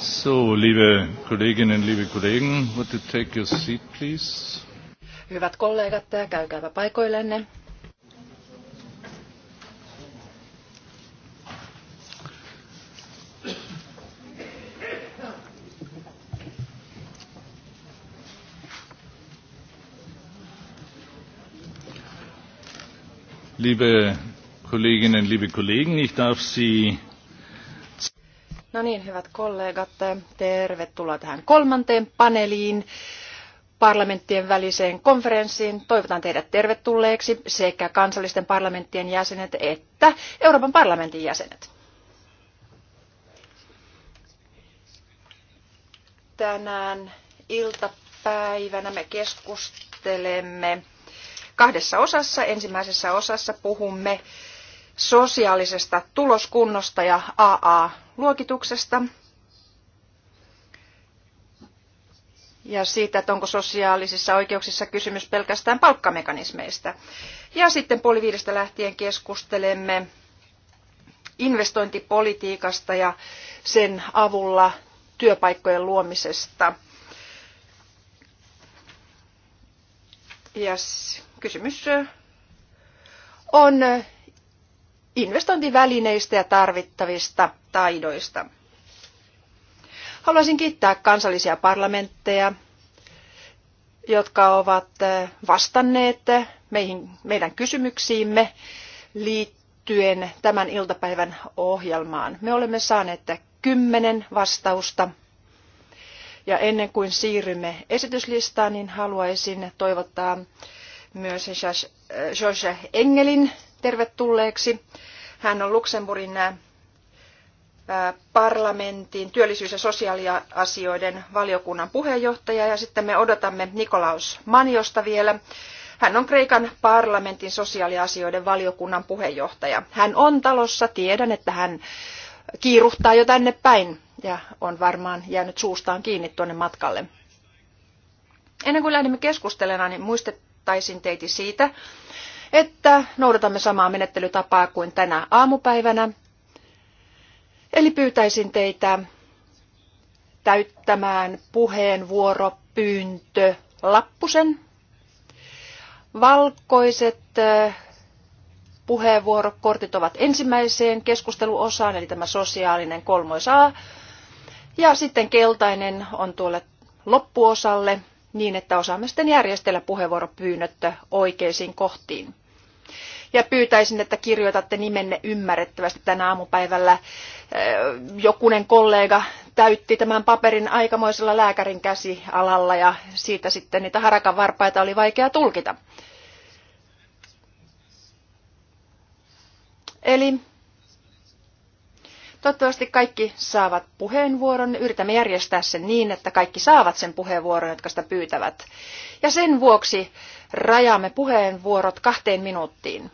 So, liebe Kolleginnen, liebe Kollegen, would you take your seat, please? Hyvät kollegat, käykääpä paikoillenne. Liebe Kolleginnen, liebe Kollegen, ich darf Sie No niin, hyvät kollegat, tervetuloa tähän kolmanteen paneeliin parlamenttien väliseen konferenssiin. Toivotan teidät tervetulleeksi sekä kansallisten parlamenttien jäsenet että Euroopan parlamentin jäsenet. Tänään iltapäivänä me keskustelemme kahdessa osassa. Ensimmäisessä osassa puhumme sosiaalisesta tuloskunnosta ja AA-luokituksesta ja siitä, että onko sosiaalisissa oikeuksissa kysymys pelkästään palkkamekanismeista. Ja sitten puoli viidestä lähtien keskustelemme investointipolitiikasta ja sen avulla työpaikkojen luomisesta. Ja kysymys on investointivälineistä ja tarvittavista taidoista. Haluaisin kiittää kansallisia parlamentteja, jotka ovat eh, vastanneet eh, meihin, meidän kysymyksiimme liittyen tämän iltapäivän ohjelmaan. Me olemme saaneet eh, kymmenen vastausta. Ja ennen kuin siirrymme esityslistaan, niin haluaisin toivottaa myös George Engelin tervetulleeksi. Hän on Luxemburgin parlamentin työllisyys- ja sosiaaliasioiden valiokunnan puheenjohtaja ja sitten me odotamme Nikolaus Maniosta vielä. Hän on Kreikan parlamentin sosiaaliasioiden valiokunnan puheenjohtaja. Hän on talossa, tiedän, että hän kiiruhtaa jo tänne päin ja on varmaan jäänyt suustaan kiinni tuonne matkalle. Ennen kuin lähdemme keskustelemaan, niin muistettaisin teitä siitä, että noudatamme samaa menettelytapaa kuin tänä aamupäivänä. Eli pyytäisin teitä täyttämään puheenvuoropyyntö lappusen. Valkoiset eh, puheenvuorokortit ovat ensimmäiseen keskusteluosaan, eli tämä sosiaalinen kolmoisa. Ja sitten keltainen on tuolle loppuosalle, niin, että osaamme sitten järjestellä puheenvuoropyynnöt oikeisiin kohtiin. Ja pyytäisin, että kirjoitatte nimenne ymmärrettävästi tänä aamupäivällä. Äh, jokunen kollega täytti tämän paperin aikamoisella lääkärin käsialalla ja siitä sitten niitä harakan varpaita oli vaikea tulkita. Eli Toivottavasti kaikki saavat puheenvuoron. Yritämme järjestää sen niin, että kaikki saavat sen puheenvuoron, jotka sitä pyytävät. Ja sen vuoksi rajaamme puheenvuorot kahteen minuuttiin.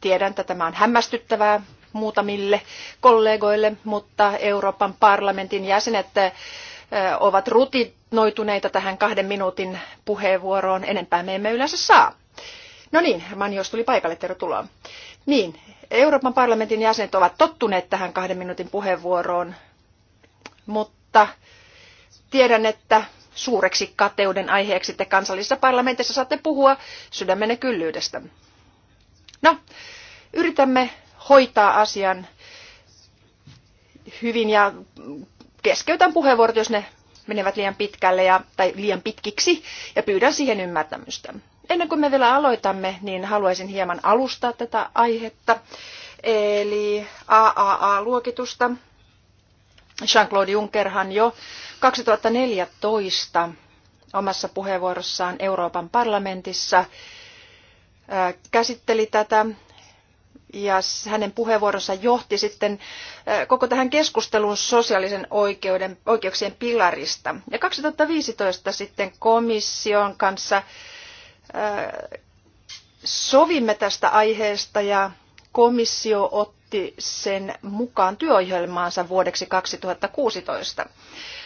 Tiedän, että tämä on hämmästyttävää muutamille kollegoille, mutta Euroopan parlamentin jäsenet ovat rutinoituneita tähän kahden minuutin puheenvuoroon. Enempää me emme yleensä saa. No niin, Manjos tuli paikalle, tervetuloa. Niin, Euroopan parlamentin jäsenet ovat tottuneet tähän kahden minuutin puheenvuoroon, mutta tiedän, että suureksi kateuden aiheeksi te kansallisessa parlamentissa saatte puhua sydämenne kyllyydestä. No, yritämme hoitaa asian hyvin ja keskeytän puheenvuorot, jos ne menevät liian pitkälle ja, tai liian pitkiksi ja pyydän siihen ymmärtämystä. Ennen kuin me vielä aloitamme, niin haluaisin hieman alustaa tätä aihetta, eli AAA-luokitusta. Jean-Claude Junckerhan jo 2014 omassa puheenvuorossaan Euroopan parlamentissa käsitteli tätä ja hänen puheenvuorossa johti sitten koko tähän keskusteluun sosiaalisen oikeuden, oikeuksien pilarista. Ja 2015 sitten komission kanssa sovimme tästä aiheesta ja komissio otti sen mukaan työohjelmaansa vuodeksi 2016.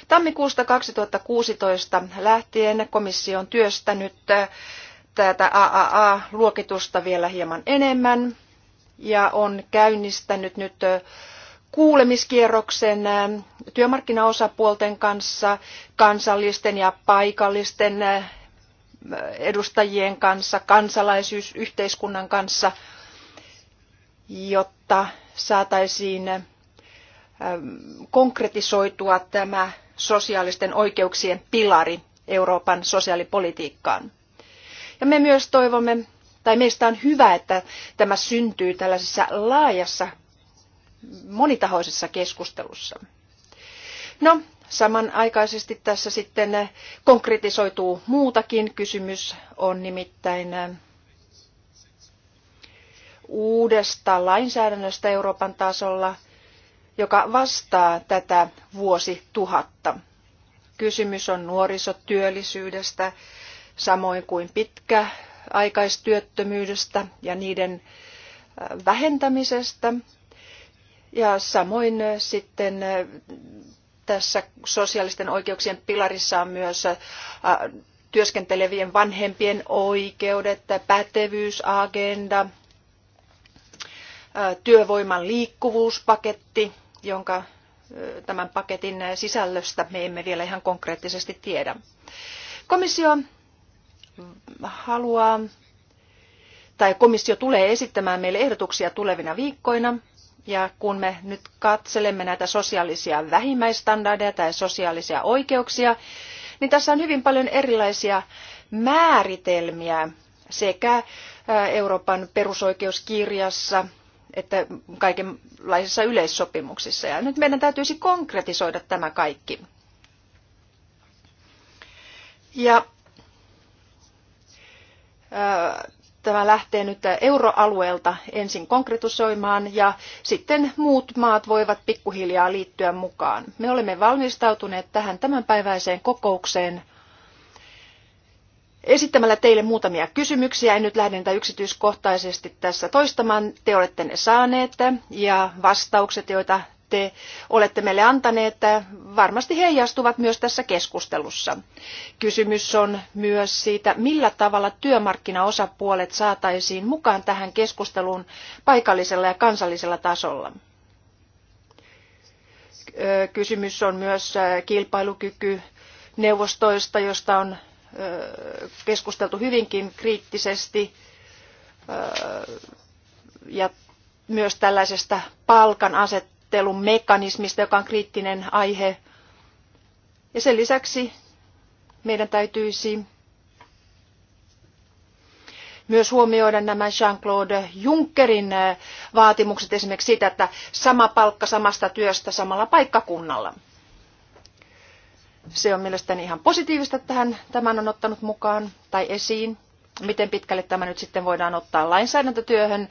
Tammikuusta 2016 lähtien komissio on työstänyt tätä AAA-luokitusta vielä hieman enemmän ja on käynnistänyt nyt kuulemiskierroksen työmarkkinaosapuolten kanssa kansallisten ja paikallisten edustajien kanssa, kansalaisyhteiskunnan kanssa, jotta saataisiin ähm, konkretisoitua tämä sosiaalisten oikeuksien pilari Euroopan sosiaalipolitiikkaan. Ja me myös toivomme, tai meistä on hyvä, että tämä syntyy tällaisessa laajassa monitahoisessa keskustelussa. No, Samanaikaisesti tässä sitten eh, konkretisoituu muutakin. Kysymys on nimittäin eh, uudesta lainsäädännöstä Euroopan tasolla, joka vastaa tätä vuosituhatta. Kysymys on nuorisotyöllisyydestä, samoin kuin pitkäaikaistyöttömyydestä ja niiden eh, vähentämisestä. Ja samoin sitten tässä sosiaalisten oikeuksien pilarissa on myös äh, työskentelevien vanhempien oikeudet, pätevyysagenda, äh, työvoiman liikkuvuuspaketti, jonka äh, tämän paketin sisällöstä me emme vielä ihan konkreettisesti tiedä. Komissio haluaa tai komissio tulee esittämään meille ehdotuksia tulevina viikkoina ja kun me nyt katselemme näitä sosiaalisia vähimmäistandardeja tai sosiaalisia oikeuksia, niin tässä on hyvin paljon erilaisia määritelmiä sekä Euroopan perusoikeuskirjassa että kaikenlaisissa yleissopimuksissa. Ja nyt meidän täytyisi konkretisoida tämä kaikki. Ja tämä lähtee nyt euroalueelta ensin konkretisoimaan ja sitten muut maat voivat pikkuhiljaa liittyä mukaan. Me olemme valmistautuneet tähän tämänpäiväiseen kokoukseen esittämällä teille muutamia kysymyksiä. En nyt lähde niitä yksityiskohtaisesti tässä toistamaan. Te olette ne saaneet ja vastaukset, joita te olette meille antaneet, varmasti heijastuvat myös tässä keskustelussa. Kysymys on myös siitä, millä tavalla työmarkkinaosapuolet saataisiin mukaan tähän keskusteluun paikallisella ja kansallisella tasolla. Kysymys on myös kilpailukyky neuvostoista, josta on keskusteltu hyvinkin kriittisesti ja myös tällaisesta palkan neuvottelun mekanismista, joka on kriittinen aihe. Ja sen lisäksi meidän täytyisi myös huomioida nämä Jean-Claude Junckerin vaatimukset esimerkiksi sitä, että sama palkka samasta työstä samalla paikkakunnalla. Se on mielestäni ihan positiivista, että hän tämän on ottanut mukaan tai esiin. Miten pitkälle tämä nyt sitten voidaan ottaa lainsäädäntötyöhön,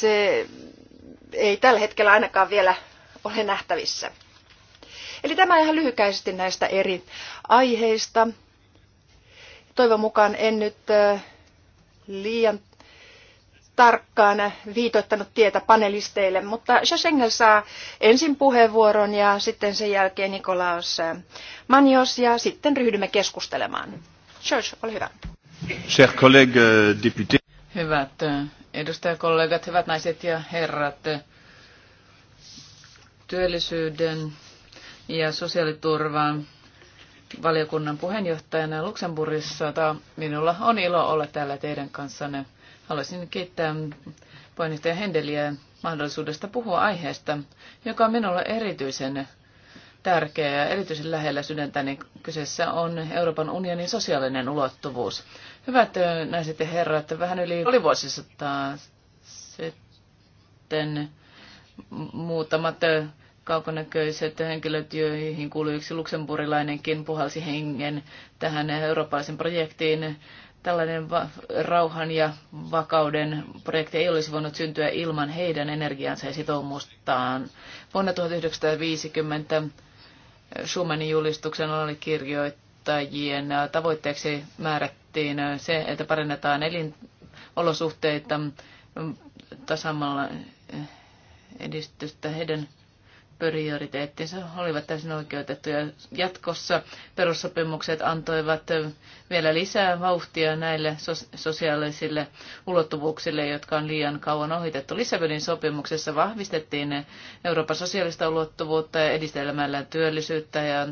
se ei tällä hetkellä ainakaan vielä ole nähtävissä. Eli tämä ihan lyhykäisesti näistä eri aiheista. Toivon mukaan en nyt liian tarkkaan viitoittanut tietä panelisteille, mutta Schengel saa ensin puheenvuoron ja sitten sen jälkeen Nikolaus Manios ja sitten ryhdymme keskustelemaan. George, ole hyvä. Euh, Hyvät edustajakollegat, hyvät naiset ja herrat. Työllisyyden ja sosiaaliturvan valiokunnan puheenjohtajana Luxemburgissa. Minulla on ilo olla täällä teidän kanssanne. Haluaisin kiittää puheenjohtaja Hendeliä mahdollisuudesta puhua aiheesta, joka on minulle erityisen tärkeä ja erityisen lähellä sydäntäni. Kyseessä on Euroopan unionin sosiaalinen ulottuvuus. Hyvät naiset ja herrat, vähän yli oli vuosisataa sitten muutamat kaukonäköiset henkilöt, joihin kuului yksi luksemburilainenkin, puhalsi hengen tähän eurooppalaisen projektiin. Tällainen rauhan ja vakauden projekti ei olisi voinut syntyä ilman heidän energiansa ja sitoumustaan. Vuonna 1950 Schumannin julistuksen oli kirjoittajien tavoitteeksi määrätty mainittiin, äh, se, että parannetaan elinolosuhteita mm, tasamalla äh, edistystä heidän prioriteettinsa olivat täysin oikeutettuja. Jatkossa perussopimukset antoivat äh, vielä lisää vauhtia näille sosiaalisille ulottuvuuksille, jotka on liian kauan ohitettu. Lissabonin sopimuksessa vahvistettiin Euroopan sosiaalista ulottuvuutta ja edistelmällä työllisyyttä ja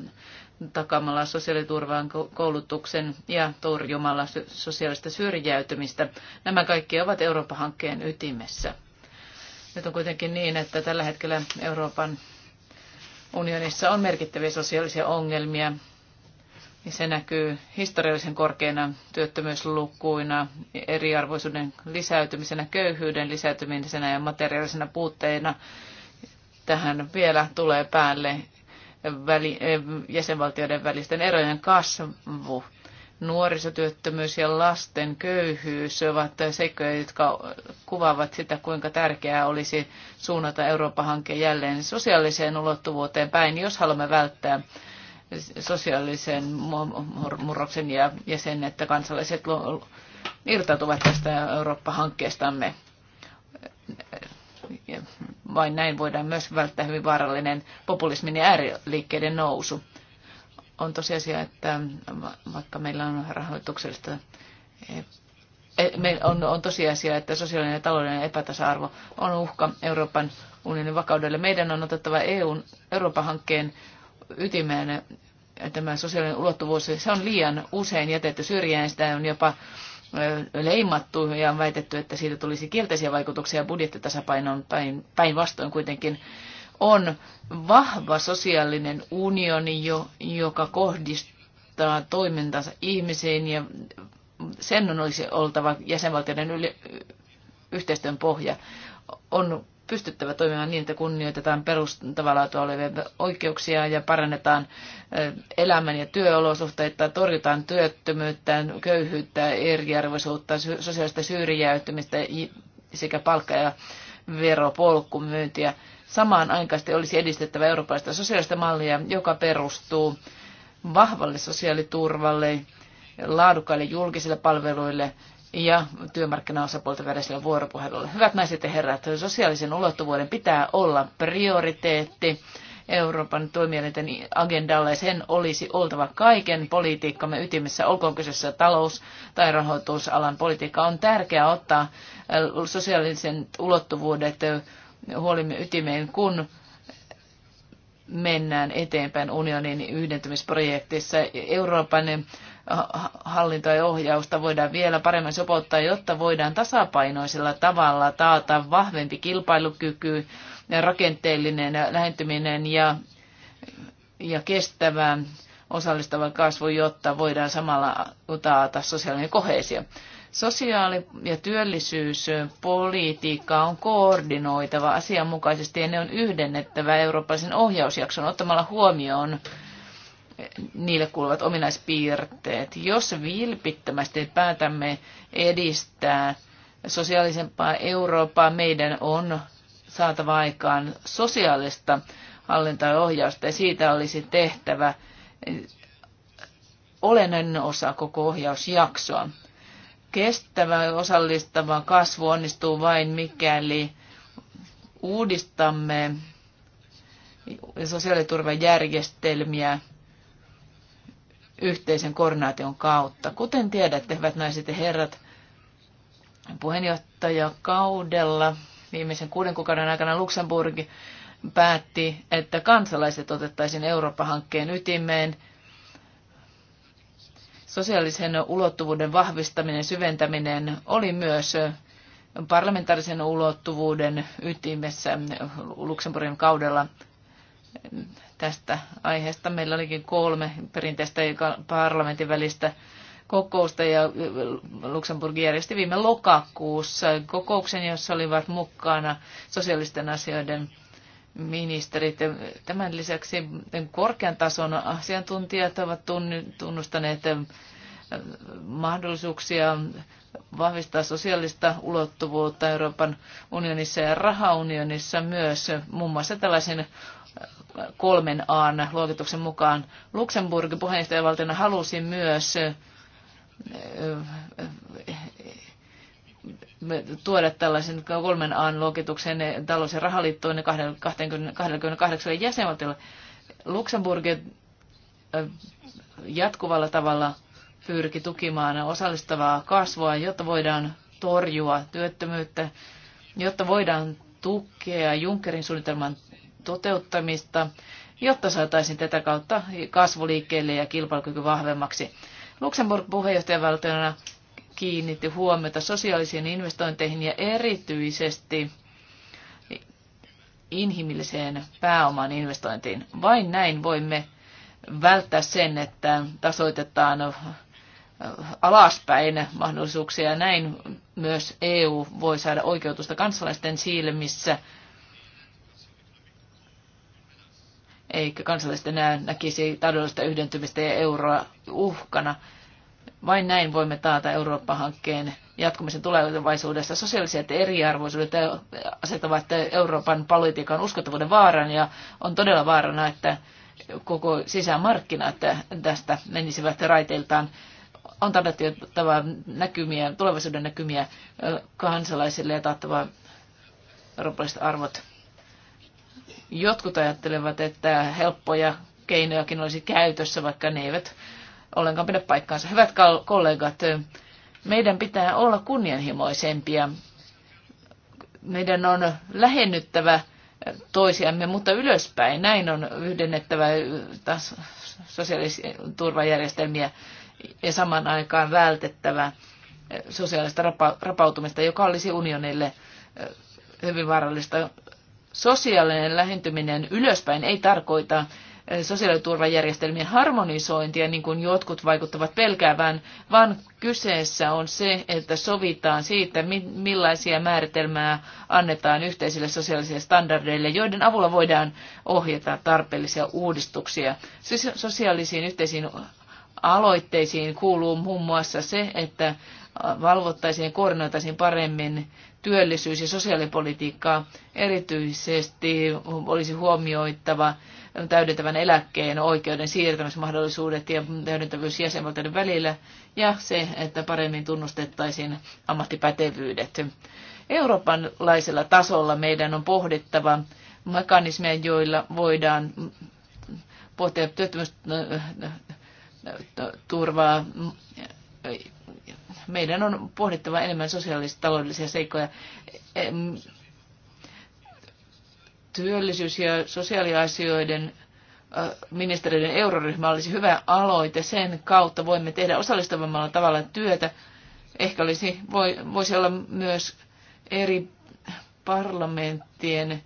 takamalla sosiaaliturvaan koulutuksen ja torjumalla sosiaalista syrjäytymistä. Nämä kaikki ovat Euroopan hankkeen ytimessä. Nyt on kuitenkin niin, että tällä hetkellä Euroopan unionissa on merkittäviä sosiaalisia ongelmia. Ja se näkyy historiallisen korkeina työttömyyslukuina, eriarvoisuuden lisäytymisenä, köyhyyden lisäytymisenä ja materiaalisena puutteina. Tähän vielä tulee päälle väli, eh, jäsenvaltioiden välisten erojen kasvu. Nuorisotyöttömyys ja lasten köyhyys ovat seikkoja, jotka kuvaavat sitä, kuinka tärkeää olisi suunnata Euroopan hanke jälleen sosiaaliseen ulottuvuuteen päin, jos haluamme välttää sosiaalisen murroksen ja sen, että kansalaiset irtautuvat tästä Eurooppa-hankkeestamme. Vain näin voidaan myös välttää hyvin vaarallinen populismin ja ääriliikkeiden nousu. On tosiasia, että vaikka meillä on rahoituksellista e- e- on, on tosiasia, että sosiaalinen ja taloudellinen epätasa-arvo on uhka Euroopan unionin vakaudelle. Meidän on otettava EUn, Euroopan hankkeen ytimeen tämä sosiaalinen ulottuvuus. Se on liian usein jätetty syrjään, sitä on jopa leimattu ja on väitetty, että siitä tulisi kielteisiä vaikutuksia budjettitasapainoon päinvastoin kuitenkin on vahva sosiaalinen unioni, jo, joka kohdistaa toimintansa ihmisiin ja sen on olisi oltava jäsenvaltioiden yle, yhteistyön pohja. On pystyttävä toimimaan niin, että kunnioitetaan perustavalaatua olevia oikeuksia ja parannetaan elämän ja työolosuhteita, torjutaan työttömyyttä, köyhyyttä, eriarvoisuutta, sosiaalista syrjäytymistä sekä palkka- ja veropolkumyyntiä. Samaan aikaan olisi edistettävä eurooppalaista sosiaalista mallia, joka perustuu vahvalle sosiaaliturvalle, laadukkaille julkisille palveluille ja työmarkkinaosapuolten välisellä vuoropuhelulla. Hyvät naiset ja herrat, sosiaalisen ulottuvuuden pitää olla prioriteetti Euroopan toimielinten agendalla ja sen olisi oltava kaiken politiikkamme ytimessä, olkoon kyseessä talous- tai rahoitusalan politiikka. On tärkeää ottaa äh, sosiaalisen ulottuvuudet äh, huolimme ytimeen, kun mennään eteenpäin unionin yhdentymisprojektissa. Euroopan hallintoa ja ohjausta voidaan vielä paremmin sopottaa, jotta voidaan tasapainoisella tavalla taata vahvempi kilpailukyky, rakenteellinen lähentyminen ja, ja kestävä osallistava kasvu, jotta voidaan samalla taata sosiaalinen kohesio. Sosiaali- ja työllisyyspolitiikka on koordinoitava asianmukaisesti ja ne on yhdennettävä eurooppalaisen ohjausjakson ottamalla huomioon niille kuuluvat ominaispiirteet. Jos vilpittömästi päätämme edistää sosiaalisempaa Eurooppaa, meidän on saatava aikaan sosiaalista hallintaa ja ohjausta, ja siitä olisi tehtävä olennainen osa koko ohjausjaksoa. Kestävä ja osallistava kasvu onnistuu vain mikäli uudistamme sosiaaliturvajärjestelmiä yhteisen koordinaation kautta. Kuten tiedätte, hyvät naiset ja herrat, kaudella viimeisen kuuden kuukauden aikana Luxemburg päätti, että kansalaiset otettaisiin Eurooppa-hankkeen ytimeen. Sosiaalisen ulottuvuuden vahvistaminen, syventäminen oli myös parlamentaarisen ulottuvuuden ytimessä Luxemburgin kaudella tästä aiheesta. Meillä olikin kolme perinteistä parlamentin välistä kokousta ja Luxemburg järjesti viime lokakuussa kokouksen, jossa olivat mukana sosiaalisten asioiden ministerit. Tämän lisäksi korkean tason asiantuntijat ovat tunnustaneet mahdollisuuksia vahvistaa sosiaalista ulottuvuutta Euroopan unionissa ja rahaunionissa myös muun muassa tällaisen kolmen aan luokituksen mukaan. Luxemburg puheenjohtajavaltiona halusi myös tuoda tällaisen kolmen aan luokituksen talous- ja rahaliittoon 28 jäsenvaltiolle. Luxemburg jatkuvalla tavalla pyrki tukimaan osallistavaa kasvua, jotta voidaan torjua työttömyyttä, jotta voidaan tukea Junckerin suunnitelman toteuttamista, jotta saataisiin tätä kautta kasvuliikkeelle ja kilpailukyky vahvemmaksi. Luxemburg puheenjohtajavaltiona kiinnitti huomiota sosiaalisiin investointeihin ja erityisesti inhimilliseen pääoman investointiin. Vain näin voimme välttää sen, että tasoitetaan alaspäin mahdollisuuksia. Näin myös EU voi saada oikeutusta kansalaisten silmissä eikä kansalaiset enää näkisi taloudellista yhdentymistä ja euroa uhkana. Vain näin voimme taata Eurooppa-hankkeen jatkumisen tulevaisuudessa. Sosiaaliset eriarvoisuudet asettavat Euroopan politiikan uskottavuuden vaaran ja on todella vaarana, että koko sisämarkkinat tästä menisivät raiteiltaan. On tarjottava näkymiä, tulevaisuuden näkymiä kansalaisille ja taattava eurooppalaiset arvot. Jotkut ajattelevat, että helppoja keinojakin olisi käytössä, vaikka ne eivät ollenkaan pidä paikkaansa. Hyvät kollegat, meidän pitää olla kunnianhimoisempia. Meidän on lähennyttävä toisiamme, mutta ylöspäin. Näin on yhdennettävä taas sosiaaliturvajärjestelmiä ja saman aikaan vältettävä sosiaalista rapautumista, joka olisi unionille eh, hyvin vaarallista sosiaalinen lähentyminen ylöspäin ei tarkoita eh, sosiaaliturvajärjestelmien harmonisointia, niin kuin jotkut vaikuttavat pelkäävän, vaan kyseessä on se, että sovitaan siitä, millaisia määritelmää annetaan yhteisille sosiaalisille standardeille, joiden avulla voidaan ohjata tarpeellisia uudistuksia. Sosiaalisiin yhteisiin aloitteisiin kuuluu muun muassa se, että valvottaisiin ja koordinoitaisiin paremmin työllisyys- ja sosiaalipolitiikkaa erityisesti olisi huomioittava täydentävän eläkkeen oikeuden siirtämismahdollisuudet ja täydentävyys jäsenvaltioiden välillä ja se, että paremmin tunnustettaisiin ammattipätevyydet. Eurooppalaisella tasolla meidän on pohdittava mekanismeja, joilla voidaan pohtia työttömyysturvaa meidän on pohdittava enemmän sosiaalista taloudellisia seikkoja. Työllisyys- ja sosiaaliasioiden ministeriöiden euroryhmä olisi hyvä aloite. Sen kautta voimme tehdä osallistavammalla tavalla työtä. Ehkä olisi, voi, voisi olla myös eri parlamenttien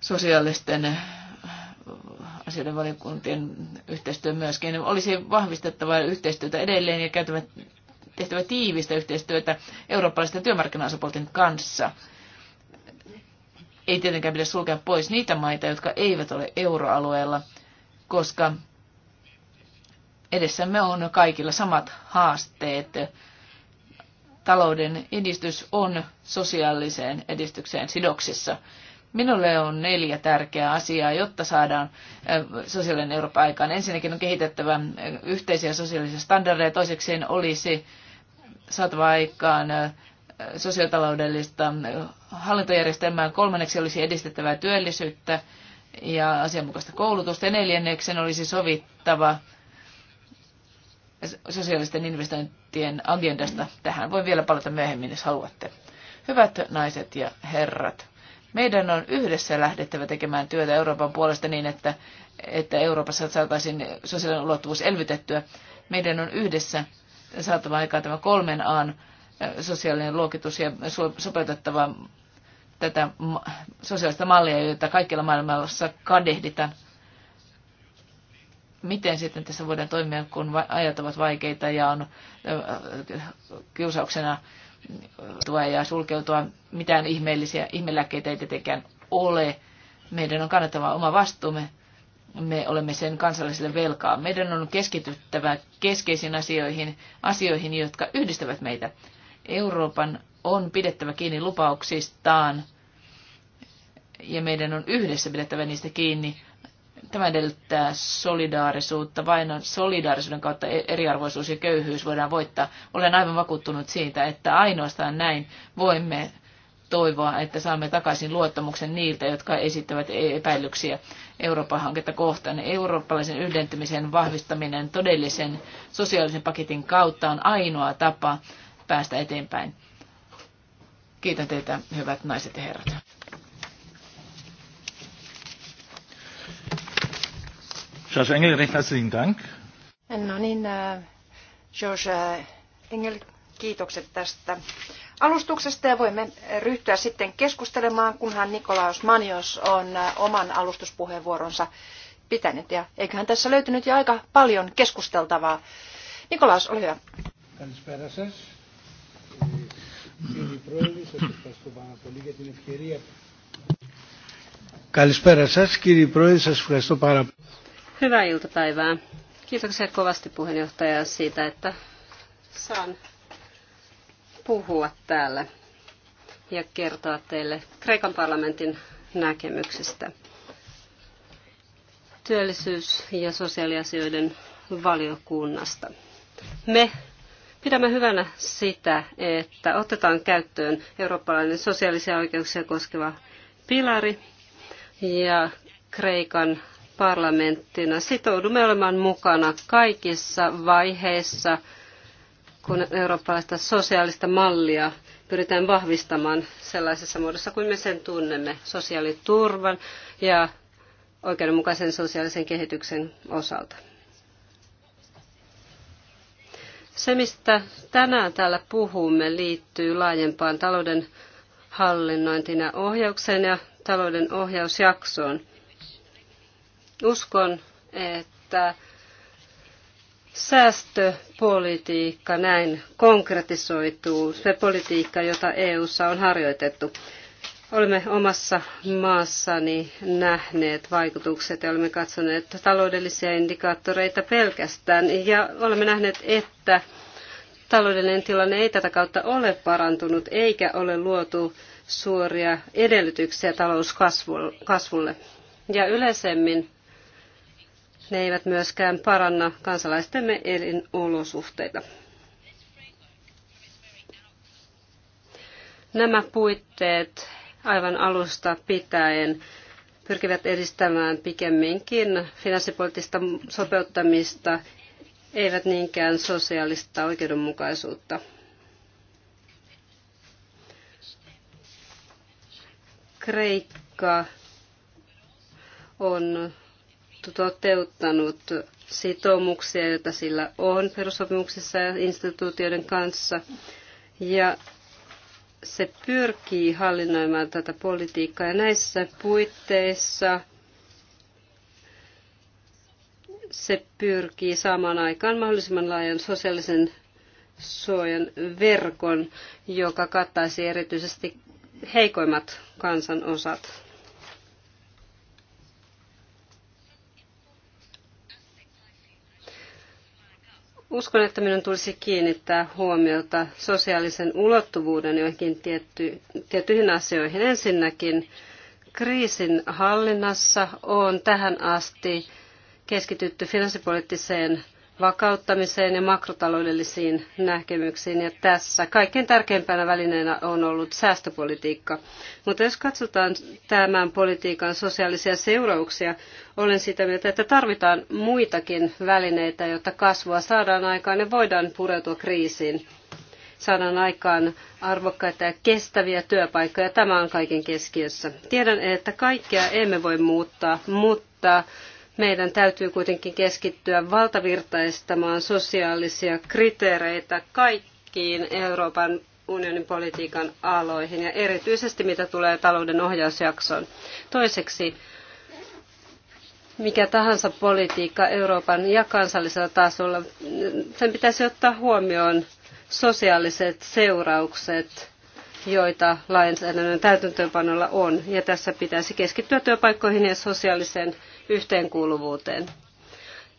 sosiaalisten asioiden valiokuntien yhteistyö myöskin. Olisi vahvistettava yhteistyötä edelleen ja käytävä tehtävä tiivistä yhteistyötä eurooppalaisten työmarkkinaosapuolten kanssa. Ei tietenkään pidä sulkea pois niitä maita, jotka eivät ole euroalueella, koska edessämme on kaikilla samat haasteet. Talouden edistys on sosiaaliseen edistykseen sidoksissa. Minulle on neljä tärkeää asiaa, jotta saadaan sosiaalinen Eurooppa aikaan. Ensinnäkin on kehitettävä yhteisiä sosiaalisia standardeja, toisekseen olisi saatava aikaan sosiaalitaloudellista hallintojärjestelmää. Kolmanneksi olisi edistettävää työllisyyttä ja asianmukaista koulutusta. Ja neljänneksi olisi sovittava sosiaalisten investointien agendasta. Tähän voi vielä palata myöhemmin, jos haluatte. Hyvät naiset ja herrat, meidän on yhdessä lähdettävä tekemään työtä Euroopan puolesta niin, että, että Euroopassa saataisiin sosiaalinen ulottuvuus elvytettyä. Meidän on yhdessä saatava aikaan tämä kolmen an sosiaalinen luokitus ja sopeutettava tätä sosiaalista mallia, jota kaikilla maailmassa kadehditaan. Miten sitten tässä voidaan toimia, kun ajat ovat vaikeita ja on kiusauksena tuo ja sulkeutua. Mitään ihmeellisiä ihmeläkkeitä ei tietenkään ole. Meidän on kannettava oma vastuumme me olemme sen kansalliselle velkaa. Meidän on keskityttävä keskeisiin asioihin, asioihin, jotka yhdistävät meitä. Euroopan on pidettävä kiinni lupauksistaan ja meidän on yhdessä pidettävä niistä kiinni. Tämä edellyttää solidaarisuutta. Vain solidaarisuuden kautta e- eriarvoisuus ja köyhyys voidaan voittaa. Olen aivan vakuuttunut siitä, että ainoastaan näin voimme toivoa, että saamme takaisin luottamuksen niiltä, jotka esittävät epäilyksiä Euroopan hanketta kohtaan. Eurooppalaisen yhdentymisen vahvistaminen todellisen sosiaalisen paketin kautta on ainoa tapa päästä eteenpäin. Kiitän teitä, hyvät naiset ja herrat. George Engel, herzlichen Dank. No niin, äh, George äh, Engel, kiitokset tästä alustuksesta ja voimme ryhtyä sitten keskustelemaan, kunhan Nikolaus Manios on äh, oman alustuspuheenvuoronsa pitänyt. Ja eiköhän tässä löytynyt jo aika paljon keskusteltavaa. Nikolaus, ole hyvä. Hyvää iltapäivää. Kiitoksia kovasti puheenjohtaja siitä, että saan puhua täällä ja kertoa teille Kreikan parlamentin näkemyksestä. Työllisyys- ja sosiaaliasioiden valiokunnasta. Me pidämme hyvänä sitä, että otetaan käyttöön eurooppalainen sosiaalisia oikeuksia koskeva pilari ja Kreikan parlamenttina sitoudumme olemaan mukana kaikissa vaiheissa kun eurooppalaista sosiaalista mallia pyritään vahvistamaan sellaisessa muodossa kuin me sen tunnemme sosiaaliturvan ja oikeudenmukaisen sosiaalisen kehityksen osalta. Se, mistä tänään täällä puhumme, liittyy laajempaan talouden hallinnointiin ja ohjaukseen ja talouden ohjausjaksoon. Uskon, että säästöpolitiikka näin konkretisoituu, se politiikka, jota EU:ssa on harjoitettu. Olemme omassa maassani nähneet vaikutukset ja olemme katsoneet taloudellisia indikaattoreita pelkästään ja olemme nähneet, että taloudellinen tilanne ei tätä kautta ole parantunut eikä ole luotu suoria edellytyksiä talouskasvulle. Ja yleisemmin ne eivät myöskään paranna kansalaistemme elinolosuhteita. Nämä puitteet aivan alusta pitäen pyrkivät edistämään pikemminkin finanssipoliittista sopeuttamista, eivät niinkään sosiaalista oikeudenmukaisuutta. Kreikka on toteuttanut sitoumuksia, joita sillä on perusopimuksissa ja instituutioiden kanssa. Ja se pyrkii hallinnoimaan tätä politiikkaa ja näissä puitteissa se pyrkii saamaan aikaan mahdollisimman laajan sosiaalisen suojan verkon, joka kattaisi erityisesti heikoimmat kansanosat. Uskon, että minun tulisi kiinnittää huomiota sosiaalisen ulottuvuuden joihinkin tietty, tiettyihin asioihin. Ensinnäkin kriisin hallinnassa on tähän asti keskitytty finanssipoliittiseen vakauttamiseen ja makrotaloudellisiin näkemyksiin. Ja tässä kaikkein tärkeimpänä välineenä on ollut säästöpolitiikka. Mutta jos katsotaan tämän politiikan sosiaalisia seurauksia, olen sitä mieltä, että tarvitaan muitakin välineitä, jotta kasvua saadaan aikaan ja voidaan pureutua kriisiin. Saadaan aikaan arvokkaita ja kestäviä työpaikkoja. Tämä on kaiken keskiössä. Tiedän, että kaikkea emme voi muuttaa, mutta meidän täytyy kuitenkin keskittyä valtavirtaistamaan sosiaalisia kriteereitä kaikkiin Euroopan unionin politiikan aloihin ja erityisesti mitä tulee talouden ohjausjaksoon. Toiseksi mikä tahansa politiikka Euroopan ja kansallisella tasolla, sen pitäisi ottaa huomioon sosiaaliset seuraukset, joita lainsäädännön täytäntöönpanolla on. Ja tässä pitäisi keskittyä työpaikkoihin ja sosiaaliseen yhteenkuuluvuuteen.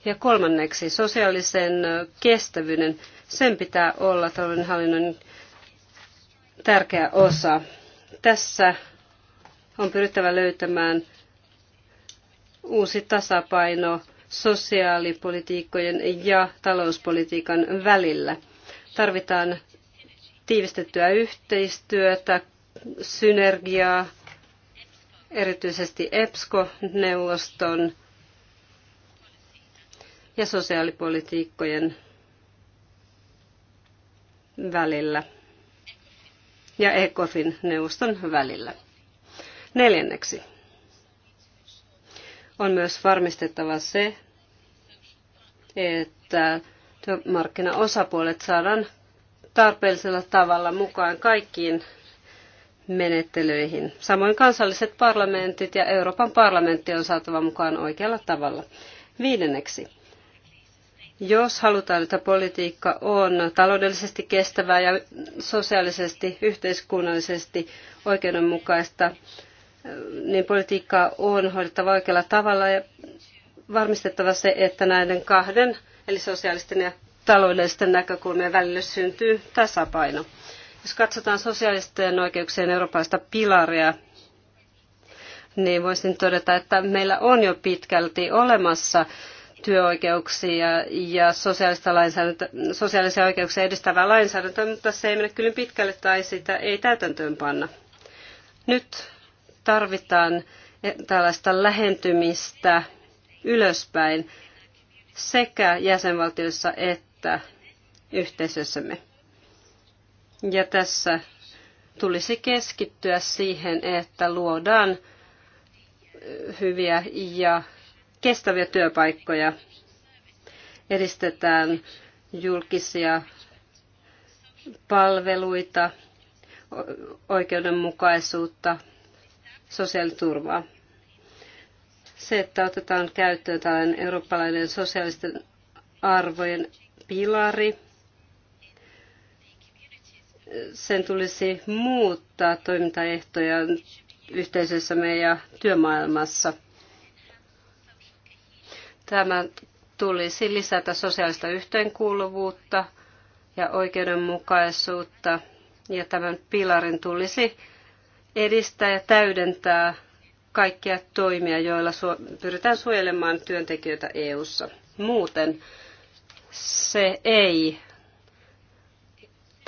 Ja kolmanneksi, sosiaalisen kestävyyden, sen pitää olla taloudenhallinnon tärkeä osa. Tässä on pyrittävä löytämään uusi tasapaino sosiaalipolitiikkojen ja talouspolitiikan välillä. Tarvitaan tiivistettyä yhteistyötä, synergiaa erityisesti EPSCO-neuvoston ja sosiaalipolitiikkojen välillä ja ECOFIN neuvoston välillä. Neljänneksi on myös varmistettava se, että työmarkkinaosapuolet saadaan tarpeellisella tavalla mukaan kaikkiin menettelyihin. Samoin kansalliset parlamentit ja Euroopan parlamentti on saatava mukaan oikealla tavalla. Viidenneksi. Jos halutaan, että politiikka on taloudellisesti kestävää ja sosiaalisesti, yhteiskunnallisesti oikeudenmukaista, niin politiikkaa on hoidettava oikealla tavalla ja varmistettava se, että näiden kahden, eli sosiaalisten ja taloudellisten näkökulmien välille syntyy tasapaino. Jos katsotaan sosiaalisten oikeuksien eurooppalaista pilaria, niin voisin todeta, että meillä on jo pitkälti olemassa työoikeuksia ja sosiaalista sosiaalisia oikeuksia edistävää lainsäädäntöä, mutta se ei mene kyllä pitkälle tai sitä ei täytäntöönpanna. Nyt tarvitaan eh, tällaista lähentymistä ylöspäin sekä jäsenvaltioissa että yhteisössämme. Ja tässä tulisi keskittyä siihen, että luodaan hyviä ja kestäviä työpaikkoja, edistetään julkisia palveluita, oikeudenmukaisuutta, sosiaaliturvaa. Se, että otetaan käyttöön tällainen eurooppalainen sosiaalisten arvojen pilari, sen tulisi muuttaa toimintaehtoja yhteisössämme ja työmaailmassa. Tämä tulisi lisätä sosiaalista yhteenkuuluvuutta ja oikeudenmukaisuutta, ja tämän pilarin tulisi edistää ja täydentää kaikkia toimia, joilla pyritään suojelemaan työntekijöitä EU:ssa. Muuten se ei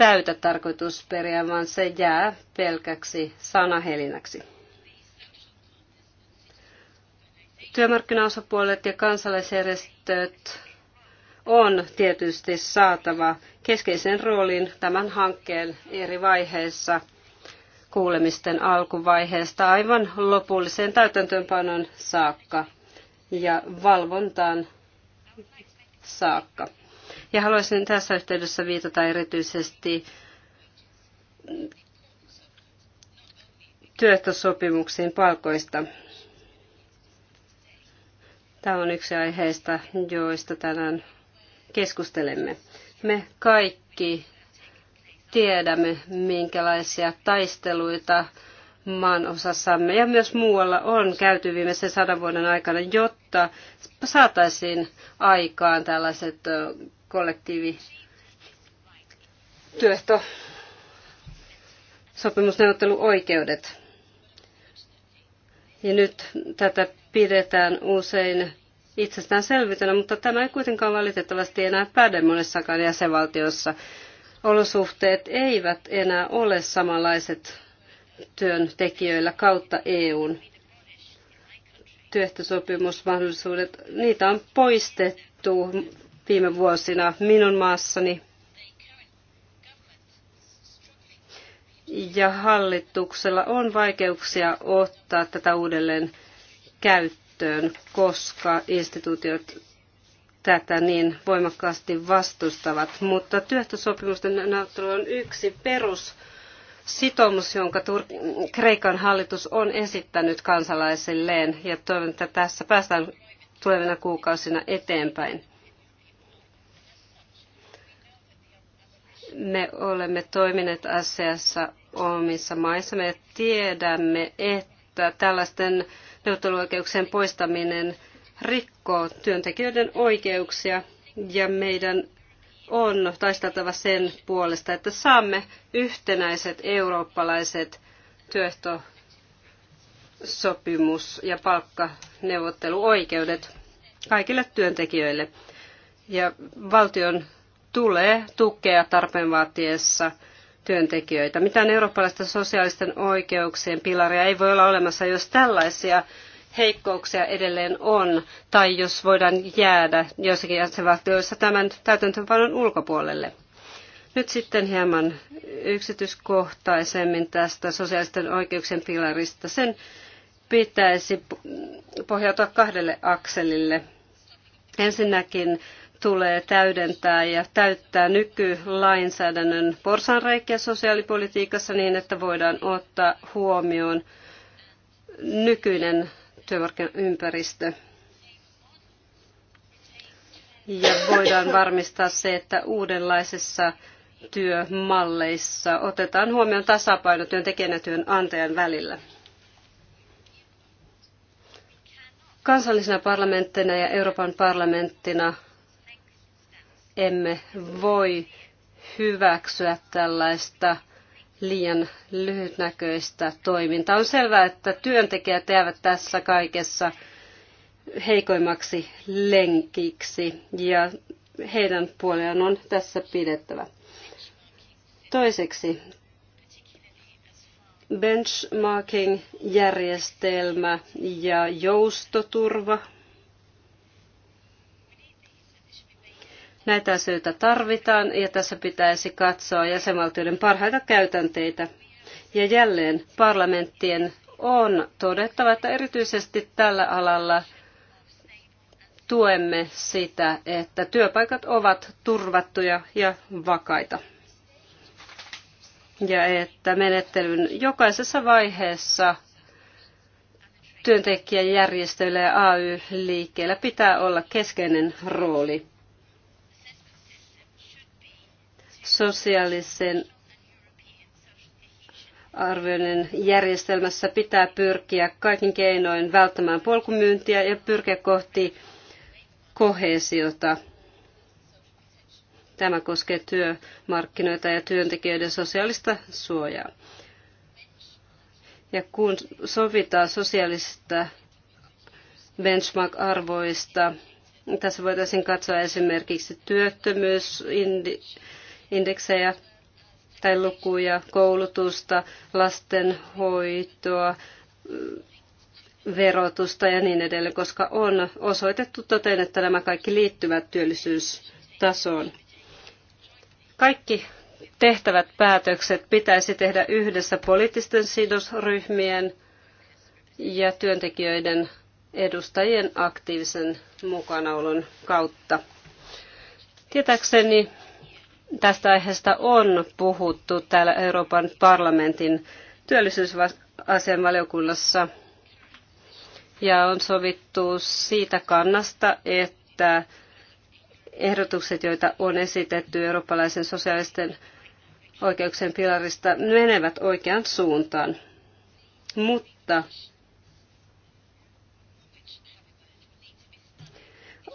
täytä tarkoitusperiä, vaan se jää pelkäksi sanahelinäksi. Työmarkkinaosapuolet ja kansalaisjärjestöt on tietysti saatava keskeisen roolin tämän hankkeen eri vaiheissa kuulemisten alkuvaiheesta aivan lopulliseen täytäntöönpanon saakka ja valvontaan saakka. Ja haluaisin tässä yhteydessä viitata erityisesti työehtosopimuksiin palkoista. Tämä on yksi aiheista, joista tänään keskustelemme. Me kaikki tiedämme, minkälaisia taisteluita maan osassamme ja myös muualla on käyty viimeisen sadan vuoden aikana, jotta saataisiin aikaan tällaiset kollektiivi sopimusneuvottelu sopimusneuvotteluoikeudet. Ja nyt tätä pidetään usein itsestäänselvyytenä, mutta tämä ei kuitenkaan valitettavasti enää päde monessakaan jäsenvaltiossa. Olosuhteet eivät enää ole samanlaiset työntekijöillä kautta EUn. Työehtosopimusmahdollisuudet, niitä on poistettu viime vuosina minun maassani. Ja hallituksella on vaikeuksia ottaa tätä uudelleen käyttöön, koska instituutiot tätä niin voimakkaasti vastustavat. Mutta työhtösopimusten näyttely on yksi perus sitoumus, jonka Tur- Kreikan hallitus on esittänyt kansalaisilleen, ja toivon, että tässä päästään tulevina kuukausina eteenpäin. me olemme toimineet asiassa omissa maissa. Me tiedämme, että tällaisten neuvotteluoikeuksien poistaminen rikkoo työntekijöiden oikeuksia ja meidän on taisteltava sen puolesta, että saamme yhtenäiset eurooppalaiset työehtosopimus- ja palkkaneuvotteluoikeudet kaikille työntekijöille. Ja valtion tulee tukea tarpeen vaatiessa työntekijöitä. Mitään eurooppalaista sosiaalisten oikeuksien pilaria ei voi olla olemassa, jos tällaisia heikkouksia edelleen on, tai jos voidaan jäädä joissakin jäsenvaltioissa tämän täytäntöönpanon ulkopuolelle. Nyt sitten hieman yksityiskohtaisemmin tästä sosiaalisten oikeuksien pilarista. Sen pitäisi pohjautua kahdelle akselille. Ensinnäkin tulee täydentää ja täyttää nykylainsäädännön porsanreikiä sosiaalipolitiikassa niin, että voidaan ottaa huomioon nykyinen työmarkkinaympäristö. Ja voidaan varmistaa se, että uudenlaisessa työmalleissa otetaan huomioon tasapaino työntekijän ja työnantajan välillä. Kansallisena parlamenttina ja Euroopan parlamenttina emme voi hyväksyä tällaista liian lyhytnäköistä toimintaa. On selvää, että työntekijät jäävät tässä kaikessa heikoimmaksi lenkiksi ja heidän puoliaan on tässä pidettävä. Toiseksi benchmarking-järjestelmä ja joustoturva Näitä asioita tarvitaan ja tässä pitäisi katsoa jäsenvaltioiden parhaita käytänteitä. Ja jälleen parlamenttien on todettava, että erityisesti tällä alalla tuemme sitä, että työpaikat ovat turvattuja ja vakaita. Ja että menettelyn jokaisessa vaiheessa työntekijäjärjestöillä ja AY-liikkeellä pitää olla keskeinen rooli. sosiaalisen arvioinnin järjestelmässä pitää pyrkiä kaikin keinoin välttämään polkumyyntiä ja pyrkiä kohti kohesiota. Tämä koskee työmarkkinoita ja työntekijöiden sosiaalista suojaa. Ja kun sovitaan sosiaalista benchmark-arvoista, tässä voitaisiin katsoa esimerkiksi työttömyysindi indeksejä tai lukuja, koulutusta, lastenhoitoa, verotusta ja niin edelleen, koska on osoitettu toteen, että nämä kaikki liittyvät työllisyystasoon. Kaikki tehtävät päätökset pitäisi tehdä yhdessä poliittisten sidosryhmien ja työntekijöiden edustajien aktiivisen mukanaolon kautta. Tietääkseni Tästä aiheesta on puhuttu täällä Euroopan parlamentin työllisyysasianvaliokunnassa ja on sovittu siitä kannasta, että ehdotukset, joita on esitetty eurooppalaisen sosiaalisten oikeuksien pilarista, menevät oikeaan suuntaan. Mutta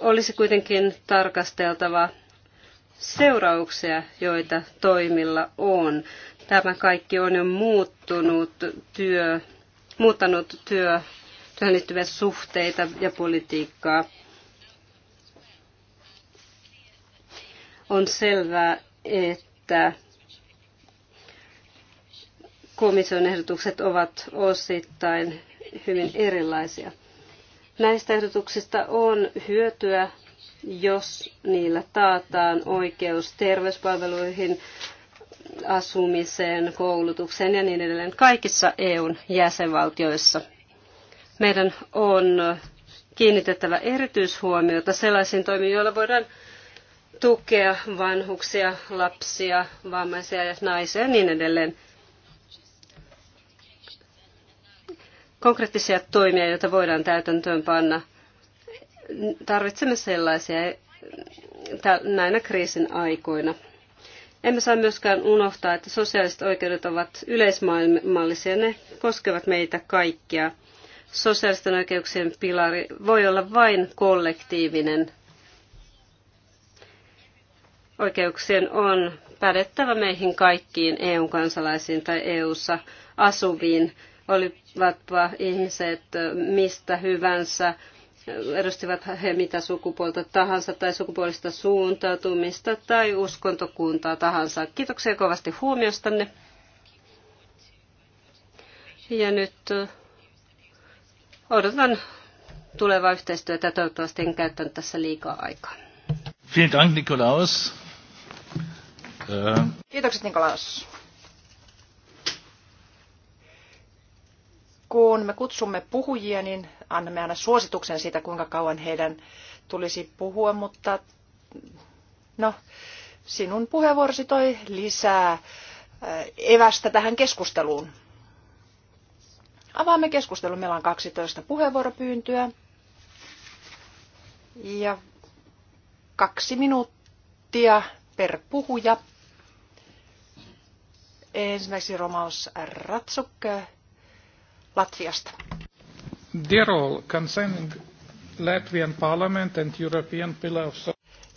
olisi kuitenkin tarkasteltava seurauksia, joita toimilla on. Tämä kaikki on jo muuttunut työ, muuttanut työ, työhön liittyviä suhteita ja politiikkaa. On selvää, että komission ehdotukset ovat osittain hyvin erilaisia. Näistä ehdotuksista on hyötyä jos niillä taataan oikeus terveyspalveluihin, asumiseen, koulutukseen ja niin edelleen kaikissa EUn jäsenvaltioissa. Meidän on kiinnitettävä erityishuomiota sellaisiin toimiin, joilla voidaan tukea vanhuksia, lapsia, vammaisia ja naisia ja niin edelleen. Konkreettisia toimia, joita voidaan täytäntöönpanna panna Tarvitsemme sellaisia näinä kriisin aikoina. Emme saa myöskään unohtaa, että sosiaaliset oikeudet ovat yleismaailmallisia. Ne koskevat meitä kaikkia. Sosiaalisten oikeuksien pilari voi olla vain kollektiivinen. Oikeuksien on pädettävä meihin kaikkiin EU-kansalaisiin tai EU-ssa asuviin, olivatpa ihmiset mistä hyvänsä, edustivat he mitä sukupuolta tahansa tai sukupuolista suuntautumista tai uskontokuntaa tahansa. Kiitoksia kovasti huomiostanne. Ja nyt äh, odotan tulevaa yhteistyötä. Toivottavasti en käyttänyt tässä liikaa aikaa. Vielen Dank, Nikolaus. Äh. Kiitokset, Nikolaus. kun me kutsumme puhujia, niin annamme aina suosituksen siitä, kuinka kauan heidän tulisi puhua, mutta no, sinun puheenvuorosi toi lisää äh, evästä tähän keskusteluun. Avaamme keskustelun. Meillä on 12 puheenvuoropyyntöä ja kaksi minuuttia per puhuja. Ensimmäiseksi Romaus Ratsukka Latviasta. Dear all, concerning Latvian Parliament and European Pillar of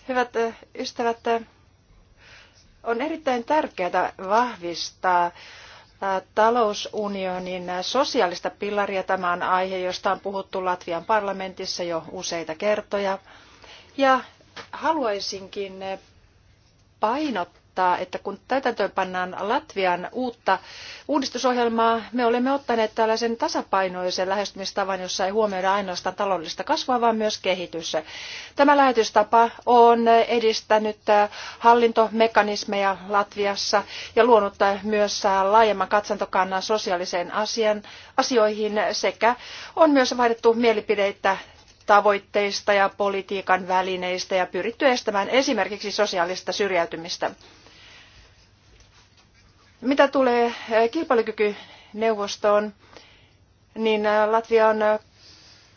Hyvät eh, ystävät, eh, on erittäin tärkeää vahvistaa eh, talousunionin sosiaalista pilaria. Tämä on aihe, josta on puhuttu Latvian parlamentissa jo useita kertoja. Ja haluaisinkin painottaa, osoittaa, että kun täytäntöön pannaan Latvian uutta uudistusohjelmaa, me olemme ottaneet tällaisen tasapainoisen lähestymistavan, jossa ei huomioida ainoastaan taloudellista kasvua, vaan myös kehitys. Tämä lähetystapa on edistänyt hallintomekanismeja Latviassa ja luonut myös laajemman katsantokannan sosiaaliseen asian, asioihin sekä on myös vaihdettu mielipideitä tavoitteista ja politiikan välineistä ja pyritty estämään esimerkiksi sosiaalista syrjäytymistä. Mitä tulee eh, kilpailukykyneuvostoon, niin eh, Latvia on eh,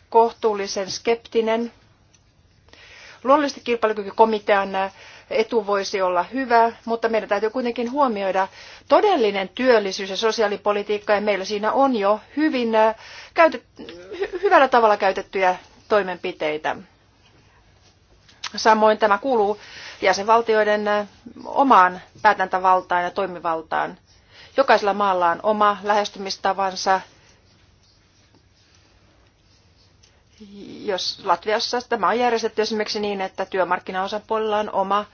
kohtuullisen skeptinen. Luonnollisesti kilpailukykykomitean etu voisi olla hyvä, mutta meidän täytyy kuitenkin huomioida todellinen työllisyys ja sosiaalipolitiikka, ja meillä siinä on jo hyvin käytet, hyvällä tavalla käytettyjä toimenpiteitä. Samoin tämä kuuluu jäsenvaltioiden äh, omaan päätäntävaltaan ja toimivaltaan. Jokaisella maalla on oma lähestymistavansa. Jos Latviassa tämä on järjestetty esimerkiksi niin, että työmarkkinaosapuolella on oma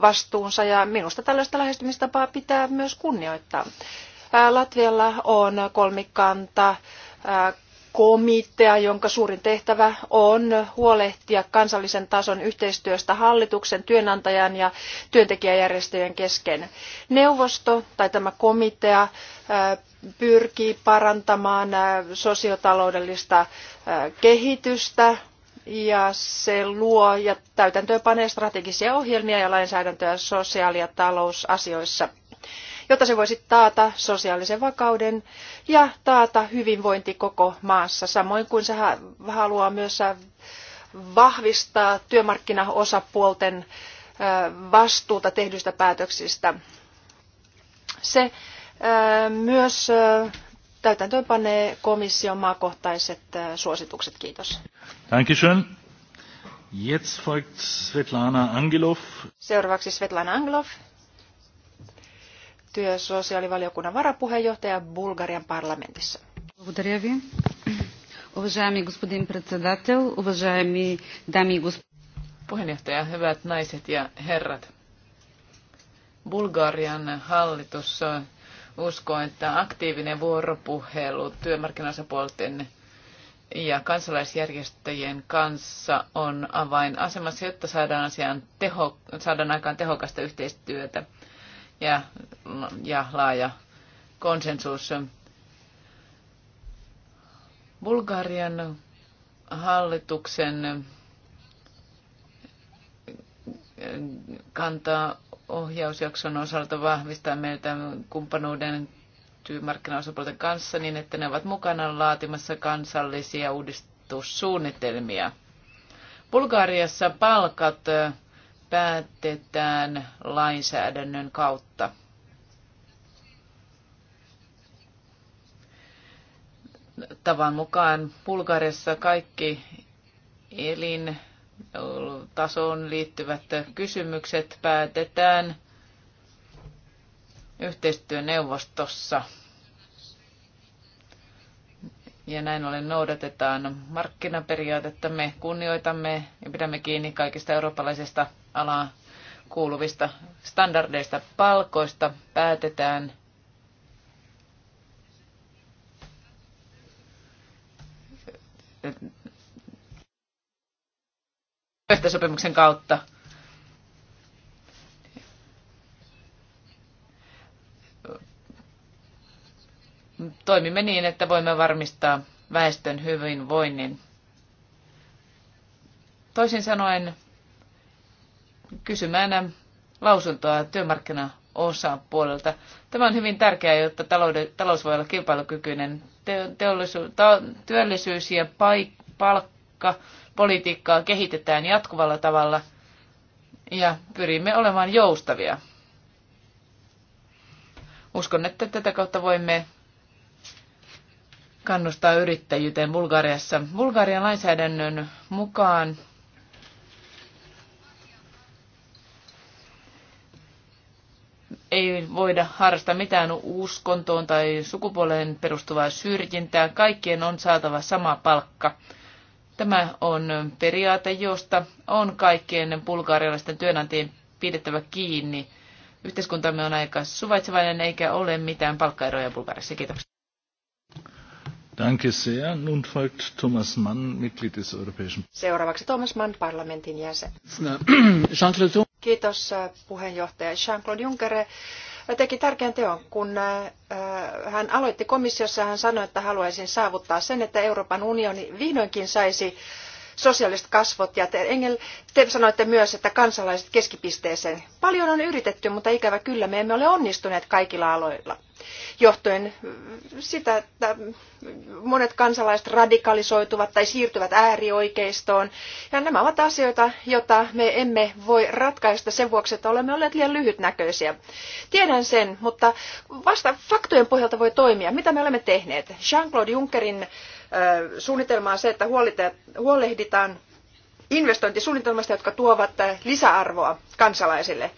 vastuunsa ja minusta tällaista lähestymistapaa pitää myös kunnioittaa. Latvialla on kolmikanta komitea, jonka suurin tehtävä on huolehtia kansallisen tason yhteistyöstä hallituksen, työnantajan ja työntekijäjärjestöjen kesken. Neuvosto tai tämä komitea äh, pyrkii parantamaan äh, sosiotaloudellista äh, kehitystä ja se luo ja täytäntöönpanee strategisia ohjelmia ja lainsäädäntöä sosiaali- ja talousasioissa jotta se voisi taata sosiaalisen vakauden ja taata hyvinvointi koko maassa, samoin kuin se haluaa myös vahvistaa työmarkkinaosapuolten vastuuta tehdyistä päätöksistä. Se myös täytäntöön panee komission maakohtaiset suositukset. Kiitos. Dankeschön. Jetzt folgt Svetlana Angelov. Seuraavaksi Svetlana Angelov työ sosiaalivaliokunnan varapuheenjohtaja Bulgarian parlamentissa. Puheenjohtaja, hyvät naiset ja herrat. Bulgarian hallitus uskoo, että aktiivinen vuoropuhelu työmarkkinaosapuolten ja kansalaisjärjestöjen kanssa on avainasemassa, jotta saadaan, asiaan teho, saadaan aikaan tehokasta yhteistyötä ja, ja laaja konsensus. Bulgarian hallituksen kantaa ohjausjakson osalta vahvistaa meiltä kumppanuuden työmarkkinaosapuolten kanssa niin, että ne ovat mukana laatimassa kansallisia uudistussuunnitelmia. Bulgariassa palkat päätetään lainsäädännön kautta. Tavan mukaan Bulgarissa kaikki elintasoon liittyvät kysymykset päätetään yhteistyöneuvostossa. Ja näin ollen noudatetaan markkinaperiaatetta. Me kunnioitamme ja pidämme kiinni kaikista eurooppalaisista alaan kuuluvista standardeista palkoista päätetään työehtosopimuksen kautta. Toimimme niin, että voimme varmistaa väestön hyvinvoinnin. Toisin sanoen kysymään lausuntoa työmarkkinaosapuolelta. Tämä on hyvin tärkeää, jotta talous voi olla kilpailukykyinen. Teollisu- ta- työllisyys ja paik- politiikkaa kehitetään jatkuvalla tavalla ja pyrimme olemaan joustavia. Uskon, että tätä kautta voimme kannustaa yrittäjyyteen Bulgariassa. Bulgarian lainsäädännön mukaan ei voida harrastaa mitään uskontoon tai sukupuoleen perustuvaa syrjintää. Kaikkien on saatava sama palkka. Tämä on periaate, josta on kaikkien bulgaarialaisten työnantajien pidettävä kiinni. Yhteiskuntamme on aika suvaitsevainen eikä ole mitään palkkaeroja Bulgaarissa. Kiitoksia. Danke sehr. Nun folgt Thomas Mann, Mitglied des Europäischen Seuraavaksi Thomas Mann, parlamentin jäsen. Jean-Claude Kiitos äh, puheenjohtaja Jean-Claude Juncker äh, teki tärkeän teon, kun äh, hän aloitti komissiossa, hän sanoi, että haluaisin saavuttaa sen, että Euroopan unioni vihdoinkin saisi sosiaaliset kasvot. Ja te, Engel, te sanoitte myös, että kansalaiset keskipisteeseen. Paljon on yritetty, mutta ikävä kyllä me emme ole onnistuneet kaikilla aloilla. Johtuen mm, sitä, että monet kansalaiset radikalisoituvat tai siirtyvät äärioikeistoon. Ja nämä ovat asioita, joita me emme voi ratkaista sen vuoksi, että olemme olleet liian lyhytnäköisiä. Tiedän sen, mutta vasta faktojen pohjalta voi toimia. Mitä me olemme tehneet? Jean-Claude Junckerin suunnitelma on se, että huolehditaan investointisuunnitelmasta, jotka tuovat lisäarvoa kansalaisille.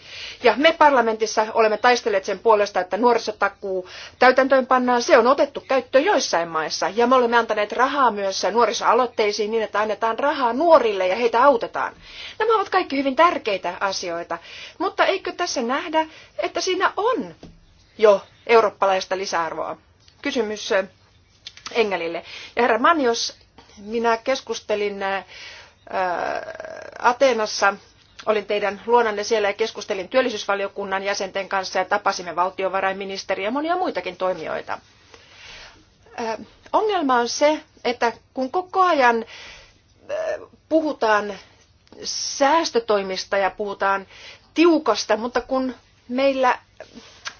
Ja me parlamentissa olemme taistelleet sen puolesta, että nuorisotakuu täytäntöön pannaan. Se on otettu käyttöön joissain maissa ja me olemme antaneet rahaa myös nuorisoaloitteisiin niin, että annetaan rahaa nuorille ja heitä autetaan. Nämä ovat kaikki hyvin tärkeitä asioita, mutta eikö tässä nähdä, että siinä on jo eurooppalaista lisäarvoa? Kysymys Engelille. Ja herra Manios, minä keskustelin ää, äh, Ateenassa, olin teidän luonanne siellä ja keskustelin työllisyysvaliokunnan jäsenten kanssa ja tapasimme valtiovarainministeriä ja monia muitakin toimijoita. Ää, äh, ongelma on se, että kun koko ajan ää, äh, puhutaan säästötoimista ja puhutaan tiukasta, mutta kun meillä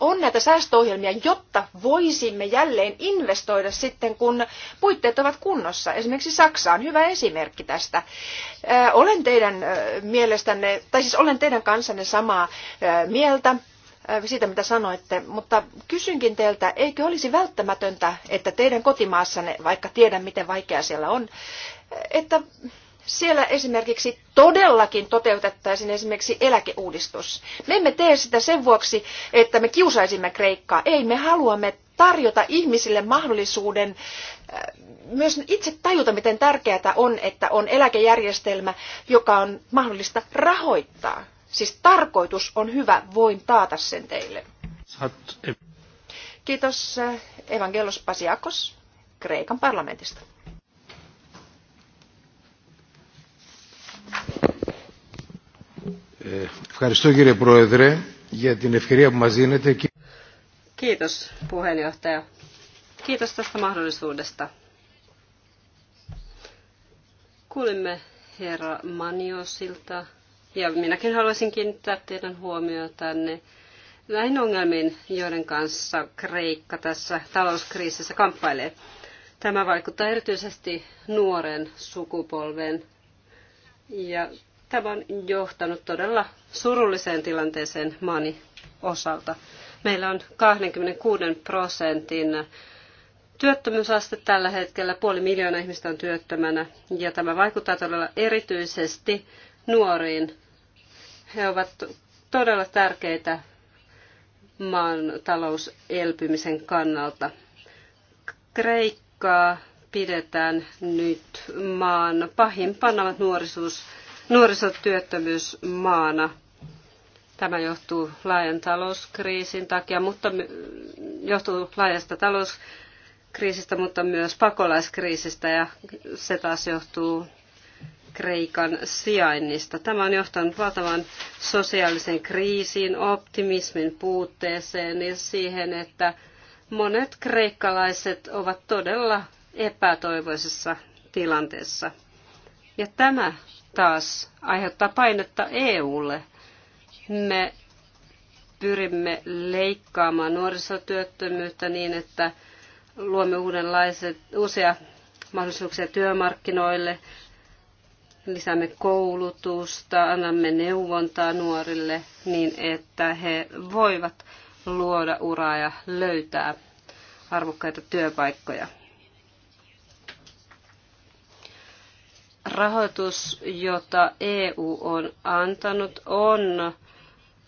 on näitä säästöohjelmia, jotta voisimme jälleen investoida sitten, kun puitteet ovat kunnossa. Esimerkiksi Saksa on hyvä esimerkki tästä. Olen teidän mielestänne, tai siis olen teidän kanssanne samaa mieltä siitä, mitä sanoitte, mutta kysynkin teiltä, eikö olisi välttämätöntä, että teidän kotimaassanne, vaikka tiedän miten vaikeaa siellä on, että siellä esimerkiksi todellakin toteutettaisiin esimerkiksi eläkeuudistus. Me emme tee sitä sen vuoksi, että me kiusaisimme Kreikkaa. Ei, me haluamme tarjota ihmisille mahdollisuuden äh, myös itse tajuta, miten tärkeää on, että on eläkejärjestelmä, joka on mahdollista rahoittaa. Siis tarkoitus on hyvä, voin taata sen teille. Kiitos äh, Evangelos Pasiakos Kreikan parlamentista. Ευχαριστώ κύριε Πρόεδρε για την ευκαιρία που μας δίνετε. Kiitos tästä mahdollisuudesta. Kuulimme herra Maniosilta ja minäkin haluaisin kiinnittää teidän huomiotanne näihin ongelmiin, joiden kanssa Kreikka tässä talouskriisissä kamppailee. Tämä vaikuttaa erityisesti nuoren sukupolven ja Tämä on johtanut todella surulliseen tilanteeseen maani osalta. Meillä on 26 prosentin työttömyysaste tällä hetkellä. Puoli miljoonaa ihmistä on työttömänä ja tämä vaikuttaa todella erityisesti nuoriin. He ovat todella tärkeitä maan talouselpymisen kannalta. Kreikkaa pidetään nyt maan pahimpana nuorisuus maana Tämä johtuu laajan talouskriisin takia, mutta johtuu laajasta talouskriisistä, mutta myös pakolaiskriisistä ja se taas johtuu Kreikan sijainnista. Tämä on johtanut valtavan sosiaalisen kriisiin, optimismin puutteeseen ja siihen, että monet kreikkalaiset ovat todella epätoivoisessa tilanteessa. Ja tämä taas aiheuttaa painetta EUlle. Me pyrimme leikkaamaan nuorisotyöttömyyttä niin, että luomme uudenlaiset, uusia mahdollisuuksia työmarkkinoille, lisäämme koulutusta, annamme neuvontaa nuorille niin, että he voivat luoda uraa ja löytää arvokkaita työpaikkoja. rahoitus, jota EU on antanut, on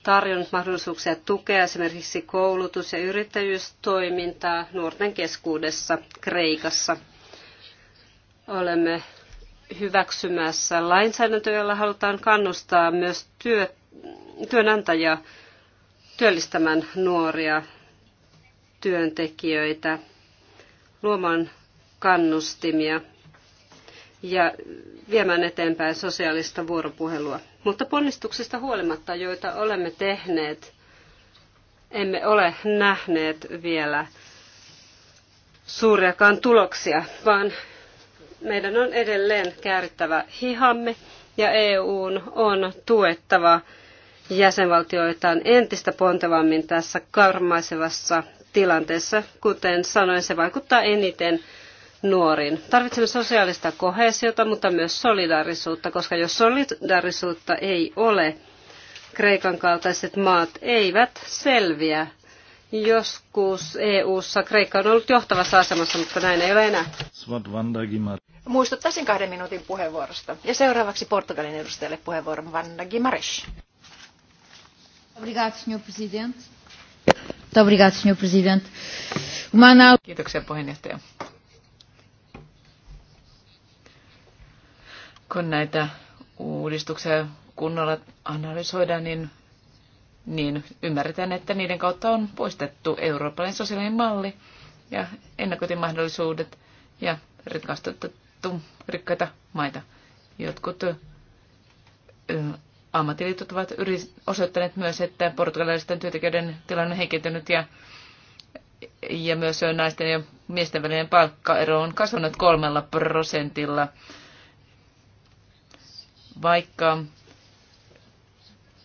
tarjonnut mahdollisuuksia tukea esimerkiksi koulutus- ja yrittäjyystoimintaa nuorten keskuudessa Kreikassa. Olemme hyväksymässä lainsäädäntöä, jolla halutaan kannustaa myös työ, työnantajia työllistämään nuoria työntekijöitä, luomaan kannustimia – ja viemään eteenpäin sosiaalista vuoropuhelua. Mutta ponnistuksista huolimatta, joita olemme tehneet, emme ole nähneet vielä suuriakaan tuloksia, vaan meidän on edelleen käärittävä hihamme ja EUn on tuettava jäsenvaltioitaan entistä pontevammin tässä karmaisevassa tilanteessa. Kuten sanoin, se vaikuttaa eniten nuoriin. Tarvitsemme sosiaalista kohesiota, mutta myös solidaarisuutta, koska jos solidaarisuutta ei ole, Kreikan kaltaiset maat eivät selviä. Joskus EU-ssa Kreikka on ollut johtavassa asemassa, mutta näin ei ole enää. Muistuttaisin kahden minuutin puheenvuorosta. Ja seuraavaksi Portugalin edustajalle puheenvuoron Vanda Gimares. Kiitoksia puheenjohtaja. kun näitä uudistuksia kunnolla analysoidaan, niin, niin ymmärretään, että niiden kautta on poistettu eurooppalainen sosiaalinen malli ja ennakointimahdollisuudet ja rikastettu rikkaita maita. Jotkut ammattiliitot ovat osoittaneet myös, että portugalilaisten työntekijöiden tilanne on heikentynyt ja, ja myös naisten ja miesten välinen palkkaero on kasvanut kolmella prosentilla vaikka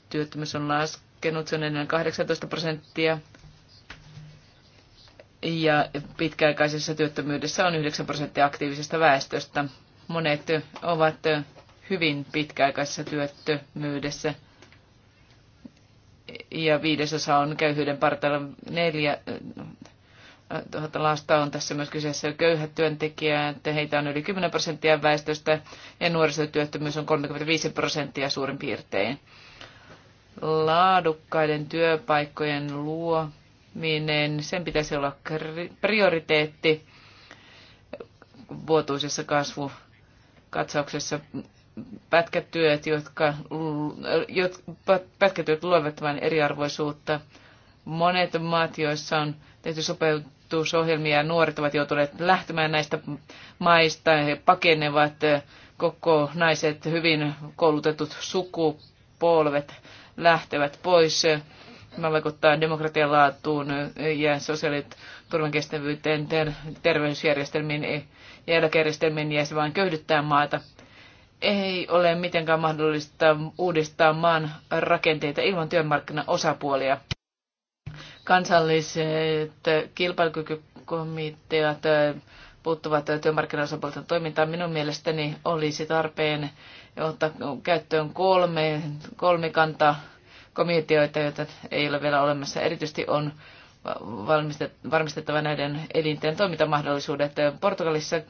työttömyys on laskenut, se on enää 18 prosenttia, ja pitkäaikaisessa työttömyydessä on 9 prosenttia aktiivisesta väestöstä. Monet ovat hyvin pitkäaikaisessa työttömyydessä ja viidesosa on köyhyyden partailla. Neljä, tuota lasta on tässä myös kyseessä köyhät työntekijä, että heitä on yli 10 prosenttia väestöstä ja nuorisotyöttömyys on 35 prosenttia suurin piirtein. Laadukkaiden työpaikkojen luominen, sen pitäisi olla prioriteetti vuotuisessa kasvukatsauksessa pätkätyöt, jotka, pätkätyöt luovat vain eriarvoisuutta. Monet maat, joissa on tehty sopeutuksia, ja Nuoret ovat joutuneet lähtemään näistä maista. He pakenevat eh, koko naiset, hyvin koulutetut sukupolvet lähtevät pois. Tämä vaikuttaa demokratian laatuun eh, ja sosiaaliturvan kestävyyteen, ter- terveysjärjestelmiin eh, ja eläkejärjestelmiin ja se vain köyhdyttää maata. Ei ole mitenkään mahdollista uudistaa maan rakenteita ilman työmarkkinaosapuolia kansalliset kilpailukykykomiteat puuttuvat työmarkkinaosapuolten toimintaan. Minun mielestäni olisi tarpeen ottaa käyttöön kolme, kolmikanta komiteoita, joita ei ole vielä olemassa. Erityisesti on varmistettava näiden elinten toimintamahdollisuudet. Portugalissa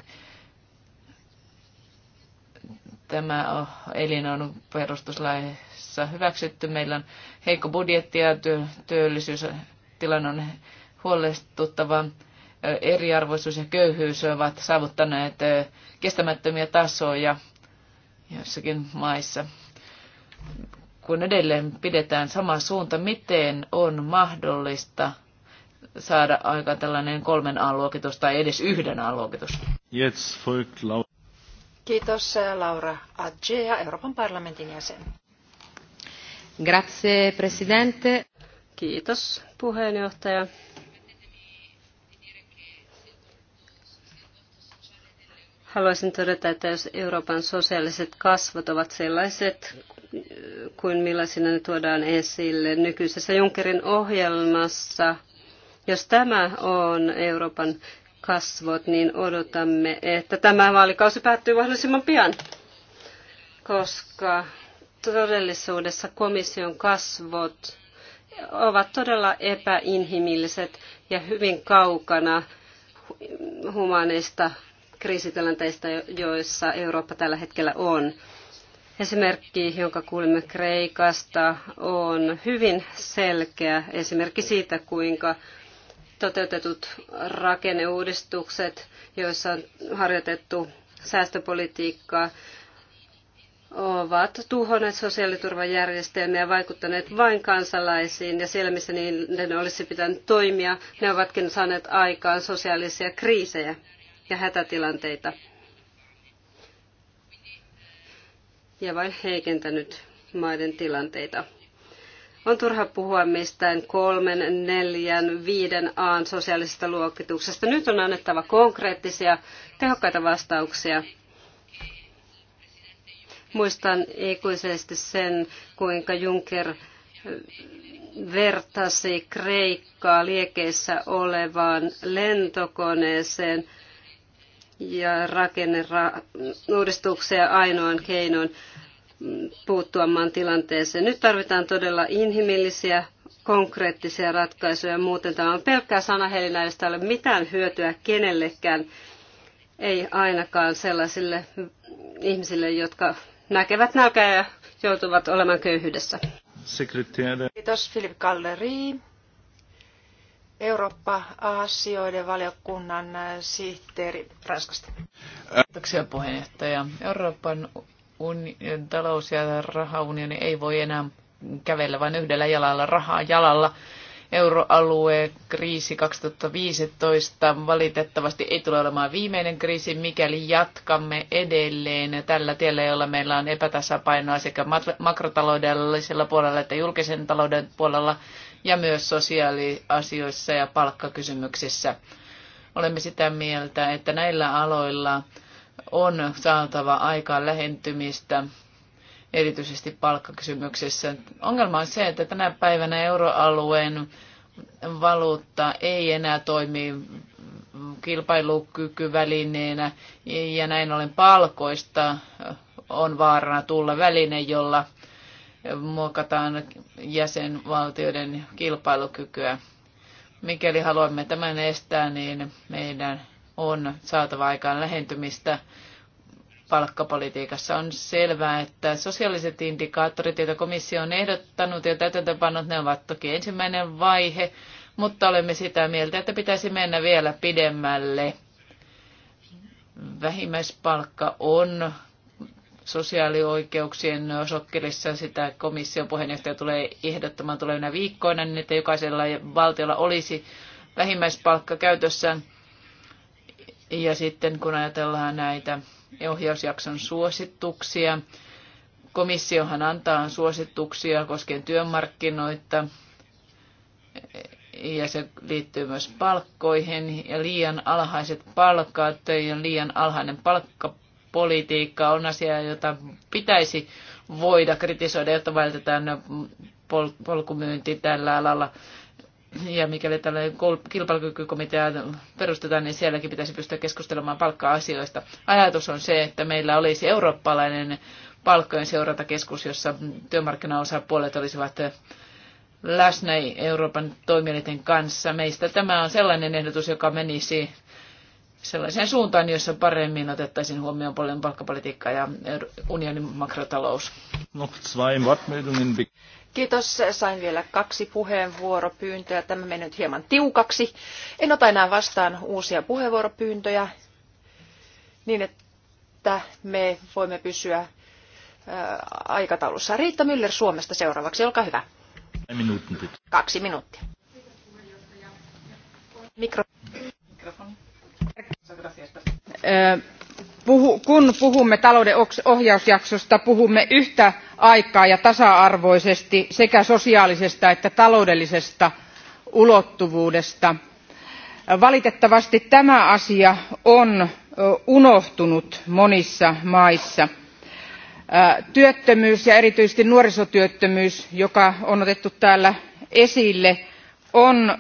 tämä elin on perustuslaissa hyväksytty. Meillä on heikko budjetti ja työllisyys tilanne on huolestuttava. Eriarvoisuus ja köyhyys ovat saavuttaneet kestämättömiä tasoja joissakin maissa. Kun edelleen pidetään sama suunta, miten on mahdollista saada aika tällainen kolmen A-luokitus tai edes yhden A-luokitus? Kiitos äh, Laura Adjea, Euroopan parlamentin jäsen. Grazie Presidente. Kiitos puheenjohtaja. Haluaisin todeta, että jos Euroopan sosiaaliset kasvot ovat sellaiset kuin millaisina ne tuodaan esille nykyisessä Junckerin ohjelmassa, jos tämä on Euroopan kasvot, niin odotamme, että tämä vaalikausi päättyy mahdollisimman pian, koska todellisuudessa komission kasvot ovat todella epäinhimilliset ja hyvin kaukana humaneista kriisitilanteista, joissa Eurooppa tällä hetkellä on. Esimerkki, jonka kuulimme Kreikasta, on hyvin selkeä esimerkki siitä, kuinka toteutetut rakenneuudistukset, joissa on harjoitettu säästöpolitiikkaa, ovat tuhonneet sosiaaliturvajärjestelmiä ja vaikuttaneet vain kansalaisiin ja siellä, missä niiden olisi pitänyt toimia, ne ovatkin saaneet aikaan sosiaalisia kriisejä ja hätätilanteita. Ja vain heikentänyt maiden tilanteita. On turha puhua mistään kolmen, neljän, viiden aan sosiaalisesta luokituksesta. Nyt on annettava konkreettisia, tehokkaita vastauksia Muistan ikuisesti sen, kuinka Juncker vertasi Kreikkaa liekeissä olevaan lentokoneeseen ja uudistuksia ainoan keinon puuttua maan tilanteeseen. Nyt tarvitaan todella inhimillisiä, konkreettisia ratkaisuja. Muuten tämä on pelkkää sanahelinä, josta ei ole mitään hyötyä kenellekään. Ei ainakaan sellaisille ihmisille, jotka näkevät nälkää ja joutuvat olemaan köyhyydessä. Kiitos Filip Kalleri. Eurooppa-asioiden valiokunnan sihteeri Ranskasta. Kiitoksia puheenjohtaja. Euroopan uni- talous- ja rahaunioni ei voi enää kävellä vain yhdellä jalalla, rahaa jalalla euroalue kriisi 2015 valitettavasti ei tule olemaan viimeinen kriisi, mikäli jatkamme edelleen tällä tiellä, jolla meillä on epätasapainoa sekä makrotaloudellisella puolella että julkisen talouden puolella ja myös sosiaaliasioissa ja palkkakysymyksissä. Olemme sitä mieltä, että näillä aloilla on saatava aikaan lähentymistä erityisesti palkkakysymyksissä. Ongelma on se, että tänä päivänä euroalueen valuutta ei enää toimi kilpailukykyvälineenä ja näin ollen palkoista on vaarana tulla väline, jolla muokataan jäsenvaltioiden kilpailukykyä. Mikäli haluamme tämän estää, niin meidän on saatava aikaan lähentymistä palkkapolitiikassa. On selvää, että sosiaaliset indikaattorit, joita komissio on ehdottanut ja täytäntöpannut, ne ovat toki ensimmäinen vaihe, mutta olemme sitä mieltä, että pitäisi mennä vielä pidemmälle. Vähimmäispalkka on sosiaalioikeuksien sokkelissa sitä komission puheenjohtaja tulee ehdottamaan tulevina viikkoina, niin että jokaisella valtiolla olisi vähimmäispalkka käytössään. Ja sitten kun ajatellaan näitä ohjausjakson suosituksia. Komissiohan antaa suosituksia koskien työmarkkinoita ja se liittyy myös palkkoihin ja liian alhaiset palkat ja liian alhainen palkkapolitiikka on asia, jota pitäisi voida kritisoida, jotta vältetään polkumyynti tällä alalla. Ja mikäli tällainen kilpailukykykomitea perustetaan, niin sielläkin pitäisi pystyä keskustelemaan palkka-asioista. Ajatus on se, että meillä olisi eurooppalainen palkkojen seurantakeskus, jossa työmarkkinaosapuolet olisivat läsnä Euroopan toimielinten kanssa. Meistä tämä on sellainen ehdotus, joka menisi sellaiseen suuntaan, jossa paremmin otettaisiin huomioon paljon palkkapolitiikkaa ja unionin makrotalous. Kiitos. Sain vielä kaksi puheenvuoropyyntöä. Tämä meni nyt hieman tiukaksi. En ota enää vastaan uusia puheenvuoropyyntöjä niin, että me voimme pysyä aikataulussa. Riitta Myller Suomesta seuraavaksi, olkaa hyvä. Kaksi minuuttia. Mikro... Mikrofoni kun puhumme talouden ohjausjaksosta puhumme yhtä aikaa ja tasa arvoisesti sekä sosiaalisesta että taloudellisesta ulottuvuudesta. valitettavasti tämä asia on unohtunut monissa maissa. työttömyys ja erityisesti nuorisotyöttömyys joka on otettu täällä esille on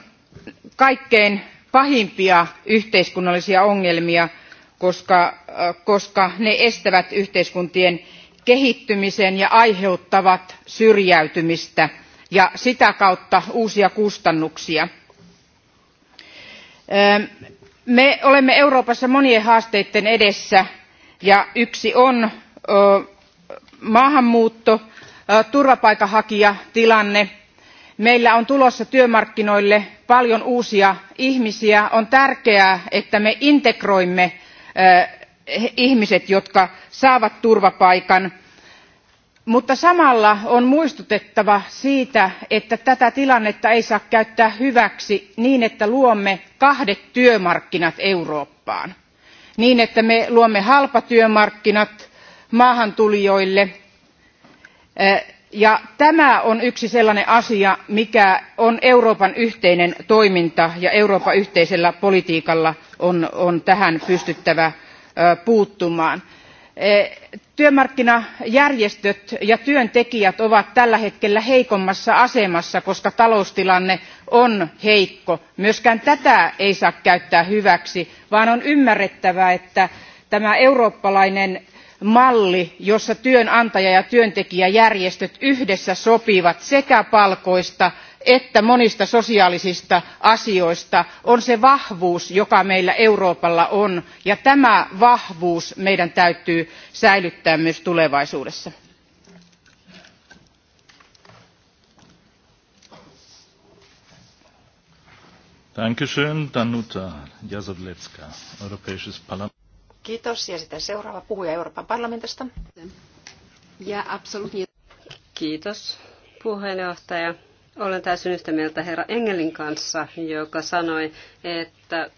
kaikkein pahimpia yhteiskunnallisia ongelmia koska, ne estävät yhteiskuntien kehittymisen ja aiheuttavat syrjäytymistä ja sitä kautta uusia kustannuksia. Me olemme Euroopassa monien haasteiden edessä ja yksi on maahanmuutto, turvapaikanhakijatilanne. Meillä on tulossa työmarkkinoille paljon uusia ihmisiä. On tärkeää, että me integroimme ihmiset jotka saavat turvapaikan mutta samalla on muistutettava siitä että tätä tilannetta ei saa käyttää hyväksi niin että luomme kahdet työmarkkinat eurooppaan niin että me luomme halpatyömarkkinat maahantulijoille ja tämä on yksi sellainen asia mikä on euroopan yhteinen toiminta ja euroopan yhteisellä politiikalla on, tähän pystyttävä puuttumaan. E, työmarkkinajärjestöt ja työntekijät ovat tällä hetkellä heikommassa asemassa koska taloustilanne on heikko. myöskään tätä ei saa käyttää hyväksi vaan on ymmärrettävä että tämä eurooppalainen malli jossa työnantaja ja työntekijäjärjestöt yhdessä sopivat sekä palkoista että monista sosiaalisista asioista on se vahvuus joka meillä euroopalla on ja tämä vahvuus meidän täytyy säilyttää myös tulevaisuudessa. Kiitos. Ja sitten seuraava puhuja Euroopan parlamentista. Ja absolutnie. Kiitos puheenjohtaja. Olen täysin yhtä mieltä herra Engelin kanssa, joka sanoi, että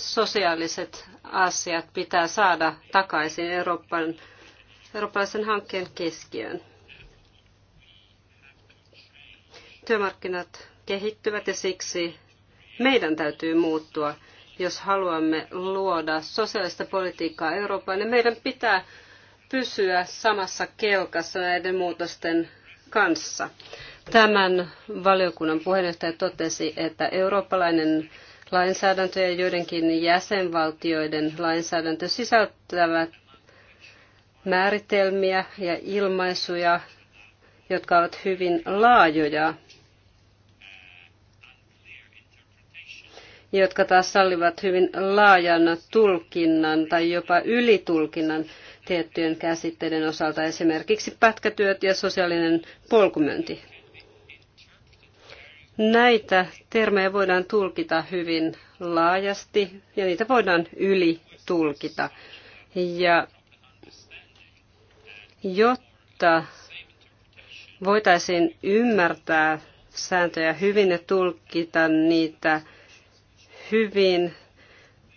sosiaaliset asiat pitää saada takaisin Euroopan, eurooppalaisen hankkeen keskiöön. Työmarkkinat kehittyvät ja siksi meidän täytyy muuttua. Jos haluamme luoda sosiaalista politiikkaa Eurooppaan, niin meidän pitää pysyä samassa kelkassa näiden muutosten kanssa. Tämän valiokunnan puheenjohtaja totesi, että eurooppalainen lainsäädäntö ja joidenkin jäsenvaltioiden lainsäädäntö sisältävät määritelmiä ja ilmaisuja, jotka ovat hyvin laajoja, jotka taas sallivat hyvin laajan tulkinnan tai jopa ylitulkinnan tiettyjen käsitteiden osalta, esimerkiksi pätkätyöt ja sosiaalinen polkumyönti. Näitä termejä voidaan tulkita hyvin laajasti ja niitä voidaan ylitulkita. Ja jotta voitaisiin ymmärtää sääntöjä hyvin ja tulkita niitä hyvin,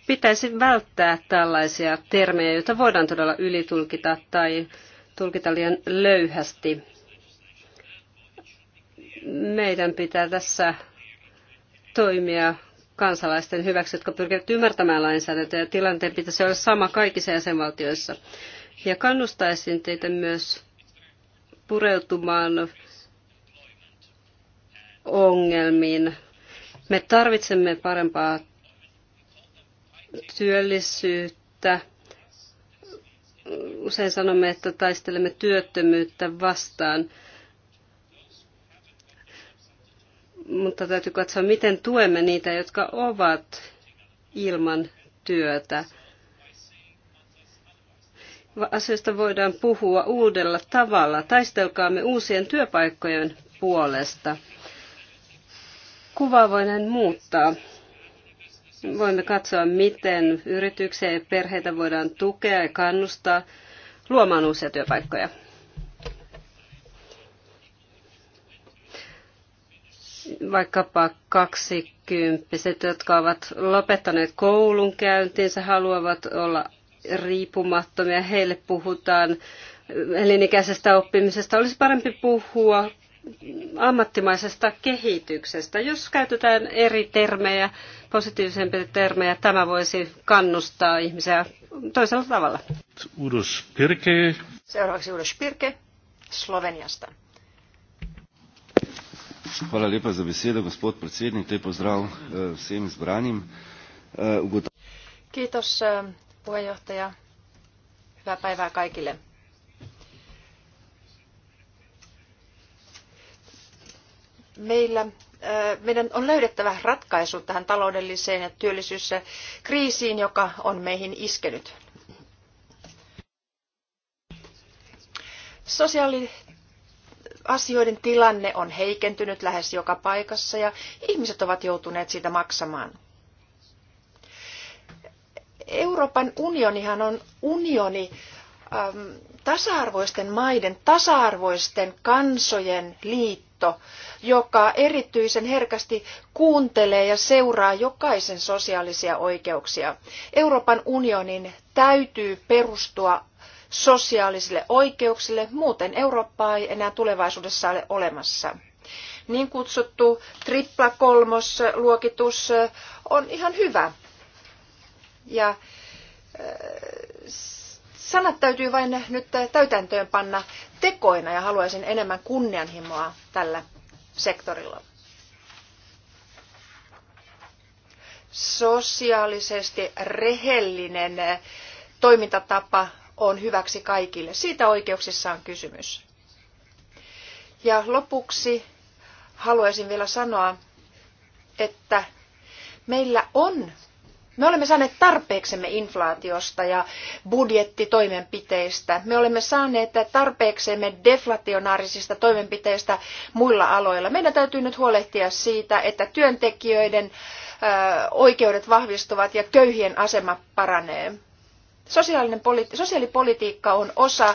pitäisi välttää tällaisia termejä, joita voidaan todella ylitulkita tai tulkita liian löyhästi meidän pitää tässä toimia kansalaisten hyväksi, jotka pyrkivät ymmärtämään lainsäädäntöä ja tilanteen pitäisi olla sama kaikissa jäsenvaltioissa. Ja kannustaisin teitä myös pureutumaan ongelmiin. Me tarvitsemme parempaa työllisyyttä. Usein sanomme, että taistelemme työttömyyttä vastaan. mutta täytyy katsoa, miten tuemme niitä, jotka ovat ilman työtä. Asioista voidaan puhua uudella tavalla. Taistelkaamme uusien työpaikkojen puolesta. Kuvaa voidaan muuttaa. Voimme katsoa, miten yrityksiä ja perheitä voidaan tukea ja kannustaa luomaan uusia työpaikkoja. vaikkapa kaksikymppiset, jotka ovat lopettaneet koulunkäyntinsä, haluavat olla riippumattomia. Heille puhutaan elinikäisestä oppimisesta. Olisi parempi puhua ammattimaisesta kehityksestä. Jos käytetään eri termejä, positiivisempia termejä, tämä voisi kannustaa ihmisiä toisella tavalla. Udos Pirke. Seuraavaksi Udos Pirke Sloveniasta. Hvala lepa za besedo, gospod predsednik. Te pozdrav eh, vsem zbranim. Eh, Kiitos eh, puheenjohtaja. Hyvää päivää kaikille. Meillä, meidän on löydettävä ratkaisu tähän taloudelliseen ja työllisyyskriisiin, joka on meihin iskenyt. Sosiaali- asioiden tilanne on heikentynyt lähes joka paikassa ja ihmiset ovat joutuneet siitä maksamaan. Euroopan unionihan on unioni äm, tasa-arvoisten maiden, tasa-arvoisten kansojen liitto, joka erityisen herkästi kuuntelee ja seuraa jokaisen sosiaalisia oikeuksia. Euroopan unionin täytyy perustua sosiaalisille oikeuksille. Muuten Eurooppaa ei enää tulevaisuudessa ole olemassa. Niin kutsuttu kolmos luokitus on ihan hyvä. Ja sanat täytyy vain nyt täytäntöön panna tekoina ja haluaisin enemmän kunnianhimoa tällä sektorilla. Sosiaalisesti rehellinen toimintatapa on hyväksi kaikille. Siitä oikeuksissa on kysymys. Ja lopuksi haluaisin vielä sanoa, että meillä on, me olemme saaneet tarpeeksemme inflaatiosta ja budjettitoimenpiteistä. Me olemme saaneet tarpeeksemme deflationaarisista toimenpiteistä muilla aloilla. Meidän täytyy nyt huolehtia siitä, että työntekijöiden oikeudet vahvistuvat ja köyhien asema paranee. Sosiaalinen politi- sosiaalipolitiikka on osa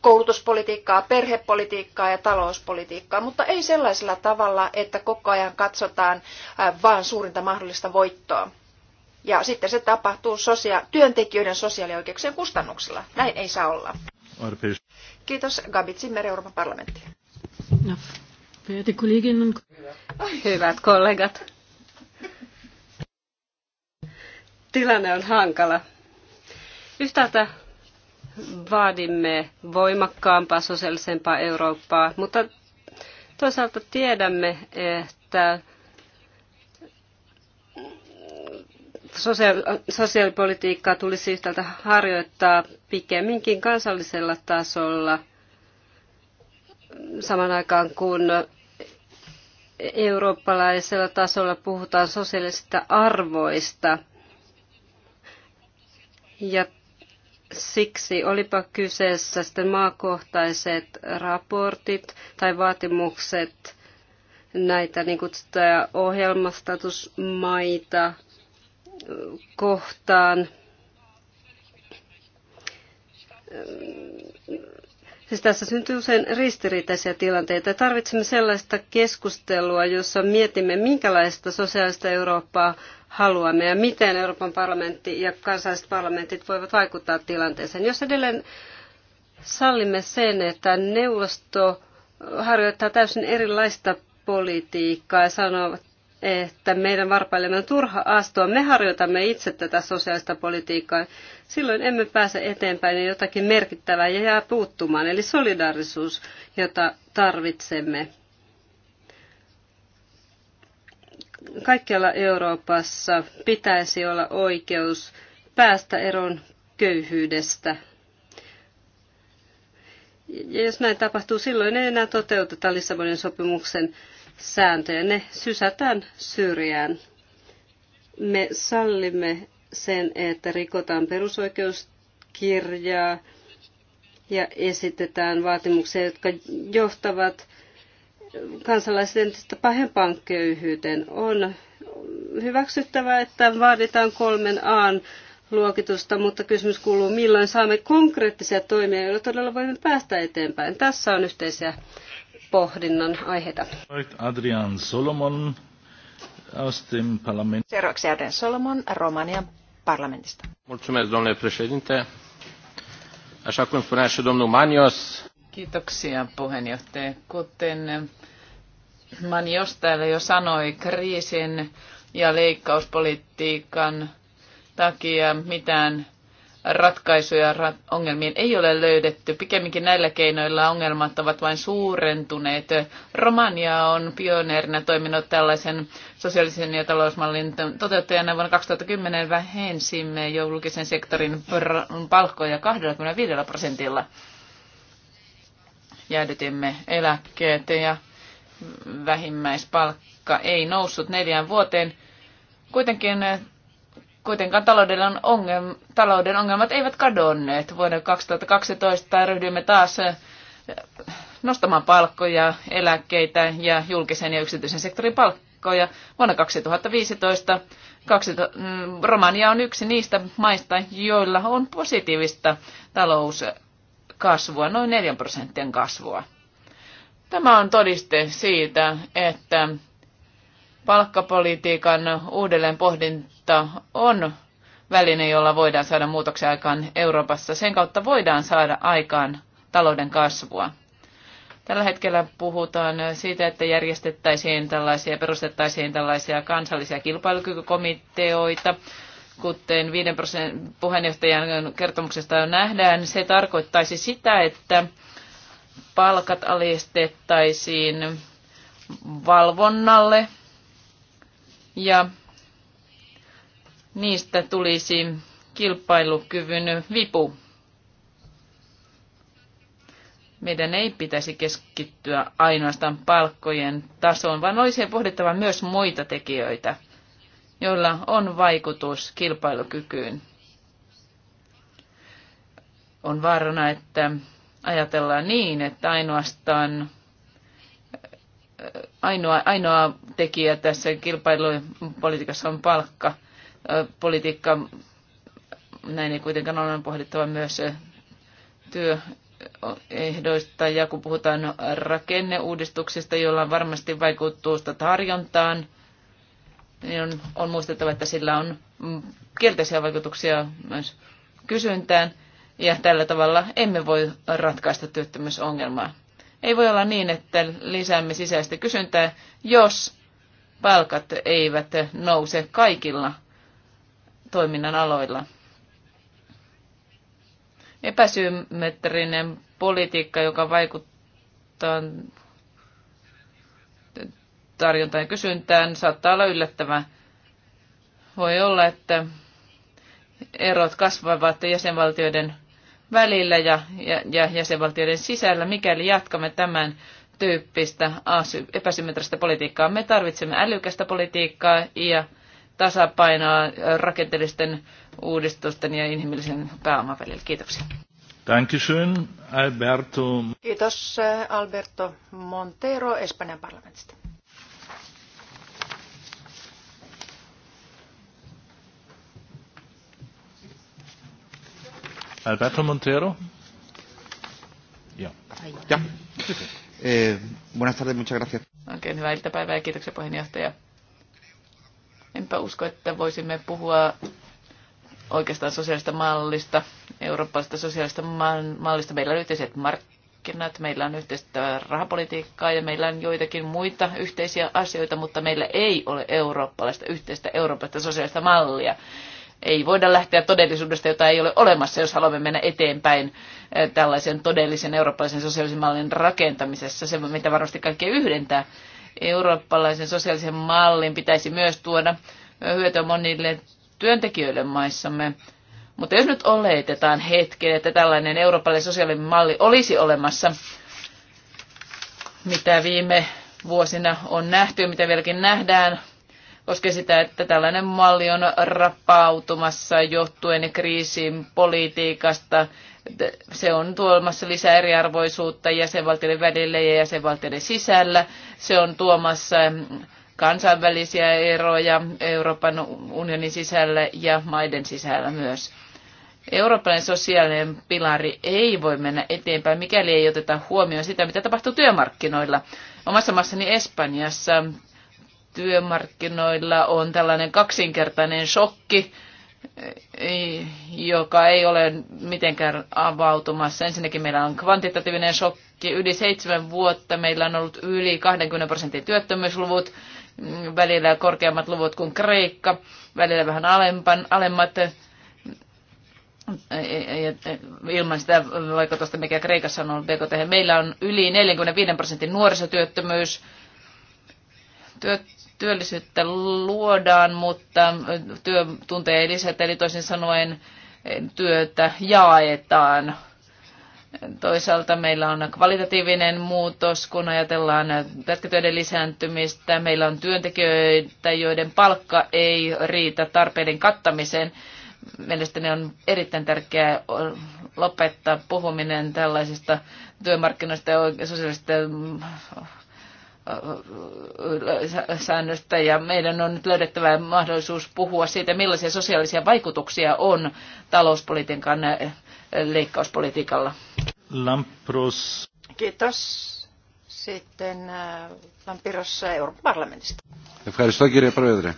koulutuspolitiikkaa, perhepolitiikkaa ja talouspolitiikkaa, mutta ei sellaisella tavalla, että koko ajan katsotaan vain suurinta mahdollista voittoa. Ja sitten se tapahtuu sosia- työntekijöiden sosiaalioikeuksien kustannuksella. Näin ei saa olla. Kiitos Gabi Zimmer, Euroopan parlamentti. No, Hyvät kollegat. Tilanne on hankala. Yhtäältä siis vaadimme voimakkaampaa, sosiaalisempaa Eurooppaa, mutta toisaalta tiedämme, että sosiaalipolitiikkaa tulisi yhtäältä harjoittaa pikemminkin kansallisella tasolla saman aikaan kun eurooppalaisella tasolla puhutaan sosiaalisista arvoista. Ja Siksi olipa kyseessä sitten maakohtaiset raportit tai vaatimukset näitä niin kutsuttuja ohjelmastatusmaita kohtaan, Siis tässä syntyy usein ristiriitaisia tilanteita. Tarvitsemme sellaista keskustelua, jossa mietimme, minkälaista sosiaalista Eurooppaa haluamme ja miten Euroopan parlamentti ja kansalliset parlamentit voivat vaikuttaa tilanteeseen. Jos edelleen sallimme sen, että neuvosto harjoittaa täysin erilaista politiikkaa ja sanoo, että meidän varpaillemme on turha astua. Me harjoitamme itse tätä sosiaalista politiikkaa. Silloin emme pääse eteenpäin ja niin jotakin merkittävää ja jää puuttumaan, eli solidaarisuus, jota tarvitsemme. Kaikkialla Euroopassa pitäisi olla oikeus päästä eroon köyhyydestä. Ja jos näin tapahtuu, silloin ei enää toteuteta Lissabonin sopimuksen sääntöjä. Ne sysätään syrjään. Me sallimme sen, että rikotaan perusoikeuskirjaa ja esitetään vaatimuksia, jotka johtavat kansalaisten entistä pahempaan köyhyyteen. On hyväksyttävää, että vaaditaan kolmen aan luokitusta, mutta kysymys kuuluu, milloin saamme konkreettisia toimia, joilla todella voimme päästä eteenpäin. Tässä on yhteisiä pohdinnan aiheita. Adrian Solomon, Austin parlament. Seuraavaksi Adrian Solomon, Romanian parlamentista. Mulțumesc, domnule președinte. Așa cum spunea și domnul Manios. Kiitoksia, puheenjohtaja. Kuten Manios täällä jo sanoi, kriisin ja leikkauspolitiikan takia mitään ratkaisuja ongelmiin ei ole löydetty. Pikemminkin näillä keinoilla ongelmat ovat vain suurentuneet. Romania on pioneerina toiminut tällaisen sosiaalisen ja talousmallin toteuttajana. Vuonna 2010 vähensimme julkisen sektorin palkkoja 25 prosentilla. Jäädytimme eläkkeet ja vähimmäispalkka ei noussut neljään vuoteen. Kuitenkin Kuitenkaan talouden, ongelma, talouden ongelmat eivät kadonneet. Vuonna 2012 ryhdyimme taas nostamaan palkkoja, eläkkeitä ja julkisen ja yksityisen sektorin palkkoja. Vuonna 2015 mm, Romania on yksi niistä maista, joilla on positiivista talouskasvua, noin 4 prosentin kasvua. Tämä on todiste siitä, että palkkapolitiikan uudelleen pohdinta mutta on väline, jolla voidaan saada muutoksia aikaan Euroopassa. Sen kautta voidaan saada aikaan talouden kasvua. Tällä hetkellä puhutaan siitä, että järjestettäisiin tällaisia, perustettaisiin tällaisia kansallisia kilpailukykykomiteoita, kuten 5 prosentin puheenjohtajan kertomuksesta nähdään. Se tarkoittaisi sitä, että palkat alistettaisiin valvonnalle ja niistä tulisi kilpailukyvyn vipu. Meidän ei pitäisi keskittyä ainoastaan palkkojen tasoon, vaan olisi pohdittava myös muita tekijöitä, joilla on vaikutus kilpailukykyyn. On vaarana, että ajatellaan niin, että ainoastaan ainoa, ainoa tekijä tässä kilpailupolitiikassa on palkka – politiikka. Näin ei kuitenkaan ole pohdittava myös työehdoista ja kun puhutaan rakenneuudistuksista, joilla varmasti sitä tarjontaan, niin on, on muistettava, että sillä on mm, kielteisiä vaikutuksia myös kysyntään ja tällä tavalla emme voi ratkaista työttömyysongelmaa. Ei voi olla niin, että lisäämme sisäistä kysyntää, jos palkat eivät nouse kaikilla toiminnan aloilla. Epäsymmetrinen politiikka, joka vaikuttaa tarjontaan ja kysyntään, saattaa olla yllättävää. Voi olla, että erot kasvavat jäsenvaltioiden välillä ja, ja, ja jäsenvaltioiden sisällä, mikäli jatkamme tämän tyyppistä epäsymmetristä politiikkaa. Me tarvitsemme älykästä politiikkaa ja tasapainoa rakenteellisten uudistusten ja inhimillisen pääoman välillä. Kiitoksia. Dankeschön, Alberto. Kiitos eh, Alberto Montero Espanjan parlamentista. Alberto Montero. Ja. ja. Eh, buenas tardes, muchas gracias. okay, hyvää iltapäivää ja kiitoksia puheenjohtaja. Enpä usko, että voisimme puhua oikeastaan sosiaalista mallista, eurooppalaisesta sosiaalista mallista. Meillä on yhteiset markkinat, meillä on yhteistä rahapolitiikkaa ja meillä on joitakin muita yhteisiä asioita, mutta meillä ei ole eurooppalaista yhteistä eurooppalaista sosiaalista mallia. Ei voida lähteä todellisuudesta, jota ei ole olemassa, jos haluamme mennä eteenpäin eh, tällaisen todellisen eurooppalaisen sosiaalisen mallin rakentamisessa. Se, mitä varmasti kaikki yhdentää, Eurooppalaisen sosiaalisen mallin pitäisi myös tuoda hyötyä monille työntekijöille maissamme. Mutta jos nyt oletetaan hetken, että tällainen eurooppalainen sosiaalinen malli olisi olemassa, mitä viime vuosina on nähty, mitä vieläkin nähdään, koskee sitä, että tällainen malli on rapautumassa johtuen kriisin politiikasta, se on tuomassa lisää eriarvoisuutta jäsenvaltioiden välillä ja jäsenvaltioiden sisällä. Se on tuomassa mm, kansainvälisiä eroja Euroopan unionin sisällä ja maiden sisällä myös. Eurooppalainen sosiaalinen pilari ei voi mennä eteenpäin, mikäli ei oteta huomioon sitä, mitä tapahtuu työmarkkinoilla. Omassa maassani Espanjassa työmarkkinoilla on tällainen kaksinkertainen shokki, joka ei ole mitenkään avautumassa. Ensinnäkin meillä on kvantitatiivinen shokki. Yli seitsemän vuotta meillä on ollut yli 20 prosentin työttömyysluvut, välillä korkeammat luvut kuin Kreikka, välillä vähän alempan, alemmat ilman sitä vaikutusta, mikä Kreikassa on ollut BKT. Meillä on yli 45 prosentin nuorisotyöttömyys. Työt, työllisyyttä luodaan, mutta työtunteja ei lisätä, eli toisin sanoen työtä jaetaan. Toisaalta meillä on kvalitatiivinen muutos, kun ajatellaan pätkätyöiden lisääntymistä. Meillä on työntekijöitä, joiden palkka ei riitä tarpeiden kattamiseen. Mielestäni on erittäin tärkeää lopettaa puhuminen tällaisista työmarkkinoista ja sosiaalisista säännöstä ja meidän on nyt löydettävä mahdollisuus puhua siitä, millaisia sosiaalisia vaikutuksia on talouspolitiikan eh, leikkauspolitiikalla. Lampros. Kiitos. Sitten eh, Lampiros eh, Euroopan parlamentista. Ευχαριστώ κύριε Πρόεδρε.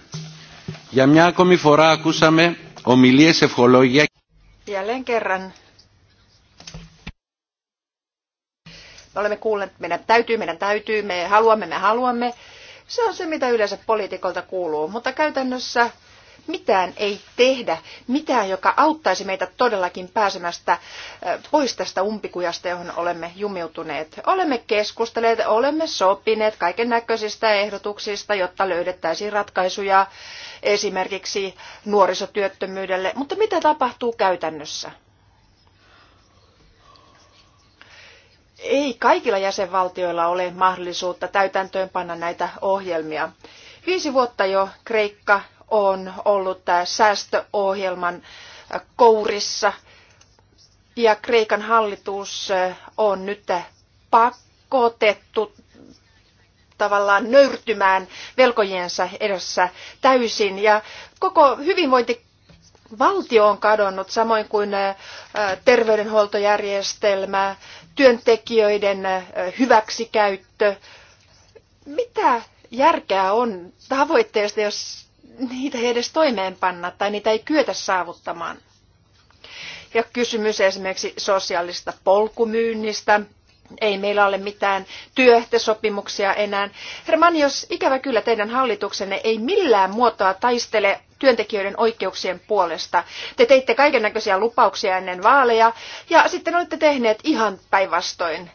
Για μια ακόμη φορά ακούσαμε ομιλίες ευχολόγια. Jälleen kerran Me olemme kuulleet, että meidän täytyy, meidän täytyy, me haluamme, me haluamme. Se on se, mitä yleensä poliitikolta kuuluu, mutta käytännössä mitään ei tehdä, mitään, joka auttaisi meitä todellakin pääsemästä pois tästä umpikujasta, johon olemme jumiutuneet. Olemme keskustelleet, olemme sopineet kaiken näköisistä ehdotuksista, jotta löydettäisiin ratkaisuja esimerkiksi nuorisotyöttömyydelle, mutta mitä tapahtuu käytännössä? ei kaikilla jäsenvaltioilla ole mahdollisuutta täytäntöönpanna näitä ohjelmia. Viisi vuotta jo Kreikka on ollut säästöohjelman äh, kourissa ja Kreikan hallitus äh, on nyt pakotettu tavallaan nöyrtymään velkojensa edessä täysin ja koko hyvinvointi valtio on kadonnut, samoin kuin äh, terveydenhuoltojärjestelmä, työntekijöiden hyväksikäyttö. Mitä järkeä on tavoitteesta, jos niitä ei edes toimeenpanna tai niitä ei kyetä saavuttamaan? Ja kysymys esimerkiksi sosiaalista polkumyynnistä. Ei meillä ole mitään työehtosopimuksia enää. Herman, jos ikävä kyllä teidän hallituksenne ei millään muotoa taistele työntekijöiden oikeuksien puolesta. Te teitte kaiken näköisiä lupauksia ennen vaaleja ja sitten olette tehneet ihan päinvastoin.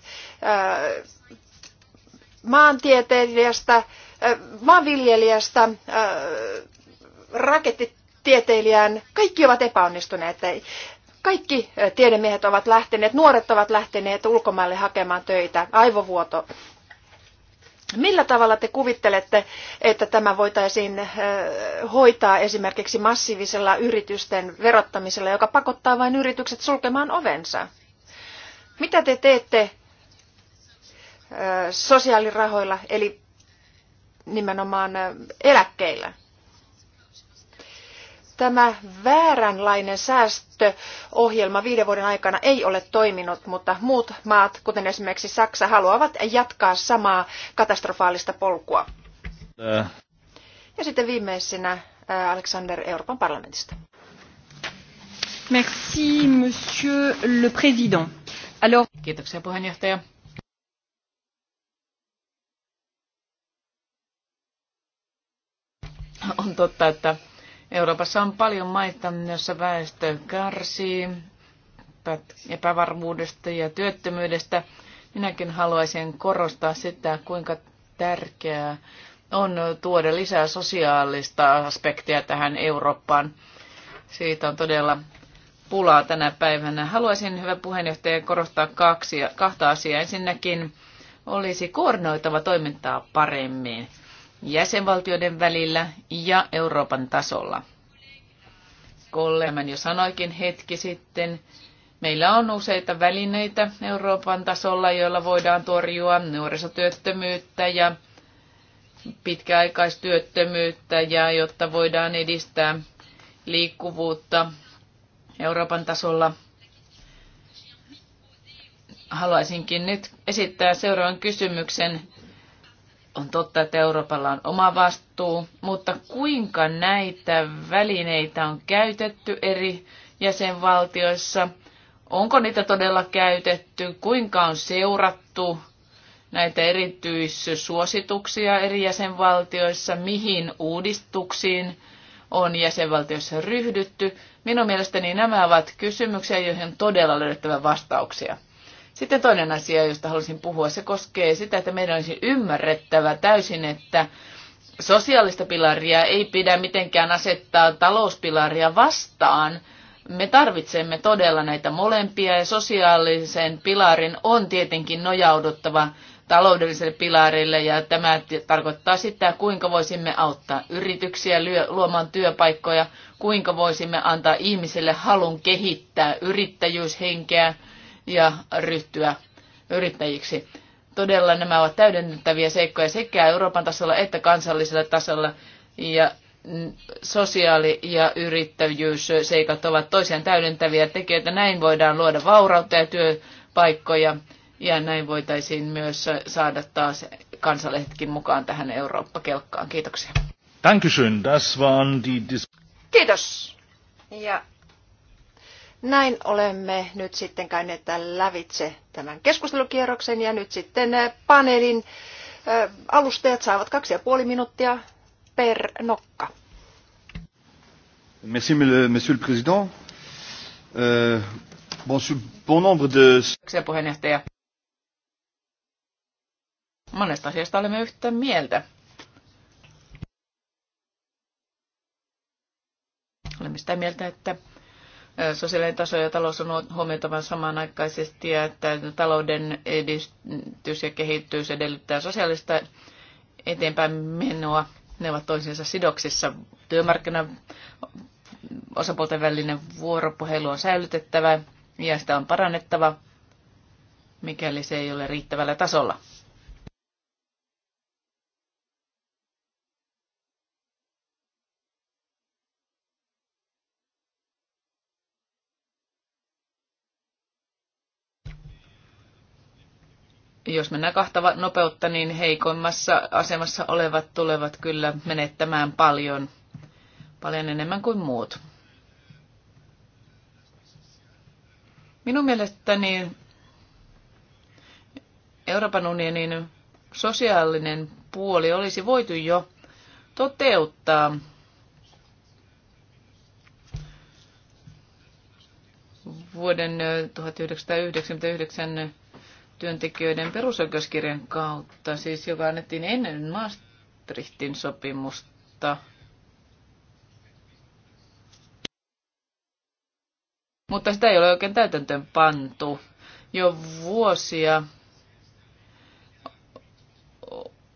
Maantieteilijästä, maanviljelijästä, rakettitieteilijään, kaikki ovat epäonnistuneet kaikki tiedemiehet ovat lähteneet, nuoret ovat lähteneet ulkomaille hakemaan töitä, aivovuoto Millä tavalla te kuvittelette, että tämä voitaisiin äh, hoitaa esimerkiksi massiivisella yritysten verottamisella, joka pakottaa vain yritykset sulkemaan ovensa? Mitä te teette äh, sosiaalirahoilla, eli nimenomaan äh, eläkkeillä? tämä vääränlainen säästöohjelma viiden vuoden aikana ei ole toiminut, mutta muut maat, kuten esimerkiksi Saksa, haluavat jatkaa samaa katastrofaalista polkua. Ja sitten viimeisenä äh, Alexander Euroopan parlamentista. Merci, monsieur le président. Alors... Kiitoksia puheenjohtaja. On totta, että Euroopassa on paljon maita, joissa väestö kärsii epävarmuudesta ja työttömyydestä. Minäkin haluaisin korostaa sitä, kuinka tärkeää on tuoda lisää sosiaalista aspektia tähän Eurooppaan. Siitä on todella pulaa tänä päivänä. Haluaisin, hyvä puheenjohtaja, korostaa kaksi, kahta asiaa. Ensinnäkin olisi koordinoitava toimintaa paremmin jäsenvaltioiden välillä ja Euroopan tasolla. Kolleman jo sanoikin hetki sitten, meillä on useita välineitä Euroopan tasolla, joilla voidaan torjua nuorisotyöttömyyttä ja pitkäaikaistyöttömyyttä ja jotta voidaan edistää liikkuvuutta Euroopan tasolla. Haluaisinkin nyt esittää seuraavan kysymyksen on totta, että Euroopalla on oma vastuu, mutta kuinka näitä välineitä on käytetty eri jäsenvaltioissa? Onko niitä todella käytetty? Kuinka on seurattu näitä erityissuosituksia eri jäsenvaltioissa? Mihin uudistuksiin on jäsenvaltioissa ryhdytty? Minun mielestäni nämä ovat kysymyksiä, joihin on todella löydettävä vastauksia. Sitten toinen asia, josta halusin puhua, se koskee sitä, että meidän olisi ymmärrettävä täysin, että sosiaalista pilaria ei pidä mitenkään asettaa talouspilaria vastaan. Me tarvitsemme todella näitä molempia ja sosiaalisen pilarin on tietenkin nojauduttava taloudelliselle pilarille ja tämä tarkoittaa sitä, kuinka voisimme auttaa yrityksiä luomaan työpaikkoja, kuinka voisimme antaa ihmisille halun kehittää yrittäjyyshenkeä, ja ryhtyä yrittäjiksi. Todella nämä ovat täydentäviä seikkoja sekä Euroopan tasolla että kansallisella tasolla. Ja sosiaali- ja yrittäjyysseikat ovat toisiaan täydentäviä tekijöitä. Näin voidaan luoda vaurautta ja työpaikkoja ja näin voitaisiin myös saada taas kansalaisetkin mukaan tähän Eurooppa-kelkkaan. Kiitoksia. Dankeschön, das waren die Kiitos. Ja näin olemme nyt sitten käyneet lävitse tämän keskustelukierroksen ja nyt sitten eh, paneelin eh, alustajat saavat kaksi ja puoli minuuttia per nokka. Merci, monsieur le président. Euh, bon, bon nombre de... puheenjohtaja. Monesta asiasta olemme yhtä mieltä. Olemme sitä mieltä, että sosiaalinen taso ja talous on huomioitava samanaikaisesti ja että talouden edistys ja kehittyys edellyttää sosiaalista eteenpäin menoa. Ne ovat toisiinsa sidoksissa. Työmarkkinan osapuolten välinen vuoropuhelu on säilytettävä ja sitä on parannettava, mikäli se ei ole riittävällä tasolla. jos mennään kahta nopeutta, niin heikoimmassa asemassa olevat tulevat kyllä menettämään paljon, paljon enemmän kuin muut. Minun mielestäni Euroopan unionin sosiaalinen puoli olisi voitu jo toteuttaa vuoden 1999 työntekijöiden perusoikeuskirjan kautta, siis joka annettiin ennen Maastrichtin sopimusta. Mutta sitä ei ole oikein täytäntöön pantu. Jo vuosia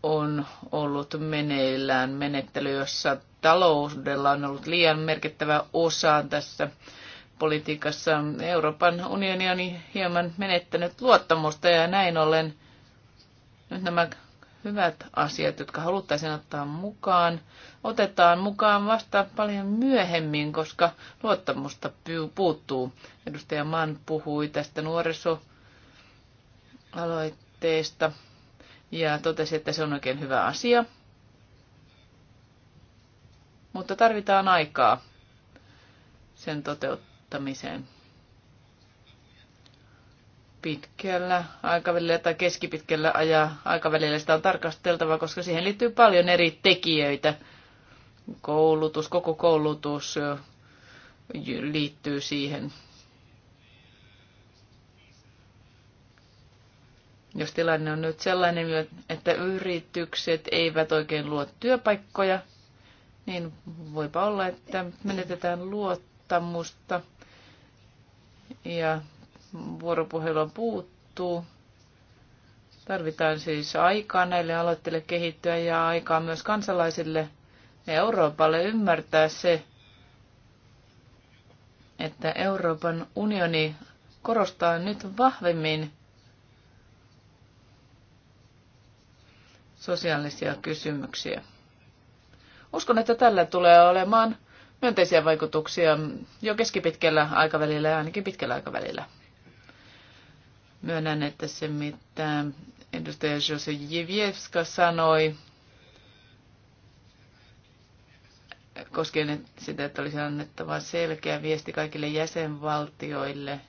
on ollut meneillään menettely, jossa taloudella on ollut liian merkittävä osa tässä politiikassa Euroopan unioni on hieman menettänyt luottamusta ja näin ollen nyt nämä hyvät asiat, jotka haluttaisiin ottaa mukaan, otetaan mukaan vasta paljon myöhemmin, koska luottamusta puuttuu. Edustaja Mann puhui tästä nuorisoaloitteesta ja totesi, että se on oikein hyvä asia. Mutta tarvitaan aikaa sen toteuttamiseen toteuttamiseen pitkällä aikavälillä tai keskipitkällä ajaa aikavälillä sitä on tarkasteltava, koska siihen liittyy paljon eri tekijöitä. Koulutus, koko koulutus liittyy siihen. Jos tilanne on nyt sellainen, että yritykset eivät oikein luo työpaikkoja, niin voipa olla, että menetetään luottamusta – ja vuoropuhelua puuttuu. Tarvitaan siis aikaa näille aloitteille kehittyä ja aikaa myös kansalaisille ja Euroopalle ymmärtää se, että Euroopan unioni korostaa nyt vahvemmin sosiaalisia kysymyksiä. Uskon, että tällä tulee olemaan myönteisiä vaikutuksia jo keskipitkällä aikavälillä ja ainakin pitkällä aikavälillä. Myönnän, että se mitä edustaja Jose Jivievska sanoi koskien sitä, että olisi annettava selkeä viesti kaikille jäsenvaltioille –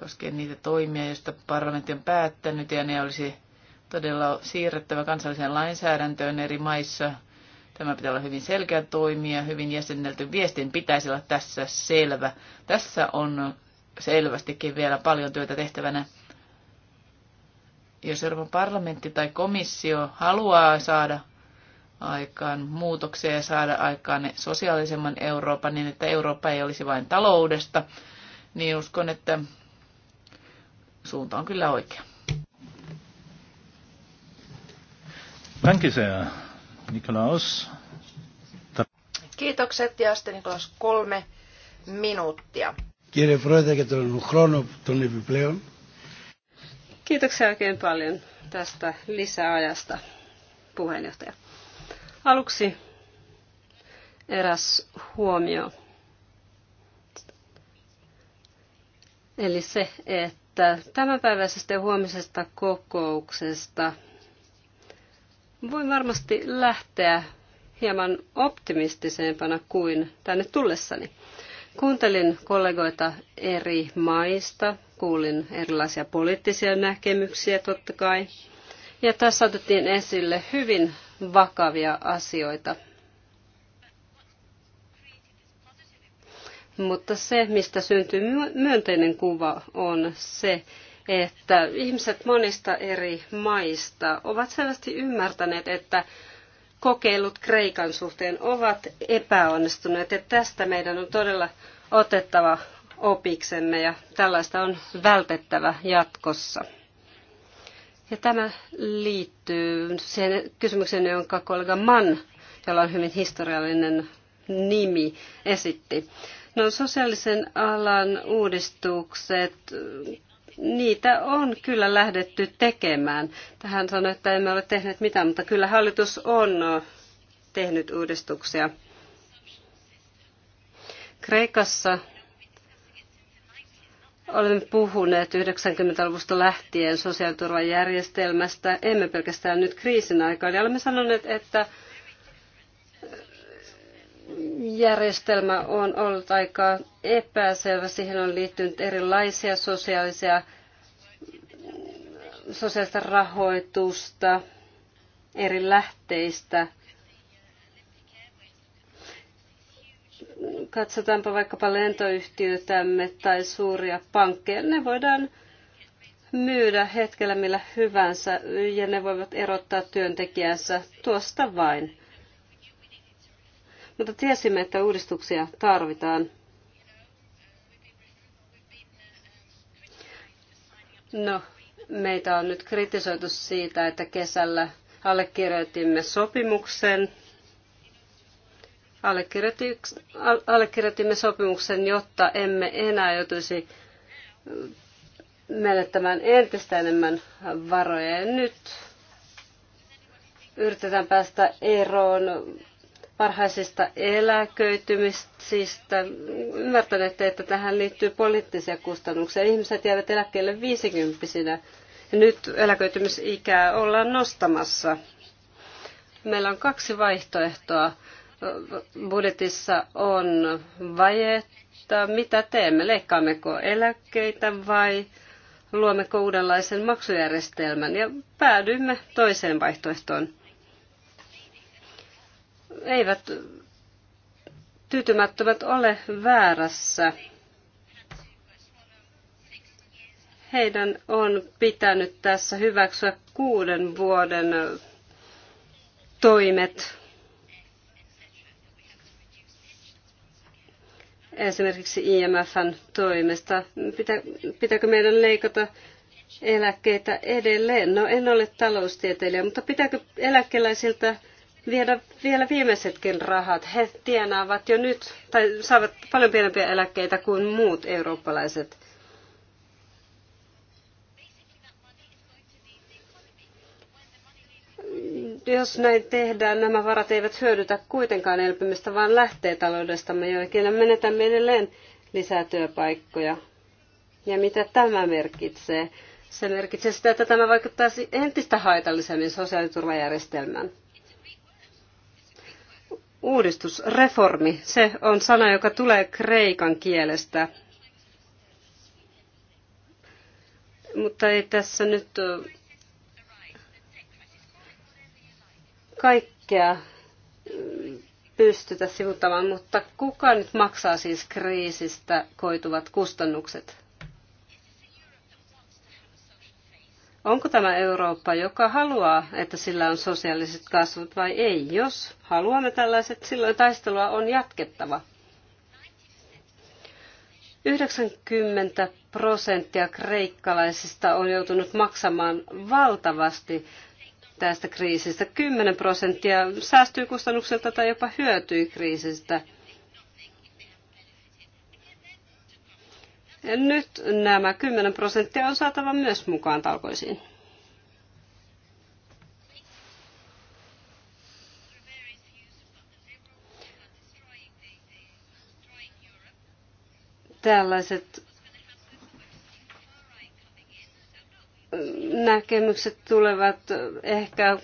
koskien niitä toimia, joista parlamentti on päättänyt, ja ne olisi todella siirrettävä kansalliseen lainsäädäntöön eri maissa. Tämä pitää olla hyvin selkeä toimija, hyvin jäsennelty viestin pitäisi olla tässä selvä. Tässä on selvästikin vielä paljon työtä tehtävänä. Jos Euroopan parlamentti tai komissio haluaa saada aikaan muutoksia ja saada aikaan sosiaalisemman Euroopan, niin että Eurooppa ei olisi vain taloudesta, niin uskon, että suunta on kyllä oikea. Danke sehr, Nikolaus. Kiitokset ja sitten Nikolaus kolme minuuttia. Κύριε Πρόεδρε για τον χρόνο των επιπλέον. Kiitoksia oikein paljon tästä lisäajasta, puheenjohtaja. Aluksi eräs huomio. Eli se, että tämänpäiväisestä ja huomisesta kokouksesta voin varmasti lähteä hieman optimistisempana kuin tänne tullessani. Kuuntelin kollegoita eri maista, kuulin erilaisia poliittisia näkemyksiä totta kai. Ja tässä otettiin esille hyvin vakavia asioita. Mutta se, mistä syntyy myönteinen kuva, on se, että ihmiset monista eri maista ovat selvästi ymmärtäneet, että kokeilut Kreikan suhteen ovat epäonnistuneet Että tästä meidän on todella otettava opiksemme ja tällaista on vältettävä jatkossa. Ja tämä liittyy siihen kysymykseen, jonka kollega Mann, jolla on hyvin historiallinen nimi, esitti. No, sosiaalisen alan uudistukset niitä on kyllä lähdetty tekemään. Tähän sanoi, että emme ole tehneet mitään, mutta kyllä hallitus on tehnyt uudistuksia. Kreikassa olemme puhuneet 90-luvusta lähtien sosiaaliturvajärjestelmästä, emme pelkästään nyt kriisin aikaan, ja olemme sanoneet, että järjestelmä on ollut aika epäselvä. Siihen on liittynyt erilaisia sosiaalisia, sosiaalista rahoitusta eri lähteistä. Katsotaanpa vaikkapa lentoyhtiötämme tai suuria pankkeja. Ne voidaan myydä hetkellä millä hyvänsä ja ne voivat erottaa työntekijänsä tuosta vain mutta tiesimme, että uudistuksia tarvitaan. No, meitä on nyt kritisoitu siitä, että kesällä allekirjoitimme sopimuksen. Allekirjoitimme sopimuksen, jotta emme enää joutuisi menettämään entistä enemmän varoja. Ja nyt yritetään päästä eroon varhaisista eläköitymisistä. Ymmärtänette, että tähän liittyy poliittisia kustannuksia. Ihmiset jäävät eläkkeelle ja Nyt eläköitymisikää ollaan nostamassa. Meillä on kaksi vaihtoehtoa. Budjetissa on vajetta. Mitä teemme? Leikkaammeko eläkkeitä vai luomme uudenlaisen maksujärjestelmän? Ja päädyimme toiseen vaihtoehtoon eivät tyytymättömät ole väärässä. Heidän on pitänyt tässä hyväksyä kuuden vuoden toimet. Esimerkiksi IMFn toimesta. Pitä, pitääkö meidän leikata eläkkeitä edelleen? No en ole taloustieteilijä, mutta pitääkö eläkeläisiltä vielä, vielä viimeisetkin rahat. He tienaavat jo nyt, tai saavat paljon pienempiä eläkkeitä kuin muut eurooppalaiset. Jos näin tehdään, nämä varat eivät hyödytä kuitenkaan elpymistä, vaan lähtee taloudestamme joikin ja menetämme edelleen lisää työpaikkoja. Ja mitä tämä merkitsee? Se merkitsee sitä, että tämä vaikuttaisi entistä haitallisemmin sosiaaliturvajärjestelmään uudistus, reformi, se on sana, joka tulee kreikan kielestä. Mutta ei tässä nyt kaikkea pystytä sivuttamaan, mutta kuka nyt maksaa siis kriisistä koituvat kustannukset? Onko tämä Eurooppa, joka haluaa, että sillä on sosiaaliset kasvut vai ei? Jos haluamme tällaiset, silloin taistelua on jatkettava. 90 prosenttia kreikkalaisista on joutunut maksamaan valtavasti tästä kriisistä. 10 prosenttia säästyy kustannuksilta tai jopa hyötyi kriisistä. nyt nämä 10 prosenttia on saatava myös mukaan talkoisiin. Tällaiset näkemykset tulevat ehkä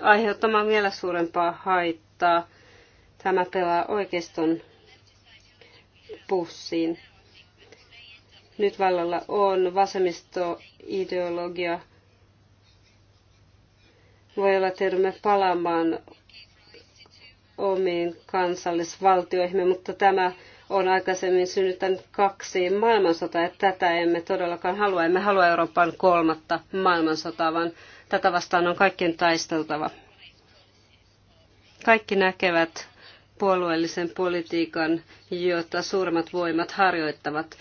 aiheuttamaan vielä suurempaa haittaa. Tämä pelaa oikeiston pussiin nyt vallalla on vasemmistoideologia. Voi olla, että joudumme palaamaan omiin kansallisvaltioihimme, mutta tämä on aikaisemmin synnyttänyt kaksi maailmansotaa, ja tätä emme todellakaan halua. Emme halua Euroopan kolmatta maailmansotaa, vaan tätä vastaan on kaikkien taisteltava. Kaikki näkevät puolueellisen politiikan, jota suuremmat voimat harjoittavat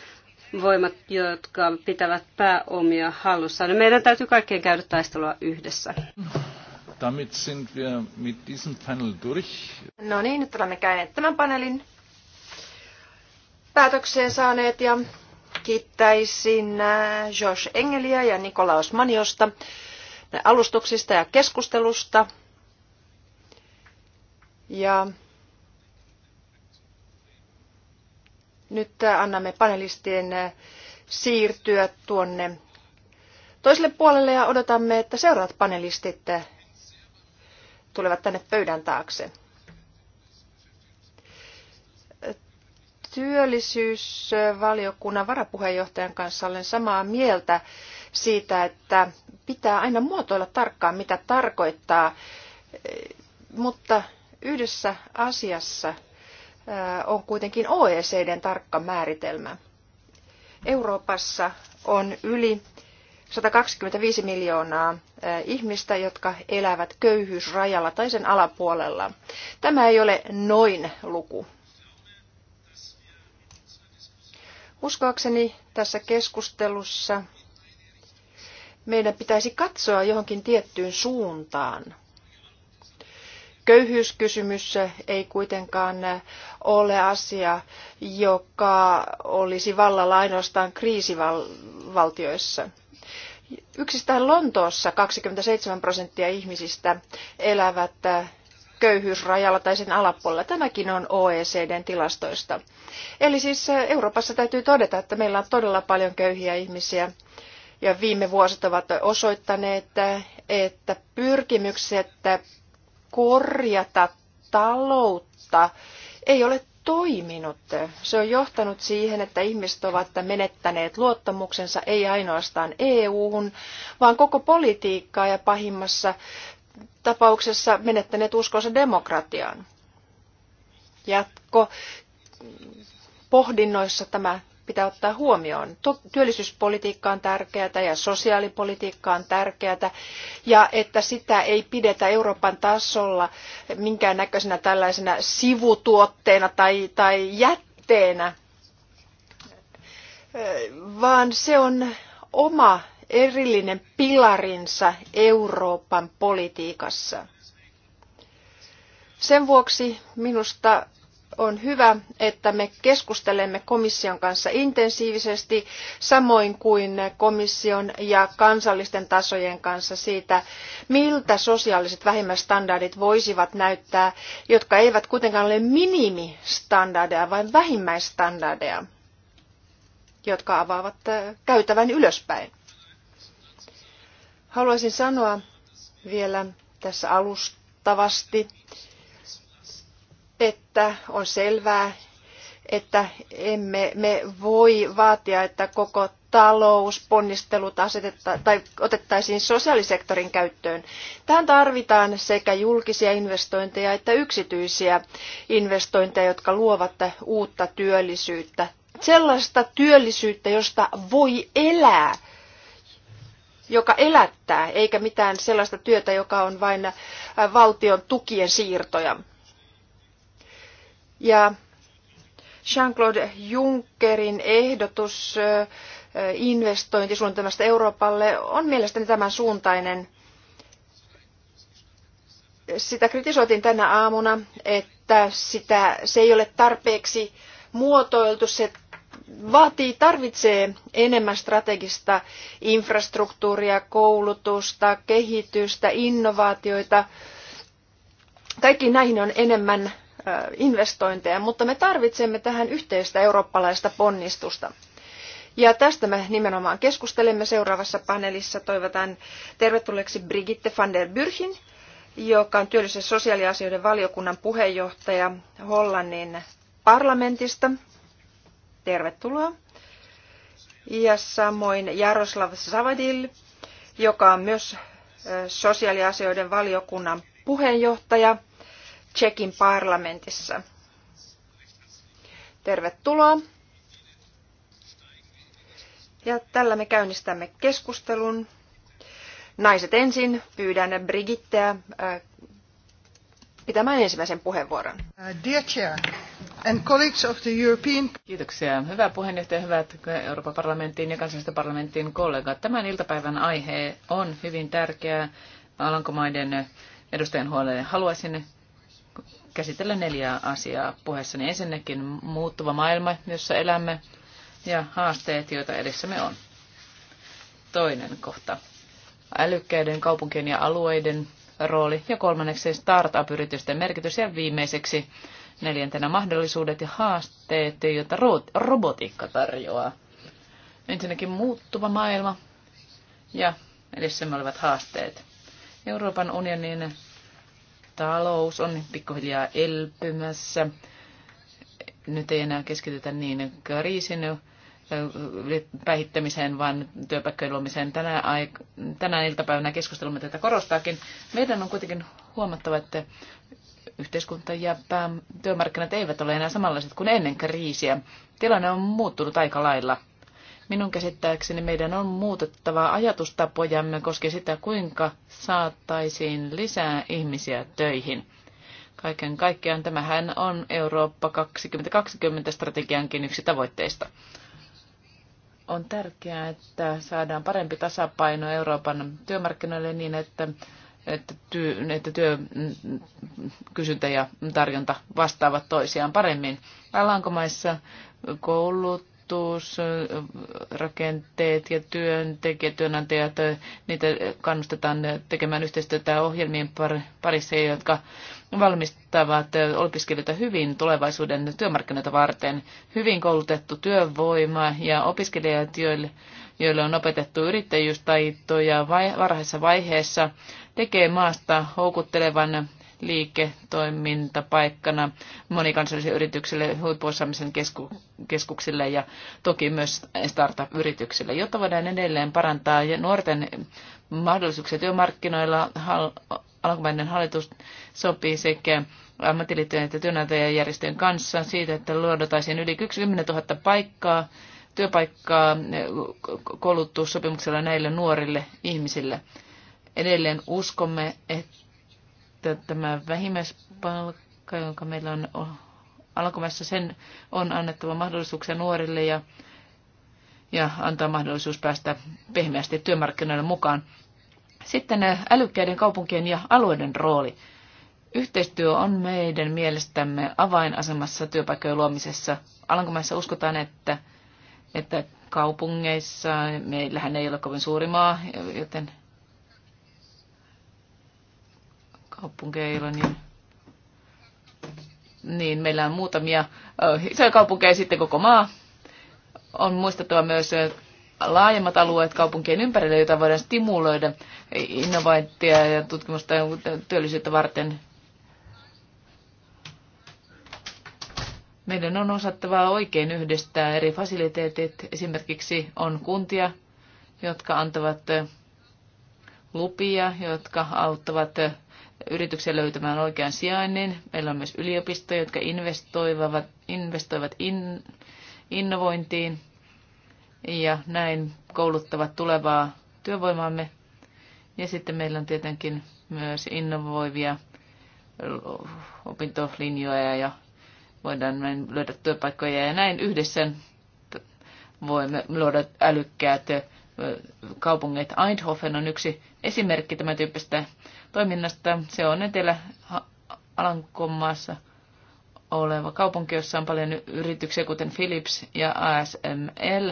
voimat, jotka pitävät pääomia hallussa, No meidän täytyy kaikkien käydä taistelua yhdessä. Damit sind wir mit diesem panel durch. No niin, nyt olemme käyneet tämän panelin päätökseen saaneet ja kiittäisin Josh äh, Engeliä ja Nikolaus Maniosta äh, alustuksista ja keskustelusta. Ja Nyt annamme panelistien eh, siirtyä tuonne toiselle puolelle ja odotamme, että seuraavat panelistit eh, tulevat tänne pöydän taakse. Työllisyysvaliokunnan varapuheenjohtajan kanssa olen samaa mieltä siitä, että pitää aina muotoilla tarkkaan, mitä tarkoittaa, eh, mutta yhdessä asiassa on kuitenkin OECDn tarkka määritelmä. Euroopassa on yli 125 miljoonaa ihmistä, jotka elävät köyhyysrajalla tai sen alapuolella. Tämä ei ole noin luku. Uskoakseni tässä keskustelussa meidän pitäisi katsoa johonkin tiettyyn suuntaan. Köyhyyskysymys ei kuitenkaan ole asia, joka olisi vallalla ainoastaan kriisivaltioissa. Yksistään Lontoossa 27 prosenttia ihmisistä elävät köyhyysrajalla tai sen alapuolella. Tämäkin on OECDn tilastoista. Eli siis Euroopassa täytyy todeta, että meillä on todella paljon köyhiä ihmisiä. Ja viime vuosit ovat osoittaneet, että pyrkimykset korjata taloutta ei ole toiminut. Se on johtanut siihen, että ihmiset ovat menettäneet luottamuksensa ei ainoastaan EU-hun, vaan koko politiikkaa ja pahimmassa tapauksessa menettäneet uskonsa demokratiaan. Jatko pohdinnoissa tämä pitää ottaa huomioon. Työllisyyspolitiikka on tärkeää ja sosiaalipolitiikka on tärkeää ja että sitä ei pidetä Euroopan tasolla minkäännäköisenä tällaisena sivutuotteena tai, tai jätteenä, vaan se on oma erillinen pilarinsa Euroopan politiikassa. Sen vuoksi minusta on hyvä, että me keskustelemme komission kanssa intensiivisesti, samoin kuin komission ja kansallisten tasojen kanssa siitä, miltä sosiaaliset vähimmäistandardit voisivat näyttää, jotka eivät kuitenkaan ole minimistandardeja, vaan vähimmäisstandardeja jotka avaavat äh, käytävän ylöspäin. Haluaisin sanoa vielä tässä alustavasti, että on selvää, että emme me voi vaatia, että koko talousponnistelut asetetta, tai otettaisiin sosiaalisektorin käyttöön. Tähän tarvitaan sekä julkisia investointeja että yksityisiä investointeja, jotka luovat uutta työllisyyttä. Sellaista työllisyyttä, josta voi elää, joka elättää, eikä mitään sellaista työtä, joka on vain valtion tukien siirtoja. Ja Jean-Claude Junckerin ehdotus investointisuunnitelmasta Euroopalle on mielestäni tämän suuntainen. Sitä kritisoitiin tänä aamuna, että sitä, se ei ole tarpeeksi muotoiltu. Se vaatii, tarvitsee enemmän strategista infrastruktuuria, koulutusta, kehitystä, innovaatioita. Kaikki näihin on enemmän investointeja, mutta me tarvitsemme tähän yhteistä eurooppalaista ponnistusta. Ja tästä me nimenomaan keskustelemme seuraavassa paneelissa. Toivotan tervetulleeksi Brigitte van der Byrchin, joka on työllisyys- ja sosiaaliasioiden valiokunnan puheenjohtaja Hollannin parlamentista. Tervetuloa. Ja samoin Jaroslav Savadil, joka on myös sosiaaliasioiden valiokunnan puheenjohtaja Tsekin parlamentissa. Tervetuloa. Ja tällä me käynnistämme keskustelun. Naiset ensin. Pyydän Brigitteä pitämään ensimmäisen puheenvuoron. Uh, dear Chair and colleagues of the European... Kiitoksia. Hyvä puheenjohtaja, hyvät Euroopan parlamenttiin ja kansallisten parlamenttiin kollegat. Tämän iltapäivän aihe on hyvin tärkeä Alankomaiden edustajan huolelle. Haluaisin käsitellä neljää asiaa puheessani. Ensinnäkin muuttuva maailma, jossa elämme, ja haasteet, joita edessämme on. Toinen kohta. Älykkäiden kaupunkien ja alueiden rooli. Ja kolmanneksi startup-yritysten merkitys. Ja viimeiseksi neljäntenä mahdollisuudet ja haasteet, joita robotiikka tarjoaa. Ensinnäkin muuttuva maailma ja edessämme olevat haasteet. Euroopan unionin talous on pikkuhiljaa elpymässä. Nyt ei enää keskitytä niin kriisin päihittämiseen, vaan työpaikkojen luomiseen. tänä, aik- iltapäivänä keskustelumme tätä korostaakin. Meidän on kuitenkin huomattava, että yhteiskunta ja pää- työmarkkinat eivät ole enää samanlaiset kuin ennen kriisiä. Tilanne on muuttunut aika lailla. Minun käsittääkseni meidän on muutettava ajatustapojamme koske sitä, kuinka saattaisiin lisää ihmisiä töihin. Kaiken kaikkiaan tämähän on Eurooppa 2020 strategiankin yksi tavoitteista. On tärkeää, että saadaan parempi tasapaino Euroopan työmarkkinoille niin, että että, työ, että työkysyntä ja tarjonta vastaavat toisiaan paremmin. Alankomaissa koulut koulutus, rakenteet ja työntekijät, työnantajat, niitä kannustetaan tekemään yhteistyötä ohjelmien parissa, jotka valmistavat opiskelijoita hyvin tulevaisuuden työmarkkinoita varten. Hyvin koulutettu työvoima ja opiskelijat, joille, joille on opetettu yrittäjyystaitoja varhaisessa vaiheessa, tekee maasta houkuttelevan liiketoimintapaikkana monikansallisille yrityksille, huippuosaamisen kesku, keskuksille ja toki myös startup-yrityksille. Jotta voidaan edelleen parantaa nuorten mahdollisuuksia työmarkkinoilla, hal, alkuperäinen hallitus sopii sekä ammattiliittojen että työnantajajärjestöjen kanssa siitä, että luodotaisiin yli 10 000 paikkaa työpaikkaa koulutussopimuksella näille nuorille ihmisille. Edelleen uskomme, että että tämä vähimmäispalkka, jonka meillä on alkumaissa, sen on annettava mahdollisuuksia nuorille ja, ja antaa mahdollisuus päästä pehmeästi työmarkkinoille mukaan. Sitten äh, älykkäiden kaupunkien ja alueiden rooli. Yhteistyö on meidän mielestämme avainasemassa työpaikkojen luomisessa. Alankomaissa uskotaan, että, että kaupungeissa, meillähän ei ole kovin suuri maa, joten kaupunkeilla, niin, niin meillä on muutamia isoja kaupunkeja sitten koko maa. On muistettava myös laajemmat alueet kaupunkien ympärille, joita voidaan stimuloida innovaattia ja tutkimusta ja työllisyyttä varten. Meidän on osattava oikein yhdistää eri fasiliteetit. Esimerkiksi on kuntia, jotka antavat lupia, jotka auttavat yrityksen löytämään oikean sijainnin. Meillä on myös yliopistoja, jotka investoivat, investoivat in, innovointiin ja näin kouluttavat tulevaa työvoimaamme. Ja sitten meillä on tietenkin myös innovoivia opintolinjoja ja voidaan näin löydä työpaikkoja ja näin yhdessä voimme luoda älykkäät kaupungit. Eindhoven on yksi esimerkki tämän tyyppistä toiminnasta. Se on Etelä-Alankomaassa oleva kaupunki, jossa on paljon yrityksiä, kuten Philips ja ASML.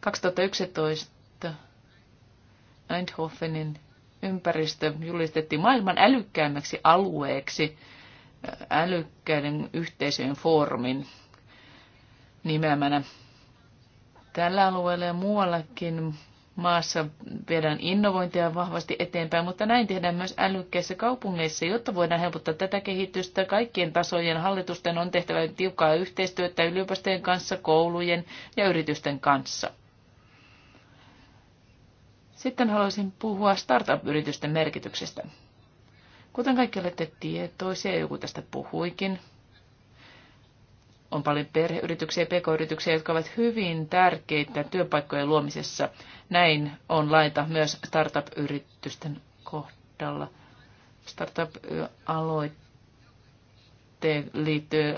2011 Eindhovenin ympäristö julistettiin maailman älykkäimmäksi alueeksi älykkäiden yhteisöjen foorumin nimeämänä. Tällä alueella ja muuallakin maassa viedään innovointia vahvasti eteenpäin, mutta näin tehdään myös älykkäissä kaupungeissa, jotta voidaan helpottaa tätä kehitystä. Kaikkien tasojen hallitusten on tehtävä tiukkaa yhteistyötä yliopistojen kanssa, koulujen ja yritysten kanssa. Sitten haluaisin puhua startup-yritysten merkityksestä. Kuten kaikki olette tietoisia, joku tästä puhuikin, on paljon perheyrityksiä ja pk-yrityksiä, jotka ovat hyvin tärkeitä työpaikkojen luomisessa. Näin on laita myös startup-yritysten kohdalla. startup aloitteen liittyy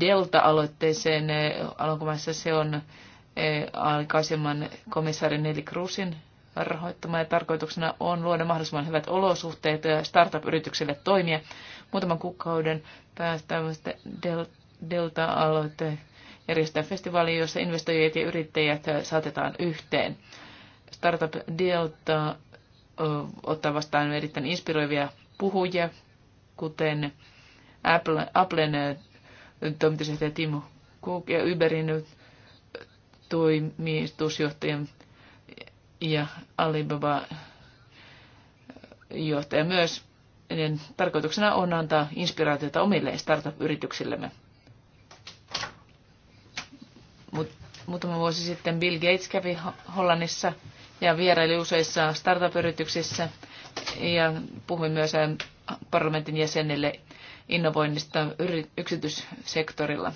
Delta-aloitteeseen. Alankomaissa se on aikaisemman komissaari Neli Cruzin rahoittama ja tarkoituksena on luoda mahdollisimman hyvät olosuhteet startup-yrityksille toimia. Muutaman kuukauden päästä Delta Delta-aloite järjestää festivaali, jossa investoijat ja yrittäjät saatetaan yhteen. Startup Delta ottaa vastaan erittäin inspiroivia puhujia, kuten Apple, Applen toimitusjohtaja Tim Cook ja Uberin toimitusjohtaja ja Alibaba johtaja myös. Tarkoituksena on antaa inspiraatiota omille startup-yrityksillemme. Muutama vuosi sitten Bill Gates kävi Hollannissa ja vieraili useissa startup-yrityksissä ja puhui myös parlamentin jäsenille innovoinnista yksityissektorilla.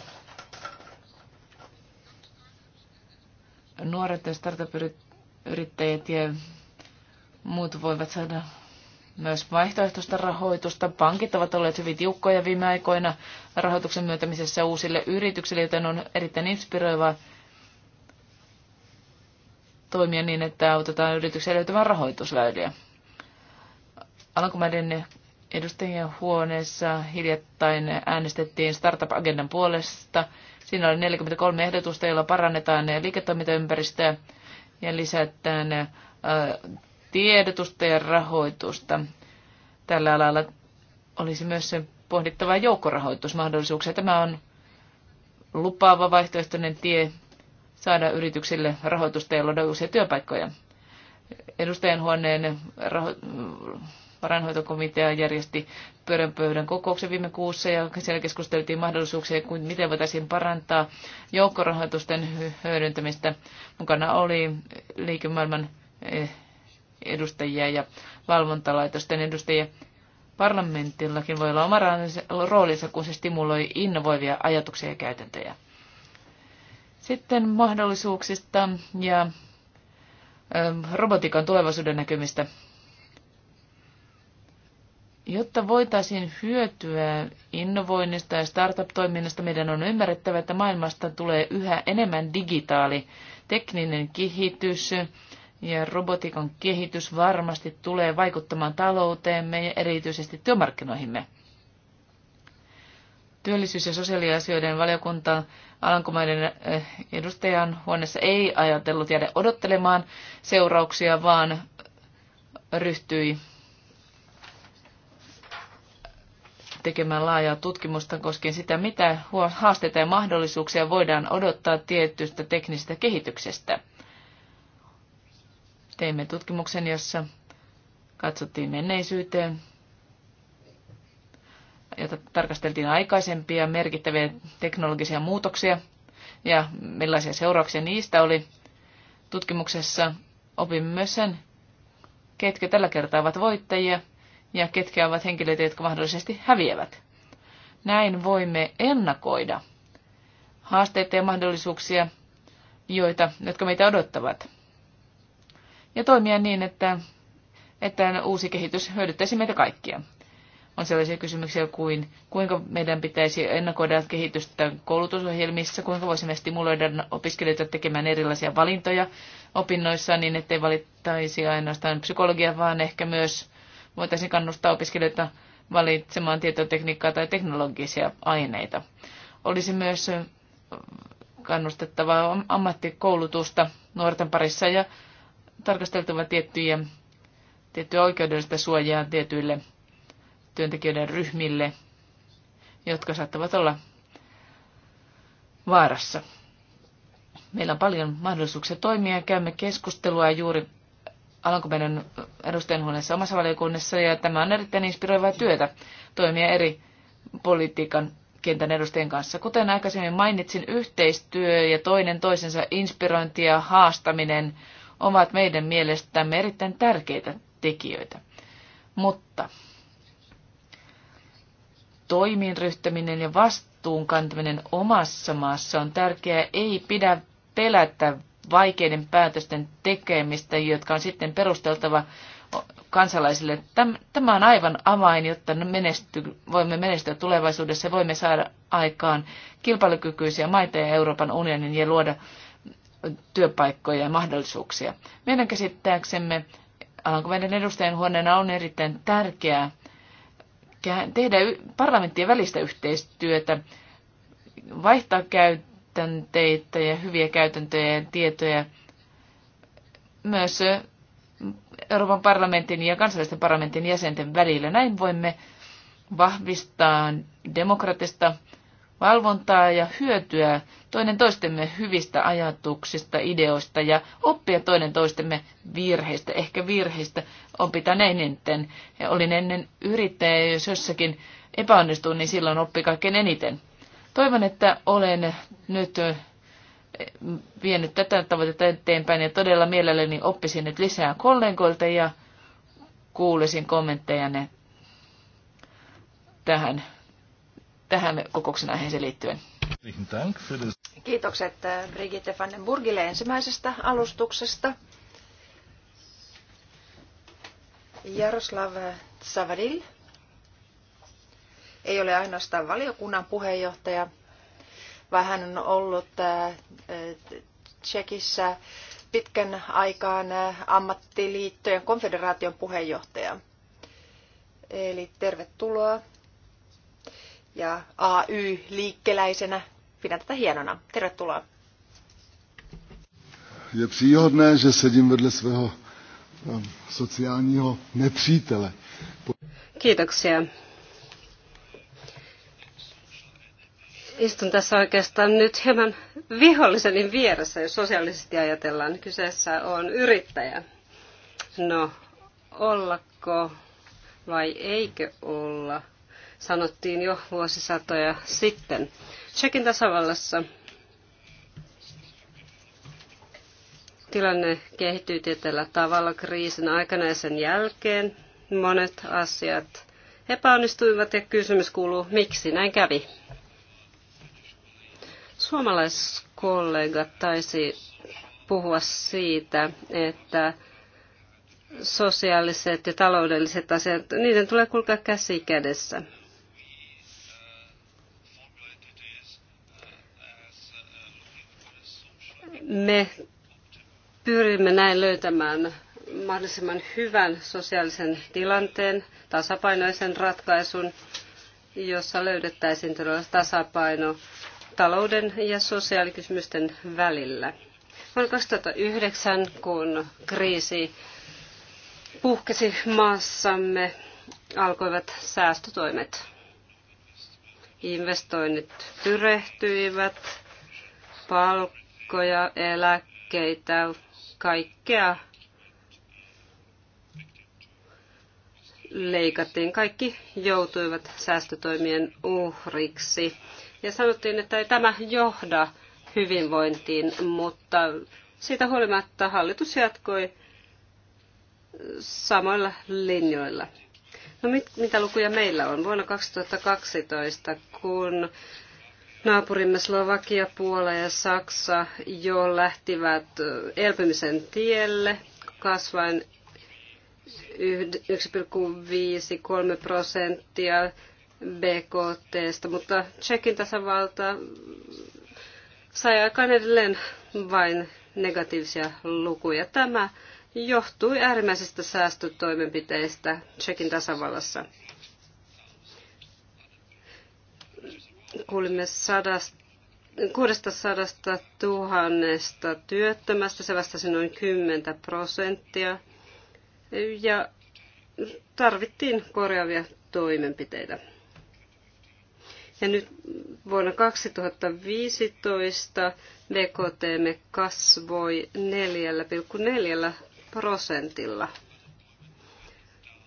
Nuoret ja startup-yrittäjät ja muut voivat saada myös vaihtoehtoista rahoitusta. Pankit ovat olleet hyvin tiukkoja viime aikoina rahoituksen myöntämisessä uusille yrityksille, joten on erittäin inspiroivaa toimia niin, että autetaan yrityksiä löytämään rahoitusväyliä. Alankomaiden edustajien huoneessa hiljattain äänestettiin Startup-agendan puolesta. Siinä oli 43 ehdotusta, joilla parannetaan liiketoimintaympäristöä ja lisätään tiedotusta ja rahoitusta. Tällä alalla olisi myös pohdittava joukkorahoitusmahdollisuuksia. Tämä on lupaava vaihtoehtoinen tie saada yrityksille rahoitusta ja luoda uusia työpaikkoja. Edustajanhuoneen raho- varainhoitokomitea järjesti pyörän pöydän kokouksen viime kuussa ja siellä keskusteltiin mahdollisuuksia, kuin miten voitaisiin parantaa joukkorahoitusten hyödyntämistä. Mukana oli liikemaailman eh, edustajia ja valvontalaitosten edustajia. Parlamentillakin voi olla oma roolinsa, kun se stimuloi innovoivia ajatuksia ja käytäntöjä. Sitten mahdollisuuksista ja robotiikan tulevaisuuden näkymistä. Jotta voitaisiin hyötyä innovoinnista ja startup-toiminnasta, meidän on ymmärrettävä, että maailmasta tulee yhä enemmän digitaali. Tekninen kehitys ja robotiikan kehitys varmasti tulee vaikuttamaan talouteemme ja erityisesti työmarkkinoihimme työllisyys- ja sosiaaliasioiden valiokunta Alankomaiden eh, edustajan huoneessa ei ajatellut jäädä odottelemaan seurauksia, vaan ryhtyi tekemään laajaa tutkimusta koskien sitä, mitä haasteita ja mahdollisuuksia voidaan odottaa tietystä teknisestä kehityksestä. Teimme tutkimuksen, jossa katsottiin menneisyyteen, jota tarkasteltiin aikaisempia merkittäviä teknologisia muutoksia ja millaisia seurauksia niistä oli. Tutkimuksessa opimme myös sen, ketkä tällä kertaa ovat voittajia ja ketkä ovat henkilöitä, jotka mahdollisesti häviävät. Näin voimme ennakoida haasteita ja mahdollisuuksia, joita, jotka meitä odottavat. Ja toimia niin, että, että uusi kehitys hyödyttäisi meitä kaikkia on sellaisia kysymyksiä kuin kuinka meidän pitäisi ennakoida kehitystä koulutusohjelmissa, kuinka voisimme stimuloida opiskelijoita tekemään erilaisia valintoja opinnoissa niin, ettei valittaisi ainoastaan psykologiaa, vaan ehkä myös voitaisiin kannustaa opiskelijoita valitsemaan tietotekniikkaa tai teknologisia aineita. Olisi myös kannustettavaa ammattikoulutusta nuorten parissa ja tarkasteltava tiettyjä, tiettyä oikeudellista suojaa tietyille työntekijöiden ryhmille, jotka saattavat olla vaarassa. Meillä on paljon mahdollisuuksia toimia käymme keskustelua juuri Alankomenon edustajanhuoneessa omassa valiokunnassa ja tämä on erittäin inspiroivaa työtä toimia eri politiikan kentän edustajien kanssa. Kuten aikaisemmin mainitsin, yhteistyö ja toinen toisensa inspirointi ja haastaminen ovat meidän mielestämme erittäin tärkeitä tekijöitä. Mutta toimiin ryhtäminen ja vastuun kantaminen omassa maassa on tärkeää. Ei pidä pelätä vaikeiden päätösten tekemistä, jotka on sitten perusteltava kansalaisille. Tämä on aivan avain, jotta menesty, voimme menestyä tulevaisuudessa ja voimme saada aikaan kilpailukykyisiä maita ja Euroopan unionin ja luoda työpaikkoja ja mahdollisuuksia. Meidän käsittääksemme Alankomaiden edustajan huoneena on erittäin tärkeää tehdä parlamenttien välistä yhteistyötä, vaihtaa käytänteitä ja hyviä käytäntöjä ja tietoja myös Euroopan parlamentin ja kansallisten parlamentin jäsenten välillä. Näin voimme vahvistaa demokratista valvontaa ja hyötyä toinen toistemme hyvistä ajatuksista, ideoista ja oppia toinen toistemme virheistä, ehkä virheistä, opitaan eniten. Ja olin ennen yrittäjä, jos jossakin epäonnistuu, niin silloin oppi kaikkein eniten. Toivon, että olen nyt vienyt tätä tavoitetta eteenpäin ja todella mielelläni oppisin nyt lisää kollegoilta ja kuulisin kommenttejanne tähän, tähän kokouksen aiheeseen liittyen. Kiitokset äh, Brigitte Vandenburgille ensimmäisestä alustuksesta. Jaroslav Savadil ei ole ainoastaan valiokunnan puheenjohtaja, vaan hän on ollut äh, äh, Tsekissä pitkän aikaan äh, ammattiliittojen konfederaation puheenjohtaja. Eli tervetuloa. Ja AY-liikkeläisenä pidän tätä hienona. Tervetuloa. Je příhodné, že sedím vedle svého sociálního nepřítele. Kiitoksia. Istun tässä oikeastaan nyt hieman viholliseni vieressä, jos sosiaalisesti ajatellaan. Kyseessä on yrittäjä. No, ollako vai eikö olla, sanottiin jo vuosisatoja sitten. Tsekin tasavallassa Tilanne kehittyy tietyllä tavalla kriisin aikana ja sen jälkeen. Monet asiat epäonnistuivat ja kysymys kuuluu, miksi näin kävi? Suomalaiskollega taisi puhua siitä, että sosiaaliset ja taloudelliset asiat, niiden tulee kulkea käsi kädessä. Me Pyrimme näin löytämään mahdollisimman hyvän sosiaalisen tilanteen, tasapainoisen ratkaisun, jossa löydettäisiin todella tasapaino talouden ja sosiaalikysymysten välillä. Vuonna 2009, kun kriisi puhkesi maassamme, alkoivat säästötoimet. Investoinnit tyrehtyivät, palkkoja, eläkkeitä, kaikkea leikattiin. Kaikki joutuivat säästötoimien uhriksi. Ja sanottiin, että ei tämä johda hyvinvointiin, mutta siitä huolimatta hallitus jatkoi samoilla linjoilla. No mit, mitä lukuja meillä on? Vuonna 2012, kun naapurimme Slovakia, Puola ja Saksa jo lähtivät elpymisen tielle 1,5-3 prosenttia BKT, mutta Tsekin tasavalta sai aikaan edelleen vain negatiivisia lukuja. Tämä johtui äärimmäisistä säästötoimenpiteistä Tsekin tasavallassa. Kuulimme sadasta 600 000 työttömästä, se vastasi noin 10 prosenttia. Ja tarvittiin korjaavia toimenpiteitä. Ja nyt vuonna 2015 BKTmme kasvoi 4,4 prosentilla.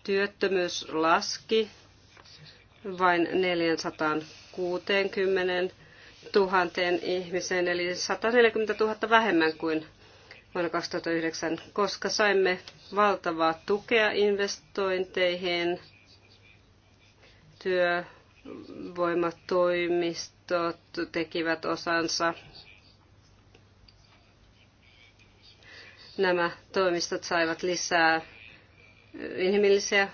Työttömyys laski vain 400 60 000 ihmiseen, eli 140 000 vähemmän kuin vuonna 2009, koska saimme valtavaa tukea investointeihin, työvoimatoimistot tekivät osansa. Nämä toimistot saivat lisää inhimillisiä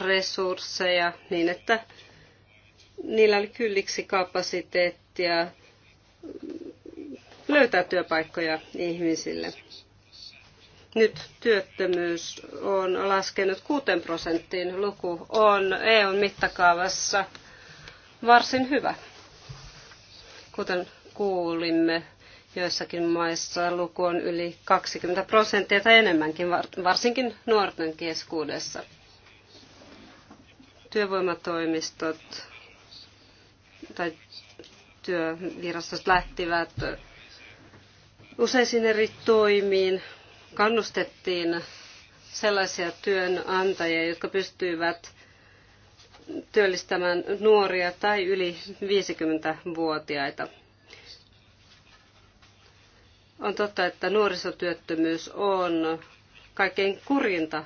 resursseja niin, että niillä oli kylliksi kapasiteettia löytää työpaikkoja ihmisille. Nyt työttömyys on laskenut 6 prosenttiin. Luku on EUn mittakaavassa varsin hyvä. Kuten kuulimme, joissakin maissa luku on yli 20 prosenttia tai enemmänkin, varsinkin nuorten keskuudessa. Työvoimatoimistot tai työvirastosta lähtivät useisiin eri toimiin. Kannustettiin sellaisia työnantajia, jotka pystyivät työllistämään nuoria tai yli 50-vuotiaita. On totta, että nuorisotyöttömyys on kaikkein kurinta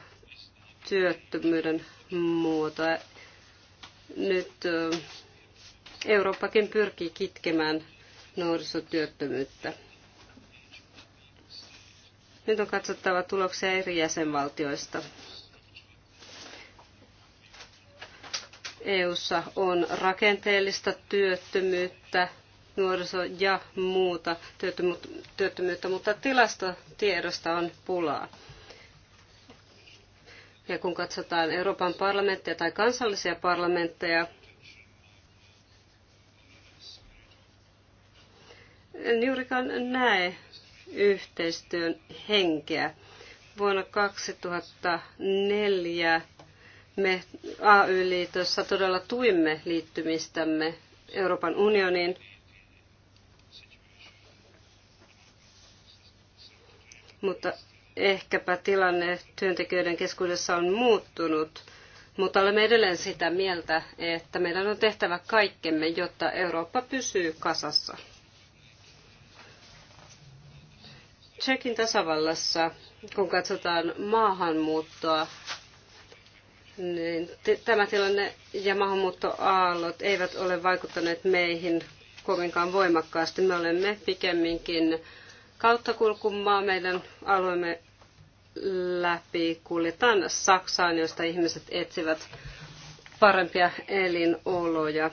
työttömyyden muoto. Nyt Eurooppakin pyrkii kitkemään nuorisotyöttömyyttä. Nyt on katsottava tuloksia eri jäsenvaltioista. EU:ssa on rakenteellista työttömyyttä, nuoriso- ja muuta työttömyyttä, mutta tilastotiedosta on pulaa. Ja kun katsotaan Euroopan parlamenttia tai kansallisia parlamentteja, en juurikaan näe yhteistyön henkeä. Vuonna 2004 me AY-liitossa todella tuimme liittymistämme Euroopan unioniin. Mutta ehkäpä tilanne työntekijöiden keskuudessa on muuttunut, mutta olemme edelleen sitä mieltä, että meidän on tehtävä kaikkemme, jotta Eurooppa pysyy kasassa. Tsekin tasavallassa, kun katsotaan maahanmuuttoa, niin tämä tilanne ja maahanmuuttoaallot eivät ole vaikuttaneet meihin kovinkaan voimakkaasti. Me olemme pikemminkin kauttakulkumaa. Meidän alueemme läpi kuljetaan Saksaan, josta ihmiset etsivät parempia elinoloja.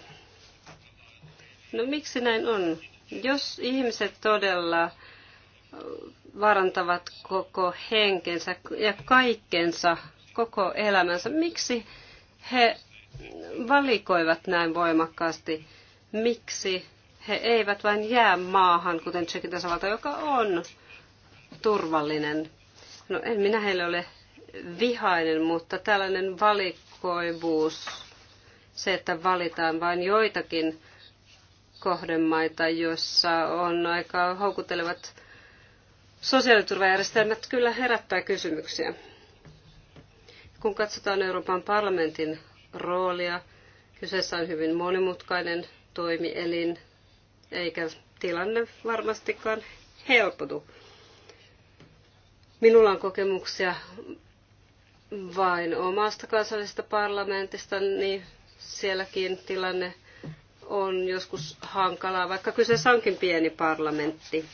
No miksi näin on? Jos ihmiset todella vaarantavat koko henkensä ja kaikkensa, koko elämänsä. Miksi he valikoivat näin voimakkaasti? Miksi he eivät vain jää maahan, kuten Tsekin tasavalta, joka on turvallinen? No en minä heille ole vihainen, mutta tällainen valikoivuus, se, että valitaan vain joitakin kohdemaita, joissa on aika houkuttelevat Sosiaaliturvajärjestelmät kyllä herättää kysymyksiä. Kun katsotaan Euroopan parlamentin roolia, kyseessä on hyvin monimutkainen toimielin, eikä tilanne varmastikaan helpotu. Minulla on kokemuksia vain omasta kansallisesta parlamentista, niin sielläkin tilanne on joskus hankalaa, vaikka kyseessä onkin pieni parlamentti.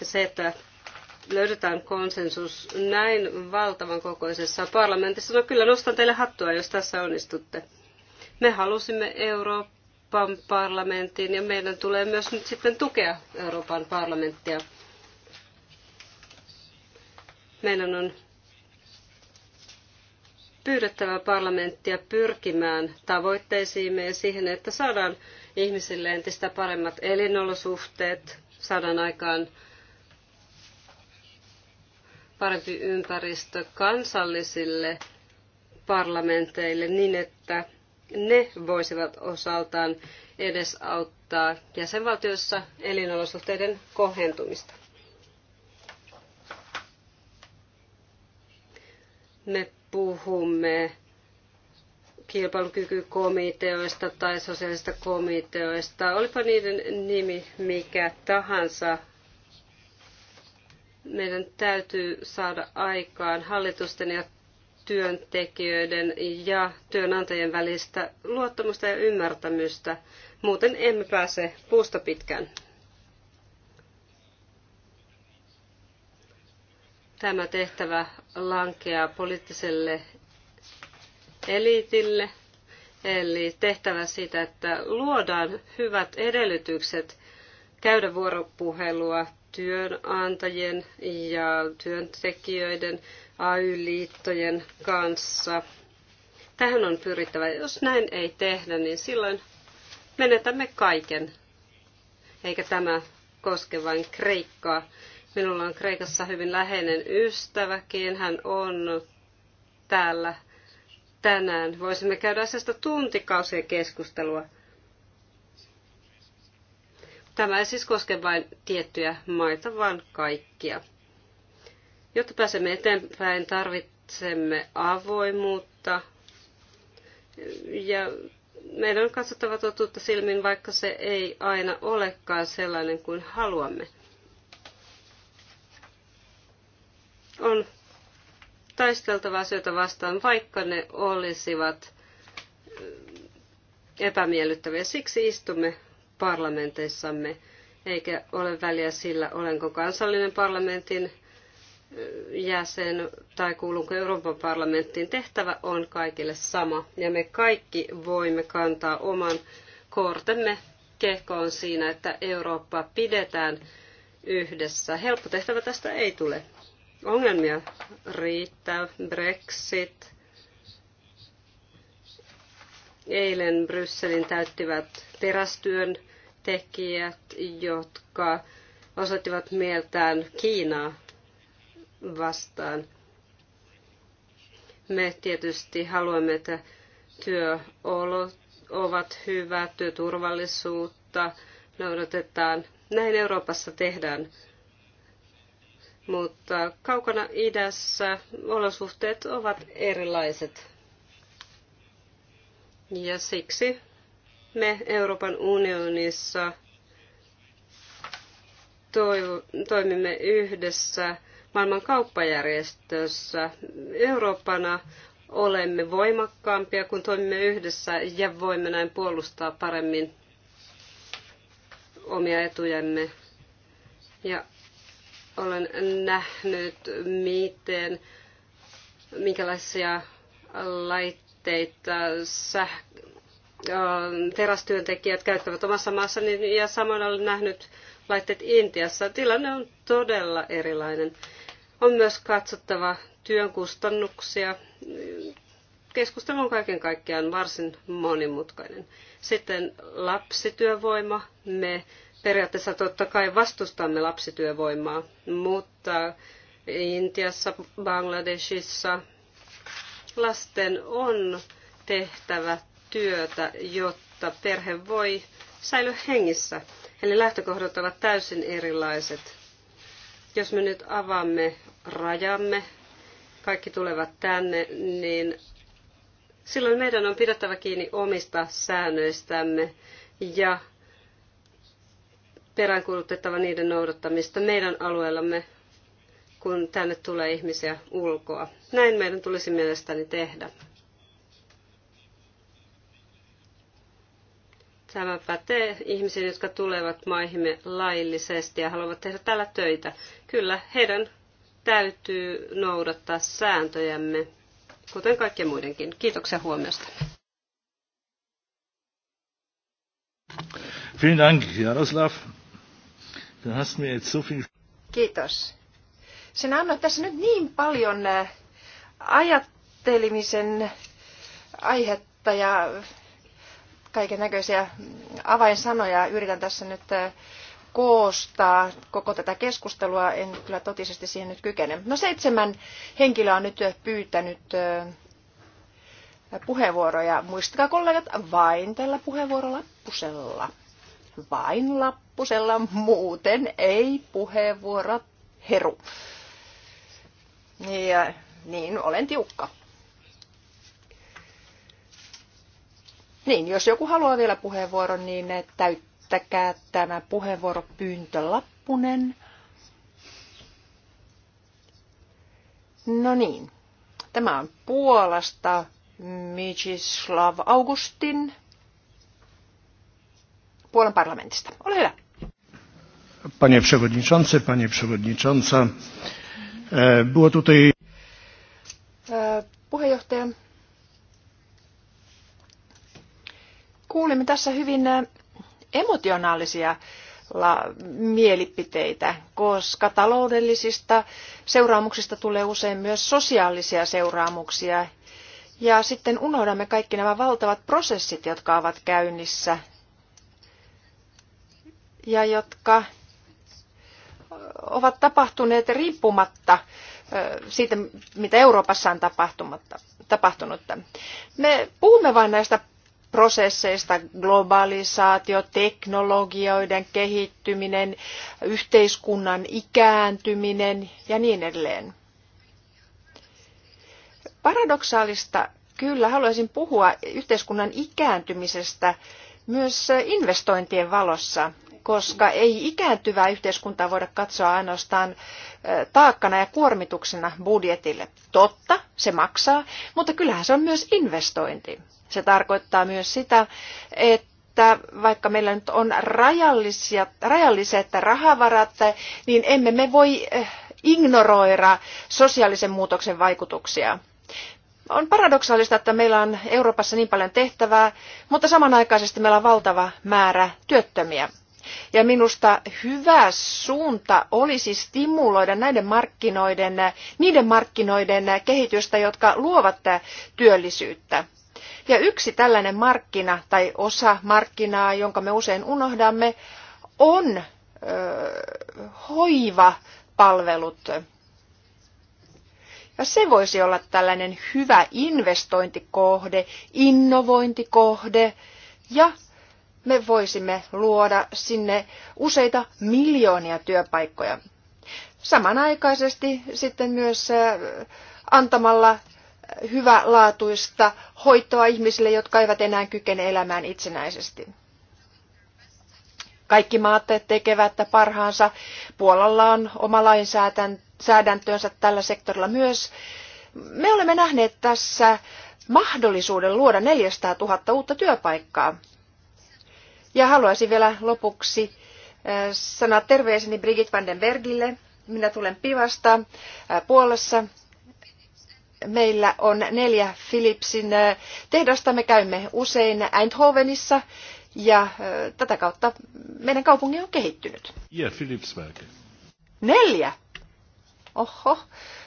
Ja se, että löydetään konsensus näin valtavan kokoisessa parlamentissa, no kyllä nostan teille hattua, jos tässä onnistutte. Me halusimme Euroopan parlamenttiin ja meidän tulee myös nyt sitten tukea Euroopan parlamenttia. Meidän on pyydettävä parlamenttia pyrkimään tavoitteisiimme ja siihen, että saadaan ihmisille entistä paremmat elinolosuhteet, saadaan aikaan parempi ympäristö kansallisille parlamenteille niin, että ne voisivat osaltaan edesauttaa jäsenvaltioissa elinolosuhteiden kohentumista. Me puhumme kilpailukykykomiteoista tai sosiaalisista komiteoista, olipa niiden nimi mikä tahansa, meidän täytyy saada aikaan hallitusten ja työntekijöiden ja työnantajien välistä luottamusta ja ymmärtämystä. Muuten emme pääse puusta pitkään. Tämä tehtävä lankeaa poliittiselle eliitille, eli tehtävä siitä, että luodaan hyvät edellytykset käydä vuoropuhelua työnantajien ja työntekijöiden AY-liittojen kanssa. Tähän on pyrittävä. Jos näin ei tehdä, niin silloin menetämme kaiken. Eikä tämä koske vain Kreikkaa. Minulla on Kreikassa hyvin läheinen ystäväkin. Hän on täällä tänään. Voisimme käydä asiasta tuntikausia keskustelua. Tämä ei siis koske vain tiettyjä maita, vaan kaikkia. Jotta pääsemme eteenpäin, tarvitsemme avoimuutta ja meidän on katsottava totuutta silmin, vaikka se ei aina olekaan sellainen kuin haluamme. On taisteltava asioita vastaan, vaikka ne olisivat epämiellyttäviä. Siksi istumme parlamenteissamme, eikä ole väliä sillä, olenko kansallinen parlamentin jäsen tai kuulunko Euroopan parlamenttiin. Tehtävä on kaikille sama ja me kaikki voimme kantaa oman kortemme kehkoon siinä, että Eurooppa pidetään yhdessä. Helppo tehtävä tästä ei tule. Ongelmia riittää, Brexit. Eilen Brysselin täyttivät terästyön tekijät, jotka osoittivat mieltään Kiinaa vastaan. Me tietysti haluamme, että työolot ovat hyvät, työturvallisuutta noudatetaan. Näin Euroopassa tehdään. Mutta kaukana idässä olosuhteet ovat erilaiset. Ja siksi me Euroopan unionissa toimimme yhdessä maailman kauppajärjestössä. Eurooppana olemme voimakkaampia, kun toimimme yhdessä ja voimme näin puolustaa paremmin omia etujemme. Ja olen nähnyt, miten, minkälaisia laitteita sähkö, terästyöntekijät käyttävät omassa maassa, niin, ja samoin olen nähnyt laitteet Intiassa. Tilanne on todella erilainen. On myös katsottava työn kustannuksia. Keskustelu on kaiken kaikkiaan varsin monimutkainen. Sitten lapsityövoima. Me periaatteessa totta kai vastustamme lapsityövoimaa, mutta Intiassa, Bangladesissa lasten on tehtävä työtä, jotta perhe voi säilyä hengissä. Eli lähtökohdat ovat täysin erilaiset. Jos me nyt avaamme rajamme, kaikki tulevat tänne, niin silloin meidän on pidettävä kiinni omista säännöistämme ja peräänkuulutettava niiden noudattamista meidän alueellamme, kun tänne tulee ihmisiä ulkoa. Näin meidän tulisi mielestäni tehdä. Tämä pätee ihmisiin, jotka tulevat maihimme laillisesti ja haluavat tehdä täällä töitä. Kyllä, heidän täytyy noudattaa sääntöjämme, kuten kaikkien muidenkin. Kiitoksia huomiosta. Jaroslav. Kiitos. Sinä annoit tässä nyt niin paljon äh, ajattelemisen aihetta ja kaiken näköisiä avainsanoja. Yritän tässä nyt äh, koostaa koko tätä keskustelua. En kyllä totisesti siihen nyt kykene. No seitsemän henkilöä on nyt pyytänyt äh, puheenvuoroja. Muistakaa kollegat, vain tällä puheenvuorolappusella. Vain lappusella, muuten ei puheenvuorot heru. Ja niin, olen tiukka. Niin, jos joku haluaa vielä puheenvuoron, niin täyttäkää tämä puheenvuoropyyntö lappunen. No niin, tämä on Puolasta Mijislav Augustin Puolan parlamentista. Ole hyvä. Panie przewodniczący, panie przewodnicząca, e, było tutaj... Puheenjohtaja, kuulimme tässä hyvin äh, emotionaalisia mielipiteitä, koska taloudellisista seuraamuksista tulee usein myös sosiaalisia seuraamuksia. Ja sitten unohdamme kaikki nämä valtavat prosessit, jotka ovat käynnissä ja jotka äh, ovat tapahtuneet riippumatta äh, siitä, mitä Euroopassa on tapahtunut. Me puhumme vain näistä prosesseista, globalisaatio, teknologioiden kehittyminen, yhteiskunnan ikääntyminen ja niin edelleen. Paradoksaalista kyllä haluaisin puhua yhteiskunnan ikääntymisestä myös investointien valossa, koska ei ikääntyvää yhteiskuntaa voida katsoa ainoastaan taakkana ja kuormituksena budjetille. Totta, se maksaa, mutta kyllähän se on myös investointi. Se tarkoittaa myös sitä, että vaikka meillä nyt on rajallisia, rajalliset rahavarat, niin emme me voi ignoroida sosiaalisen muutoksen vaikutuksia. On paradoksaalista, että meillä on Euroopassa niin paljon tehtävää, mutta samanaikaisesti meillä on valtava määrä työttömiä. Ja minusta hyvä suunta olisi siis stimuloida näiden markkinoiden, niiden markkinoiden kehitystä, jotka luovat työllisyyttä. Ja yksi tällainen markkina tai osa markkinaa, jonka me usein unohdamme, on ö, hoivapalvelut. Ja se voisi olla tällainen hyvä investointikohde, innovointikohde ja me voisimme luoda sinne useita miljoonia työpaikkoja. Samanaikaisesti sitten myös äh, antamalla hyvälaatuista hoitoa ihmisille, jotka eivät enää kykene elämään itsenäisesti. Kaikki maat tekevät parhaansa. Puolalla on oma lainsäädäntönsä tällä sektorilla myös. Me olemme nähneet tässä mahdollisuuden luoda 400 000 uutta työpaikkaa ja haluaisin vielä lopuksi äh, sanoa terveiseni Brigitte van den Bergille. Minä tulen Pivasta äh, Puolassa. Meillä on neljä Philipsin äh, tehdasta. Me käymme usein Eindhovenissa ja tätä kautta meidän kaupungi on kehittynyt. Ja Philipswerke. Neljä? Oho,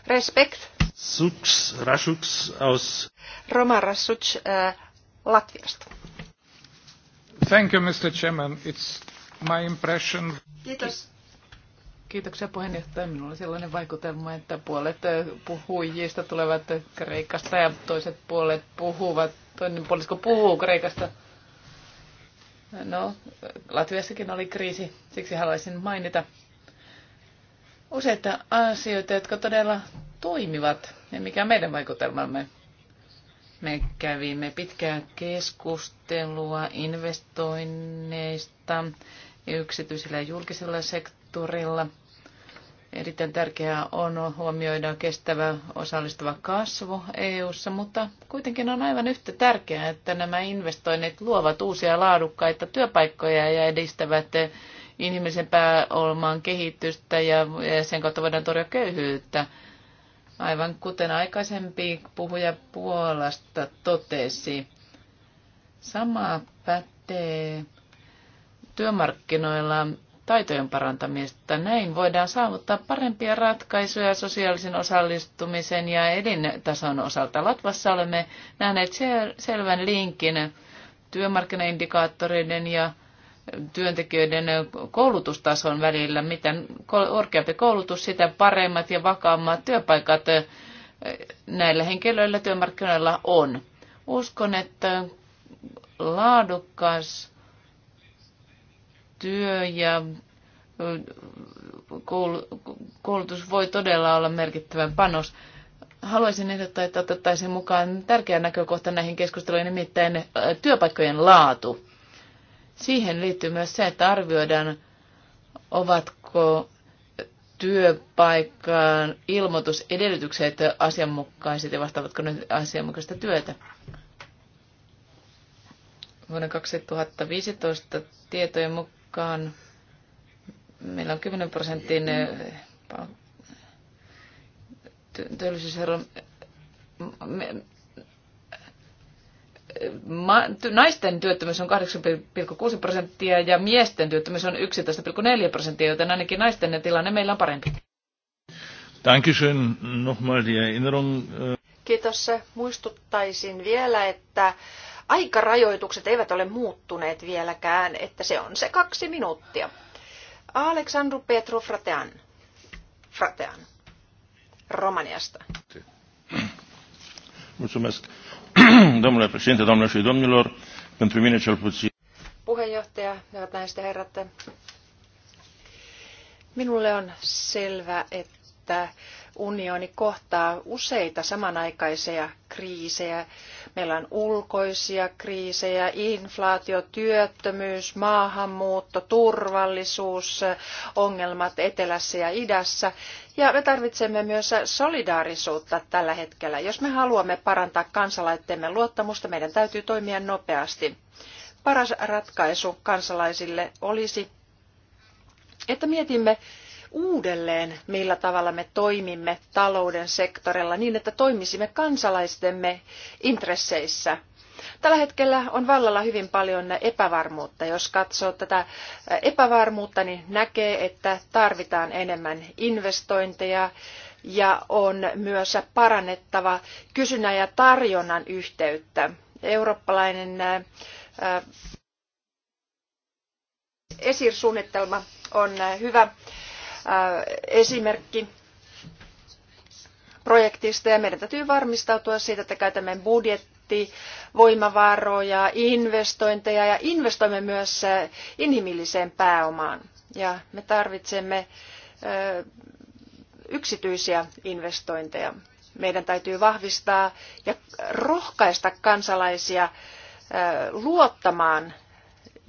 respekt. Suks Rasuks aus... Roma Rasuks äh, Latviasta. Thank you, Mr. Chairman. It's my impression. Kiitos. Kiitoksia puheenjohtaja. Minulla on sellainen vaikutelma, että puolet äh, puhujista tulevat Kreikasta ja toiset puolet puhuvat, toinen puolisko puhuu Kreikasta. No, Latviassakin oli kriisi, siksi haluaisin mainita useita asioita, jotka todella toimivat ja mikä on meidän vaikutelmamme me kävimme pitkää keskustelua investoinneista yksityisellä ja julkisella sektorilla. Erittäin tärkeää on huomioida kestävä osallistava kasvu EU:ssa, mutta kuitenkin on aivan yhtä tärkeää, että nämä investoinnit luovat uusia laadukkaita työpaikkoja ja edistävät inhimillisen pääolman kehitystä ja sen kautta voidaan torjua köyhyyttä. Aivan kuten aikaisempi puhuja Puolasta totesi, sama pätee työmarkkinoilla taitojen parantamista. Näin voidaan saavuttaa parempia ratkaisuja sosiaalisen osallistumisen ja elintason osalta. Latvassa olemme nähneet sel- selvän linkin työmarkkinaindikaattoreiden ja työntekijöiden koulutustason välillä. Mitä korkeampi koulutus, sitä paremmat ja vakaammat työpaikat eh, näillä henkilöillä työmarkkinoilla on. Uskon, että laadukas työ ja eh, koulutus voi todella olla merkittävän panos. Haluaisin ehdottaa, että otettaisiin mukaan tärkeä näkökohta näihin keskusteluihin, nimittäin eh, työpaikkojen laatu Siihen liittyy myös se, että arvioidaan, ovatko työpaikkaan ilmoitusedellytykset asianmukaiset ja vastaavatko ne asianmukaista työtä. Vuonna 2015 tietojen mukaan meillä on 10 prosentin eh, työllisyysero naisten työttömyys on 8,6 prosenttia ja miesten työttömyys on 11,4 prosenttia, joten ainakin naisten tilanne meillä on parempi. Nochmal die Erinnerung. Äh, Kiitos. Muistuttaisin vielä, että aikarajoitukset eivät ole muuttuneet vieläkään, että se on se kaksi minuuttia. Aleksandru Petru Fratean, Fratean Romaniasta. Mulțumesc. domnule președinte, domnule și domnilor, pentru mine cel puțin. Puheenjohtaja, hyvät naiset ja herrat. Minulle on selvä, että unioni kohtaa useita samanaikaisia kriisejä. Meillä on ulkoisia kriisejä, inflaatio, työttömyys, maahanmuutto, turvallisuus, ongelmat etelässä ja idässä. Ja me tarvitsemme myös solidaarisuutta tällä hetkellä. Jos me haluamme parantaa kansalaittemme luottamusta, meidän täytyy toimia nopeasti. Paras ratkaisu kansalaisille olisi, että mietimme, uudelleen, millä tavalla me toimimme talouden sektorilla niin, että toimisimme kansalaistemme intresseissä. Tällä hetkellä on vallalla hyvin paljon epävarmuutta. Jos katsoo tätä epävarmuutta, niin näkee, että tarvitaan enemmän investointeja ja on myös parannettava kysynnän ja tarjonnan yhteyttä. Eurooppalainen esirsuunnitelma on hyvä esimerkki projektista ja meidän täytyy varmistautua siitä, että käytämme budjetti, voimavaroja, investointeja ja investoimme myös inhimilliseen pääomaan. Ja me tarvitsemme yksityisiä investointeja. Meidän täytyy vahvistaa ja rohkaista kansalaisia luottamaan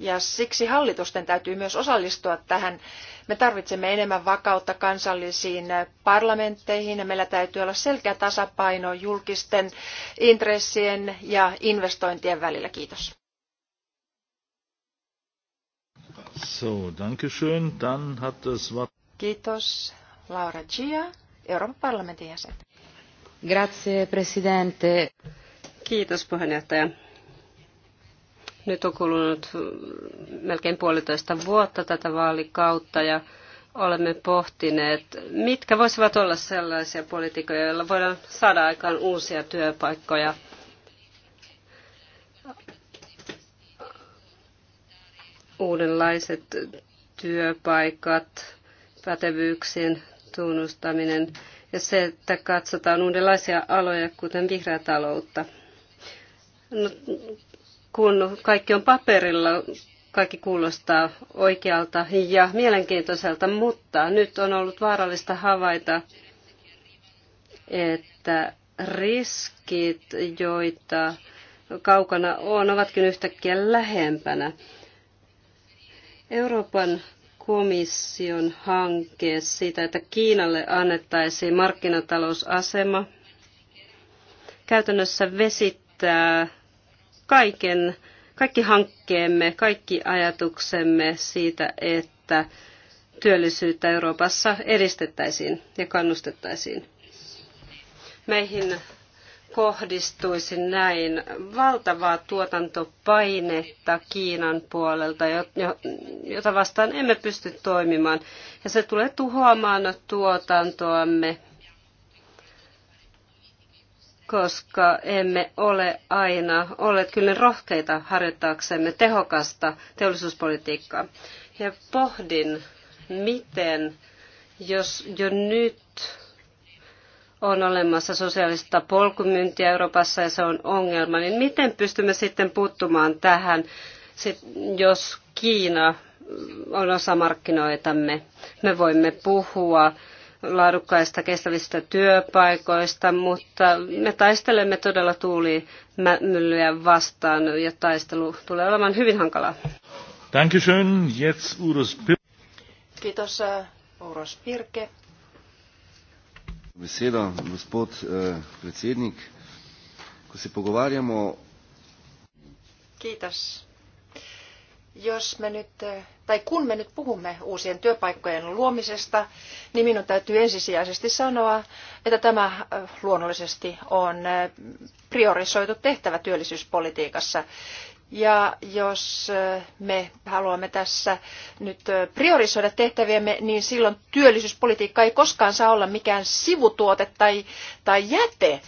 ja siksi hallitusten täytyy myös osallistua tähän. Me tarvitsemme enemmän vakautta kansallisiin parlamentteihin ja meillä täytyy olla selkeä tasapaino julkisten intressien ja investointien välillä. Kiitos. So, danke schön. Dann hat das Wort... Kiitos. Laura Gia, Euroopan parlamentin jäsen. Grazie, presidente. Kiitos puheenjohtaja. Nyt on kulunut melkein puolitoista vuotta tätä vaalikautta ja olemme pohtineet, mitkä voisivat olla sellaisia poliitikoja, joilla voidaan saada aikaan uusia työpaikkoja. Uudenlaiset työpaikat, pätevyyksien tunnustaminen ja se, että katsotaan uudenlaisia aloja, kuten vihreää taloutta. No, kun kaikki on paperilla, kaikki kuulostaa oikealta ja mielenkiintoiselta, mutta nyt on ollut vaarallista havaita, että riskit, joita kaukana on, ovatkin yhtäkkiä lähempänä. Euroopan komission hanke siitä, että Kiinalle annettaisiin markkinatalousasema, käytännössä vesittää kaiken, kaikki hankkeemme, kaikki ajatuksemme siitä, että työllisyyttä Euroopassa edistettäisiin ja kannustettaisiin. Meihin kohdistuisi näin valtavaa tuotantopainetta Kiinan puolelta, jota vastaan emme pysty toimimaan. Ja se tulee tuhoamaan tuotantoamme koska emme ole aina olleet kyllä niin rohkeita harjoittaaksemme tehokasta teollisuuspolitiikkaa. Ja pohdin, miten, jos jo nyt on olemassa sosiaalista polkumyyntiä Euroopassa ja se on ongelma, niin miten pystymme sitten puuttumaan tähän, jos Kiina on osa markkinoitamme? Me voimme puhua laadukkaista kestävistä työpaikoista, mutta me taistelemme todella tuulimyllyjä vastaan ja taistelu tulee olemaan hyvin hankalaa. Dankeschön, jetzt Uros Kiitos äh, Uros Pirke. Besedo, gospod äh, predsednik. Ko se pogovarjamo... Kiitos jos me nyt, eh, tai kun me nyt puhumme uusien työpaikkojen luomisesta, niin minun täytyy ensisijaisesti sanoa, että tämä eh, luonnollisesti on eh, priorisoitu tehtävä työllisyyspolitiikassa. Ja jos me haluamme tässä nyt priorisoida tehtäviämme, niin silloin työllisyyspolitiikka ei koskaan saa olla mikään sivutuote tai, tai jäte.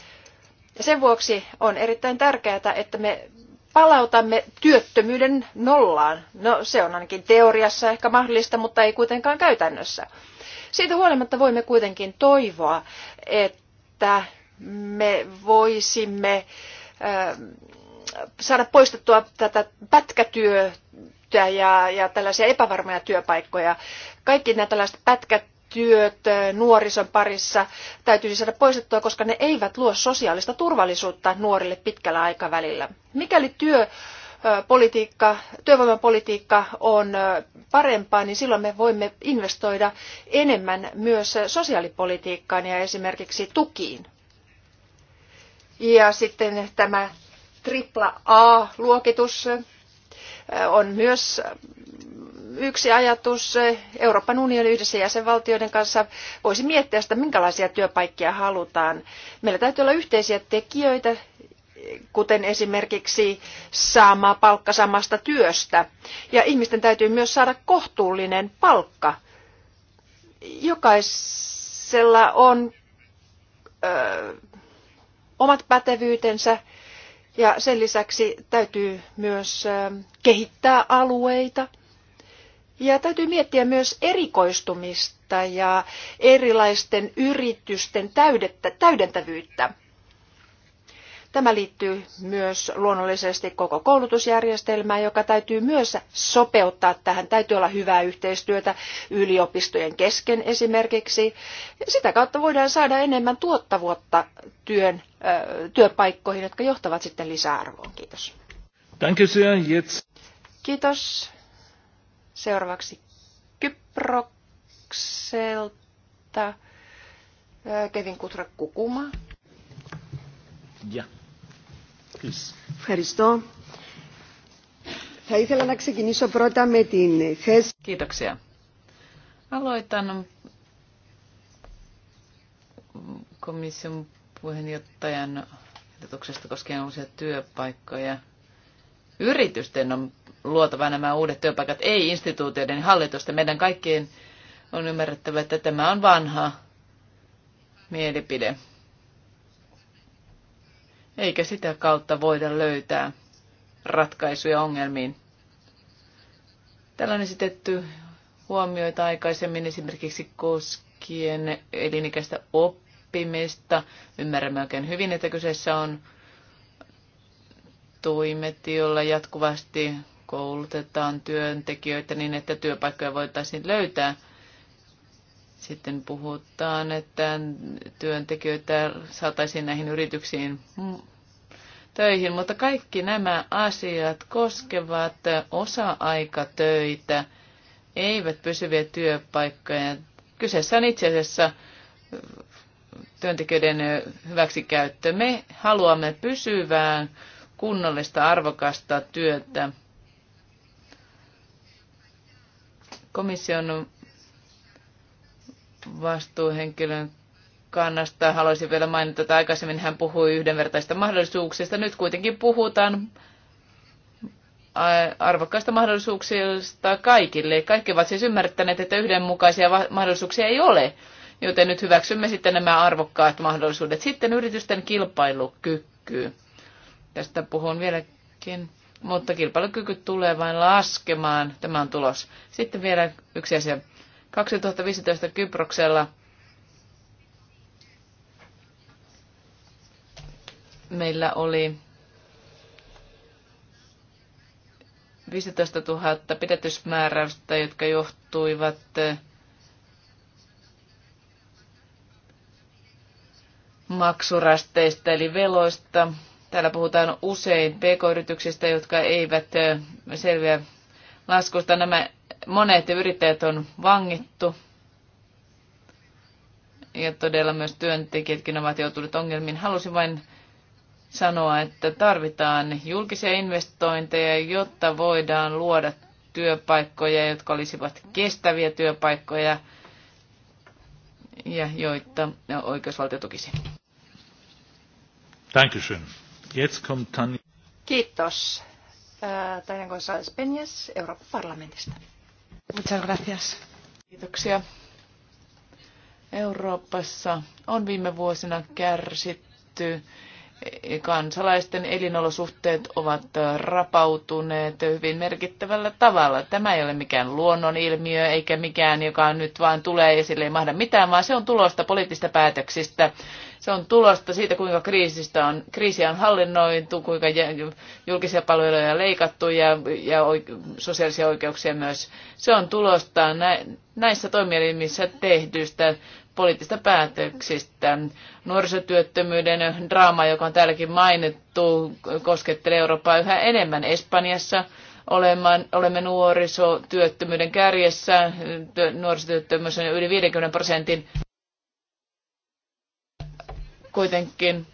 Ja sen vuoksi on erittäin tärkeää, että me palautamme työttömyyden nollaan. No se on ainakin teoriassa ehkä mahdollista, mutta ei kuitenkaan käytännössä. Siitä huolimatta voimme kuitenkin toivoa, että me voisimme ähm, saada poistettua tätä pätkätyötä ja, ja tällaisia epävarmoja työpaikkoja. Kaikki nämä tällaiset pätkät työt eh, nuorison parissa täytyisi saada poistettua, koska ne eivät luo sosiaalista turvallisuutta nuorille pitkällä aikavälillä. Mikäli työ eh, politiikka, työvoimapolitiikka on eh, parempaa, niin silloin me voimme investoida enemmän myös sosiaalipolitiikkaan ja esimerkiksi tukiin. Ja sitten tämä tripla A-luokitus on myös yksi ajatus. Euroopan unioni yhdessä jäsenvaltioiden kanssa voisi miettiä sitä, minkälaisia työpaikkia halutaan. Meillä täytyy olla yhteisiä tekijöitä, kuten esimerkiksi sama palkka samasta työstä. Ja ihmisten täytyy myös saada kohtuullinen palkka. Jokaisella on ö, omat pätevyytensä ja sen lisäksi täytyy myös ö, kehittää alueita – ja täytyy miettiä myös erikoistumista ja erilaisten yritysten täydettä, täydentävyyttä. Tämä liittyy myös luonnollisesti koko koulutusjärjestelmään, joka täytyy myös sopeuttaa tähän. Täytyy olla hyvää yhteistyötä yliopistojen kesken esimerkiksi. Sitä kautta voidaan saada enemmän tuottavuutta työn, työpaikkoihin, jotka johtavat sitten lisäarvoon. Kiitos. Kiitos. Seuraavaksi Kyprokselta Kevin Kutra Kukuma. Ja. Ευχαριστώ. Θα ήθελα να ξεκινήσω πρώτα με την θέση. Κοίταξια. Aloitan komission puheenjohtajan ehdotuksesta koskien uusia työpaikkoja. Yritysten on luotava nämä uudet työpaikat, ei instituutioiden niin hallitusta. Meidän kaikkien on ymmärrettävä, että tämä on vanha mielipide. Eikä sitä kautta voida löytää ratkaisuja ongelmiin. Täällä on esitetty huomioita aikaisemmin esimerkiksi koskien elinikäistä oppimista. Ymmärrämme oikein hyvin, että kyseessä on toimet, joilla jatkuvasti koulutetaan työntekijöitä niin, että työpaikkoja voitaisiin löytää. Sitten puhutaan, että työntekijöitä saataisiin näihin yrityksiin töihin, mutta kaikki nämä asiat koskevat osa-aikatöitä, eivät pysyviä työpaikkoja. Kyseessä on itse asiassa työntekijöiden hyväksikäyttö. Me haluamme pysyvään kunnollista arvokasta työtä. Komission vastuuhenkilön kannasta haluaisin vielä mainita, että aikaisemmin hän puhui yhdenvertaisista mahdollisuuksista. Nyt kuitenkin puhutaan äh, arvokkaista mahdollisuuksista kaikille. Kaikki ovat siis ymmärtäneet, että yhdenmukaisia mahdollisuuksia ei ole, joten nyt hyväksymme sitten nämä arvokkaat mahdollisuudet. Sitten yritysten kilpailukyky. Tästä puhun vieläkin. Mutta kilpailukyky tulee vain laskemaan. Tämä on tulos. Sitten vielä yksi asia. 2015 Kyproksella meillä oli 15 000 pidätysmääräystä, jotka johtuivat eh, maksurasteista eli veloista. Täällä puhutaan usein pk-yrityksistä, jotka eivät selviä laskusta. Nämä monet yrittäjät on vangittu ja todella myös työntekijätkin ovat joutuneet ongelmiin. Halusin vain sanoa, että tarvitaan julkisia investointeja, jotta voidaan luoda työpaikkoja, jotka olisivat kestäviä työpaikkoja ja joita oikeusvaltio tukisi. you. Jetzt kommt Tanja. Kiitos. Tanja González Peñas Euroopan parlamentista. Muchas gracias. Kiitoksia. Euroopassa on viime vuosina kärsitty kansalaisten elinolosuhteet ovat rapautuneet hyvin merkittävällä tavalla. Tämä ei ole mikään luonnonilmiö eikä mikään, joka nyt vaan tulee ja sille ei mahda mitään, vaan se on tulosta poliittista päätöksistä. Se on tulosta siitä, kuinka kriisistä on, kriisiä on hallinnoitu, kuinka julkisia palveluja on leikattu ja, ja sosiaalisia oikeuksia myös. Se on tulosta näissä toimielimissä tehdystä poliittista päätöksistä. Nuorisotyöttömyyden draama, joka on täälläkin mainittu, koskettelee Eurooppaa yhä enemmän. Espanjassa olemme nuorisotyöttömyyden kärjessä. Nuorisotyöttömyys on yli 50 prosentin. Kuitenkin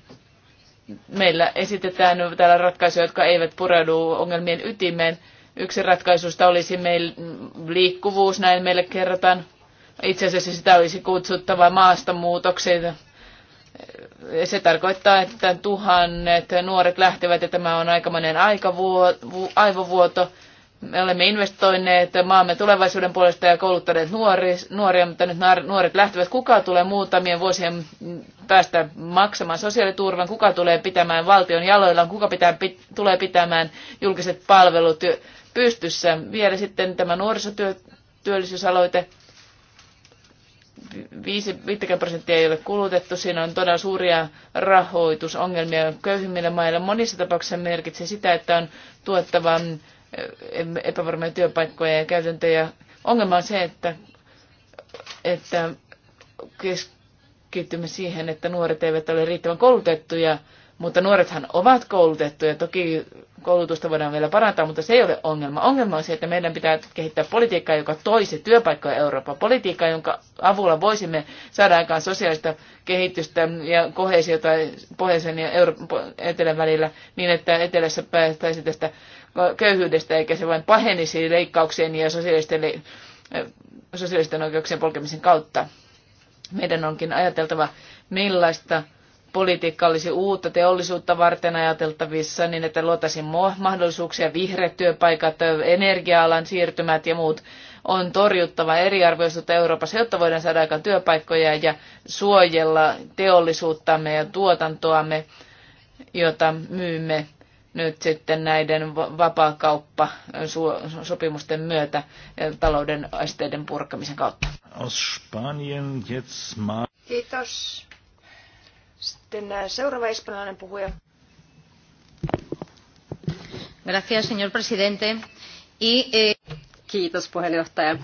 meillä esitetään täällä ratkaisuja, jotka eivät pureudu ongelmien ytimeen. Yksi ratkaisusta olisi meillä liikkuvuus, näin meille kerrotaan itse asiassa sitä olisi kutsuttava maastonmuutokseen. Se tarkoittaa, että tuhannet nuoret lähtevät ja tämä on aikamoinen aivovuoto. Me olemme investoineet maamme tulevaisuuden puolesta ja kouluttaneet nuori, nuoria, mutta nyt nuoret lähtevät. Kuka tulee muutamien vuosien päästä maksamaan sosiaaliturvan, kuka tulee pitämään valtion jaloillaan, kuka pitää, pit, tulee pitämään julkiset palvelut pystyssä. Vielä sitten tämä nuorisotyöllisyysaloite. 50 prosenttia ei ole kulutettu. Siinä on todella suuria rahoitusongelmia köyhimmillä mailla. Monissa tapauksissa merkitsee sitä, että on tuottava mm, epävarmoja työpaikkoja ja käytäntöjä. Ongelma on se, että, että keskitymme siihen, että nuoret eivät ole riittävän koulutettuja mutta nuorethan ovat koulutettuja. Toki koulutusta voidaan vielä parantaa, mutta se ei ole ongelma. Ongelma on se, että meidän pitää kehittää politiikkaa, joka toisi työpaikkoja Eurooppaan. Politiikkaa, jonka avulla voisimme saada aikaan sosiaalista kehitystä ja kohesiota pohjoisen ja Euroopan etelän välillä niin, että etelässä päästäisiin tästä köyhyydestä, eikä se vain pahenisi leikkauksien ja sosiaalisten, sosiaalisten oikeuksien polkemisen kautta. Meidän onkin ajateltava, millaista politiikka olisi uutta teollisuutta varten ajateltavissa, niin että luotaisiin mahdollisuuksia, vihreät työpaikat, energia-alan siirtymät ja muut on torjuttava eriarvoisuutta Euroopassa, jotta voidaan saada aikaan työpaikkoja ja suojella teollisuuttamme ja tuotantoamme, jota myymme nyt sitten näiden vapaakauppasopimusten myötä talouden esteiden purkamisen kautta. Kiitos. Sitten äh, seuraava espanjalainen puhuja. Gracias, señor presidente. Y, eh... Kiitos puheenjohtaja.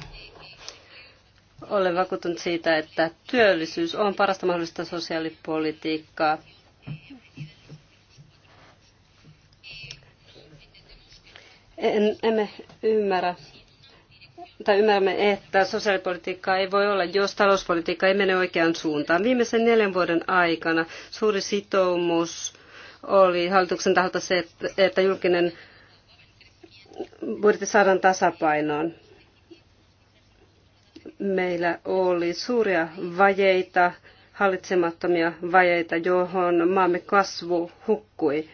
Olen vakuuttunut siitä, että työllisyys on parasta mahdollista sosiaalipolitiikkaa. En, emme ymmärrä, mutta ymmärrämme, että sosiaalipolitiikkaa ei voi olla, jos talouspolitiikka ei mene oikeaan suuntaan. Viimeisen neljän vuoden aikana suuri sitoumus oli hallituksen taholta se, että julkinen budjetti saadaan tasapainoon. Meillä oli suuria vajeita, hallitsemattomia vajeita, johon maamme kasvu hukkui.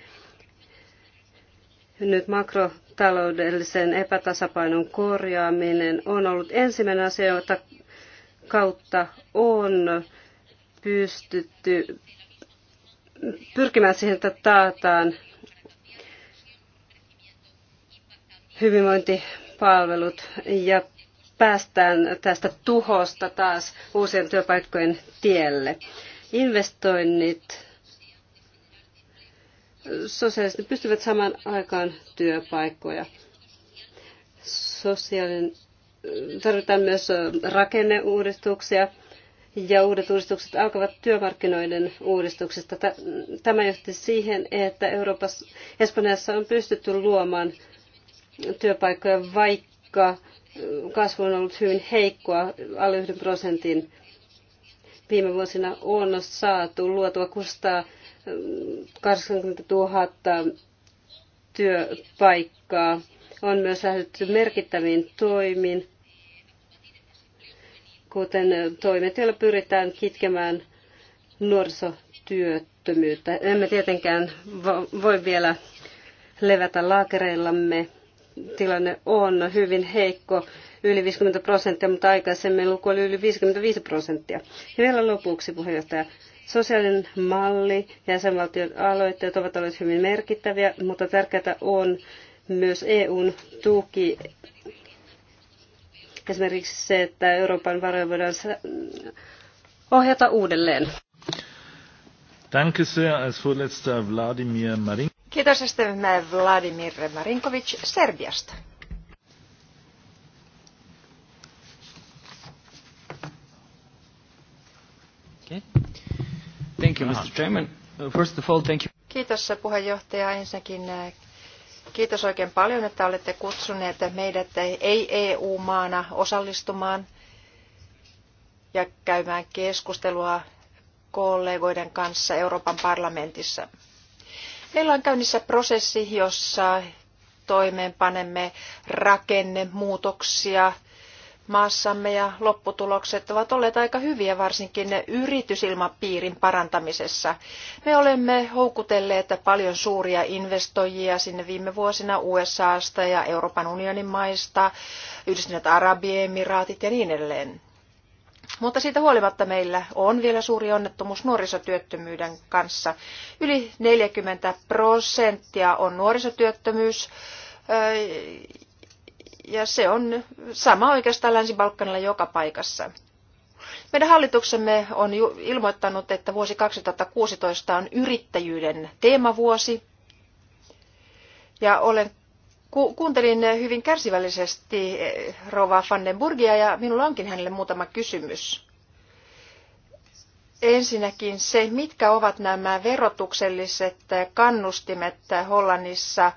Nyt makro taloudellisen epätasapainon korjaaminen on ollut ensimmäinen asia, jota kautta on pystytty pyrkimään siihen, että taataan hyvinvointipalvelut ja päästään tästä tuhosta taas uusien työpaikkojen tielle. Investoinnit sosiaalisesti pystyvät saman aikaan työpaikkoja. Sosiaalinen, tarvitaan myös rakenneuudistuksia ja uudet uudistukset alkavat työmarkkinoiden uudistuksesta. Tämä johti siihen, että Euroopassa, Espanjassa on pystytty luomaan työpaikkoja, vaikka kasvu on ollut hyvin heikkoa, alle yhden prosentin. Viime vuosina on saatu luotua 600 80 000 työpaikkaa. On myös lähdetty merkittäviin toimiin, kuten toimet, joilla pyritään kitkemään nuorisotyöttömyyttä. Emme tietenkään voi vielä levätä laakereillamme. Tilanne on hyvin heikko, yli 50 prosenttia, mutta aikaisemmin luku oli yli 55 prosenttia. Ja vielä lopuksi, puheenjohtaja, Sosiaalinen malli ja jäsenvaltion aloitteet ovat olleet hyvin merkittäviä, mutta tärkeää on myös EUn tuki. Esimerkiksi se, että Euroopan varoja voidaan ohjata uudelleen. Danke sehr. Als Vladimir Marin. Kiitos sitten Vladimir Marinkovic Serbiasta. Okay. Thank you, Mr. Chairman. Uh, first of all, thank you. Kiitos äh, puheenjohtaja. Ensinnäkin äh, kiitos oikein paljon, että olette kutsuneet meidät äh, ei-EU-maana osallistumaan ja käymään keskustelua kollegoiden kanssa Euroopan parlamentissa. Meillä on käynnissä prosessi, jossa toimeenpanemme rakennemuutoksia, muutoksia maassamme ja lopputulokset ovat olleet aika hyviä varsinkin yritysilmapiirin parantamisessa. Me olemme houkutelleet paljon suuria investoijia sinne viime vuosina USAsta ja Euroopan unionin maista, Yhdistyneet Arabiemiraatit ja niin edelleen. Mutta siitä huolimatta meillä on vielä suuri onnettomuus nuorisotyöttömyyden kanssa. Yli 40 prosenttia on nuorisotyöttömyys ja se on sama oikeastaan Länsi-Balkanilla joka paikassa. Meidän hallituksemme on ilmoittanut, että vuosi 2016 on yrittäjyyden teemavuosi. Ja olen ku, kuuntelin hyvin kärsivällisesti eh, Rova Vandenburgia ja minulla onkin hänelle muutama kysymys. Ensinnäkin se, mitkä ovat nämä verotukselliset kannustimet Hollannissa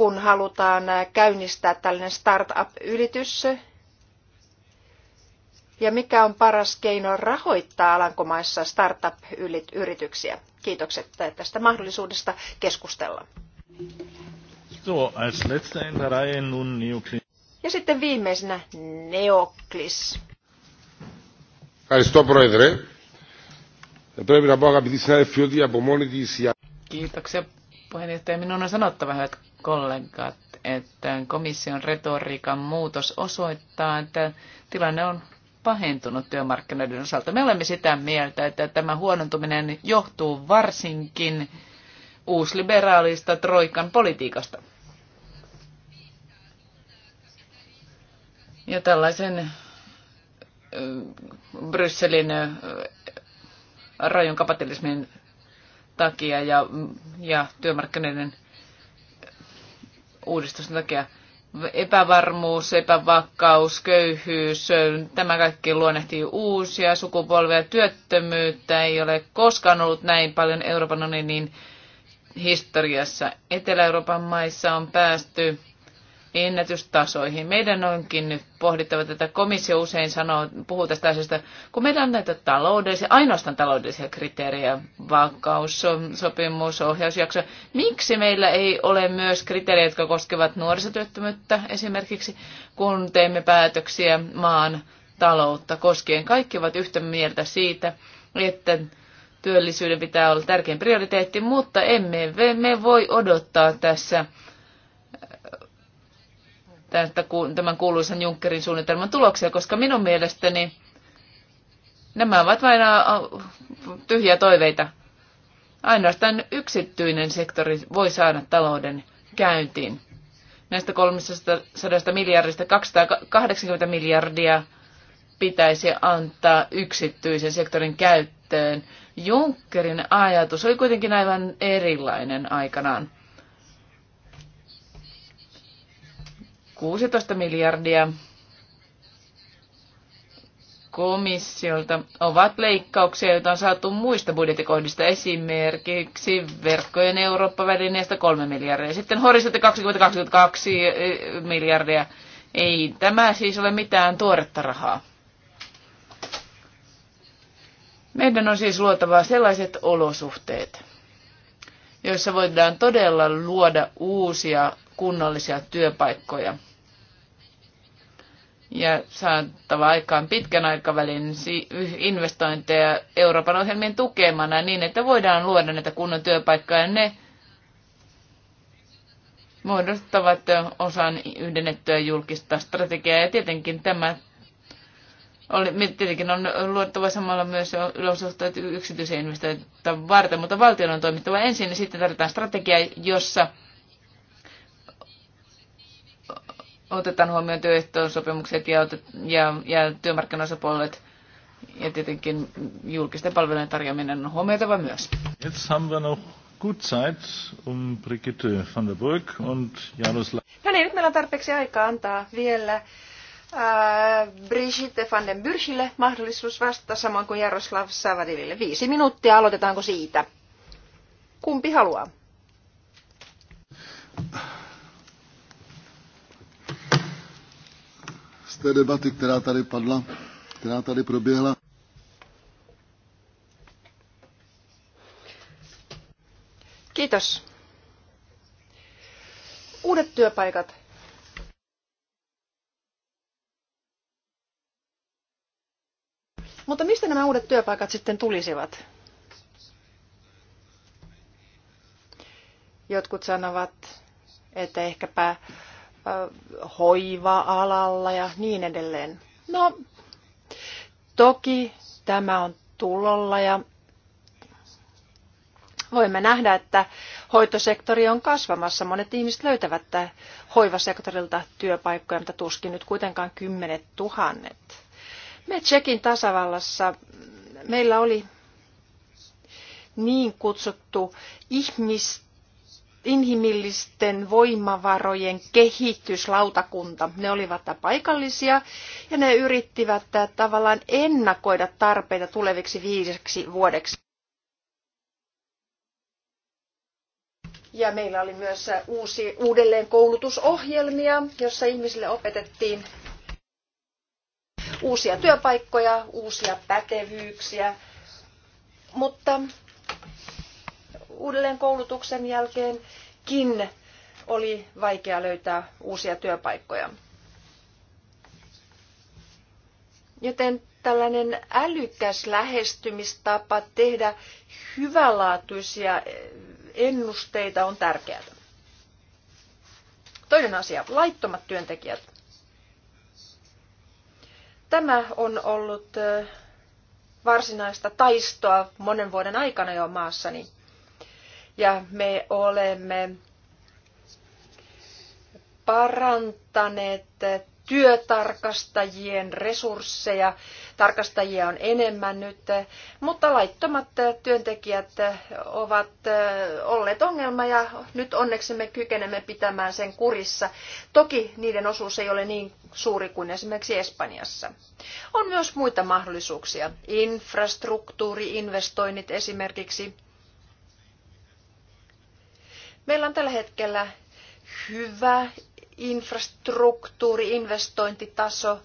kun halutaan käynnistää tällainen startup-yritys. Ja mikä on paras keino rahoittaa Alankomaissa startup-yrityksiä? Kiitokset tästä mahdollisuudesta keskustella. So, als in der Reihe nun Ja sitten viimeisenä Neoklis. Kiitoksia, puheenjohtaja. Minun on sanottava, että kollegat, että komission retoriikan muutos osoittaa, että tilanne on pahentunut työmarkkinoiden osalta. Me olemme sitä mieltä, että tämä huonontuminen johtuu varsinkin uusliberaalista troikan politiikasta. Ja tällaisen Brysselin rajun kapitalismin takia ja, ja työmarkkinoiden uudistusten takia. Epävarmuus, epävakaus, köyhyys, tämä kaikki luonnehtii uusia sukupolvia. Työttömyyttä ei ole koskaan ollut näin paljon Euroopan unionin historiassa. Etelä-Euroopan maissa on päästy ennätystasoihin. Meidän onkin nyt pohdittava tätä. Komissio usein sanoo, puhuu tästä asiasta, kun meidän on näitä taloudellisia, ainoastaan taloudellisia kriteerejä, vakaus, sopimus, ohjausjakso. Miksi meillä ei ole myös kriteerejä, jotka koskevat nuorisotyöttömyyttä esimerkiksi, kun teemme päätöksiä maan taloutta koskien? Kaikki ovat yhtä mieltä siitä, että työllisyyden pitää olla tärkein prioriteetti, mutta emme me voi odottaa tässä tästä, tämän kuuluisan Junckerin suunnitelman tuloksia, koska minun mielestäni nämä ovat vain tyhjiä toiveita. Ainoastaan yksityinen sektori voi saada talouden käyntiin. Näistä 300 miljardista 280 miljardia pitäisi antaa yksityisen sektorin käyttöön. Junckerin ajatus oli kuitenkin aivan erilainen aikanaan. 16 miljardia komissiolta ovat leikkauksia, joita on saatu muista budjettikohdista, esimerkiksi verkkojen Eurooppa-välineestä 3 miljardia. Sitten horisontti 2022 eh, miljardia. Ei tämä siis ole mitään tuoretta rahaa. Meidän on siis luotava sellaiset olosuhteet, joissa voidaan todella luoda uusia kunnallisia työpaikkoja – ja saattava aikaan pitkän aikavälin investointeja Euroopan ohjelmien tukemana niin, että voidaan luoda näitä kunnon työpaikkoja. Ne muodostavat osan yhdennettyä julkista strategiaa ja tietenkin tämä oli, tietenkin on luottava samalla myös olosuhteet yksityisen investointia varten, mutta valtion on toimittava ensin ja sitten tarvitaan strategia, jossa – otetaan huomioon sopimukset ja, ja, ja työmarkkinaosapuolet ja tietenkin julkisten palvelujen tarjoaminen on huomioitava myös. Um no niin, nyt meillä on tarpeeksi aikaa antaa vielä ää, äh, Brigitte van den Byrschille mahdollisuus vastata samoin kuin Jaroslav Savadiville. Viisi minuuttia, aloitetaanko siitä? Kumpi haluaa? té debaty, která tady padla, která tady proběhla. Kiitos. Uudet työpaikat. Mutta mistä nämä uudet työpaikat sitten tulisivat? Jotkut sanovat, että ehkäpä hoiva-alalla ja niin edelleen. No, toki tämä on tulolla ja voimme nähdä, että hoitosektori on kasvamassa. Monet ihmiset löytävät hoivasektorilta työpaikkoja, mutta tuskin nyt kuitenkaan kymmenet tuhannet. Me Tsekin tasavallassa meillä oli niin kutsuttu ihmisten inhimillisten voimavarojen kehityslautakunta. Ne olivat paikallisia ja ne yrittivät äh, tavallaan ennakoida tarpeita tuleviksi viideksi vuodeksi. Ja meillä oli myös äh, uusi, uudelleen koulutusohjelmia, jossa ihmisille opetettiin uusia työpaikkoja, uusia pätevyyksiä, mutta uudelleen koulutuksen jälkeenkin oli vaikea löytää uusia työpaikkoja. Joten tällainen älykäs lähestymistapa tehdä hyvälaatuisia ennusteita on tärkeää. Toinen asia, laittomat työntekijät. Tämä on ollut varsinaista taistoa monen vuoden aikana jo maassani ja me olemme parantaneet työtarkastajien resursseja. Tarkastajia on enemmän nyt, mutta laittomat työntekijät ovat olleet ongelma ja nyt onneksi me kykenemme pitämään sen kurissa. Toki niiden osuus ei ole niin suuri kuin esimerkiksi Espanjassa. On myös muita mahdollisuuksia. Infrastruktuuriinvestoinnit esimerkiksi Meillä on tällä hetkellä hyvä infrastruktuuri, investointitaso,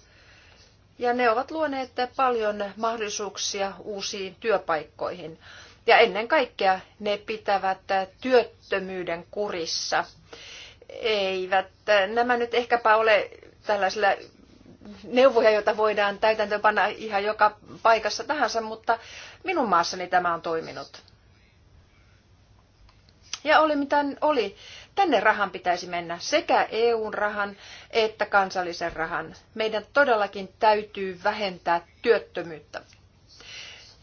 ja ne ovat luoneet paljon mahdollisuuksia uusiin työpaikkoihin. Ja ennen kaikkea ne pitävät työttömyyden kurissa. Eivät nämä nyt ehkäpä ole tällaisilla neuvoja, joita voidaan täytäntöönpanna ihan joka paikassa tahansa, mutta minun maassani tämä on toiminut. Ja oli mitä oli. Tänne rahan pitäisi mennä, sekä EUn rahan että kansallisen rahan. Meidän todellakin täytyy vähentää työttömyyttä.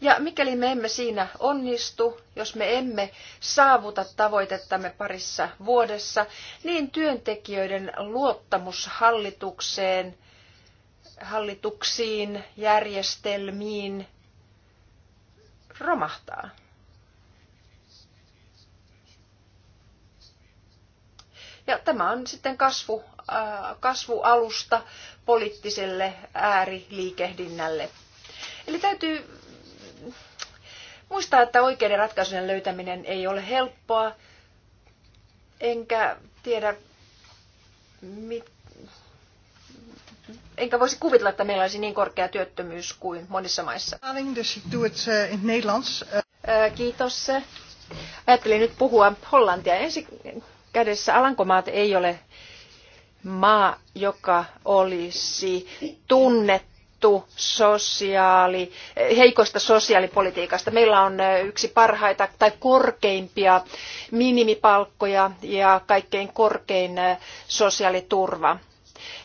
Ja mikäli me emme siinä onnistu, jos me emme saavuta tavoitettamme parissa vuodessa, niin työntekijöiden luottamus hallitukseen, hallituksiin, järjestelmiin romahtaa. Ja tämä on sitten kasvu, äh, kasvualusta poliittiselle ääriliikehdinnälle. Eli täytyy muistaa, että oikeiden ratkaisujen löytäminen ei ole helppoa, enkä tiedä, mit, enkä voisi kuvitella, että meillä olisi niin korkea työttömyys kuin monissa maissa. Eh, äh, kiitos. Ajattelin nyt puhua hollantia. Ensin kädessä Alankomaat ei ole maa, joka olisi tunnettu sosiaali, heikosta sosiaalipolitiikasta. Meillä on yksi parhaita tai korkeimpia minimipalkkoja ja kaikkein korkein sosiaaliturva.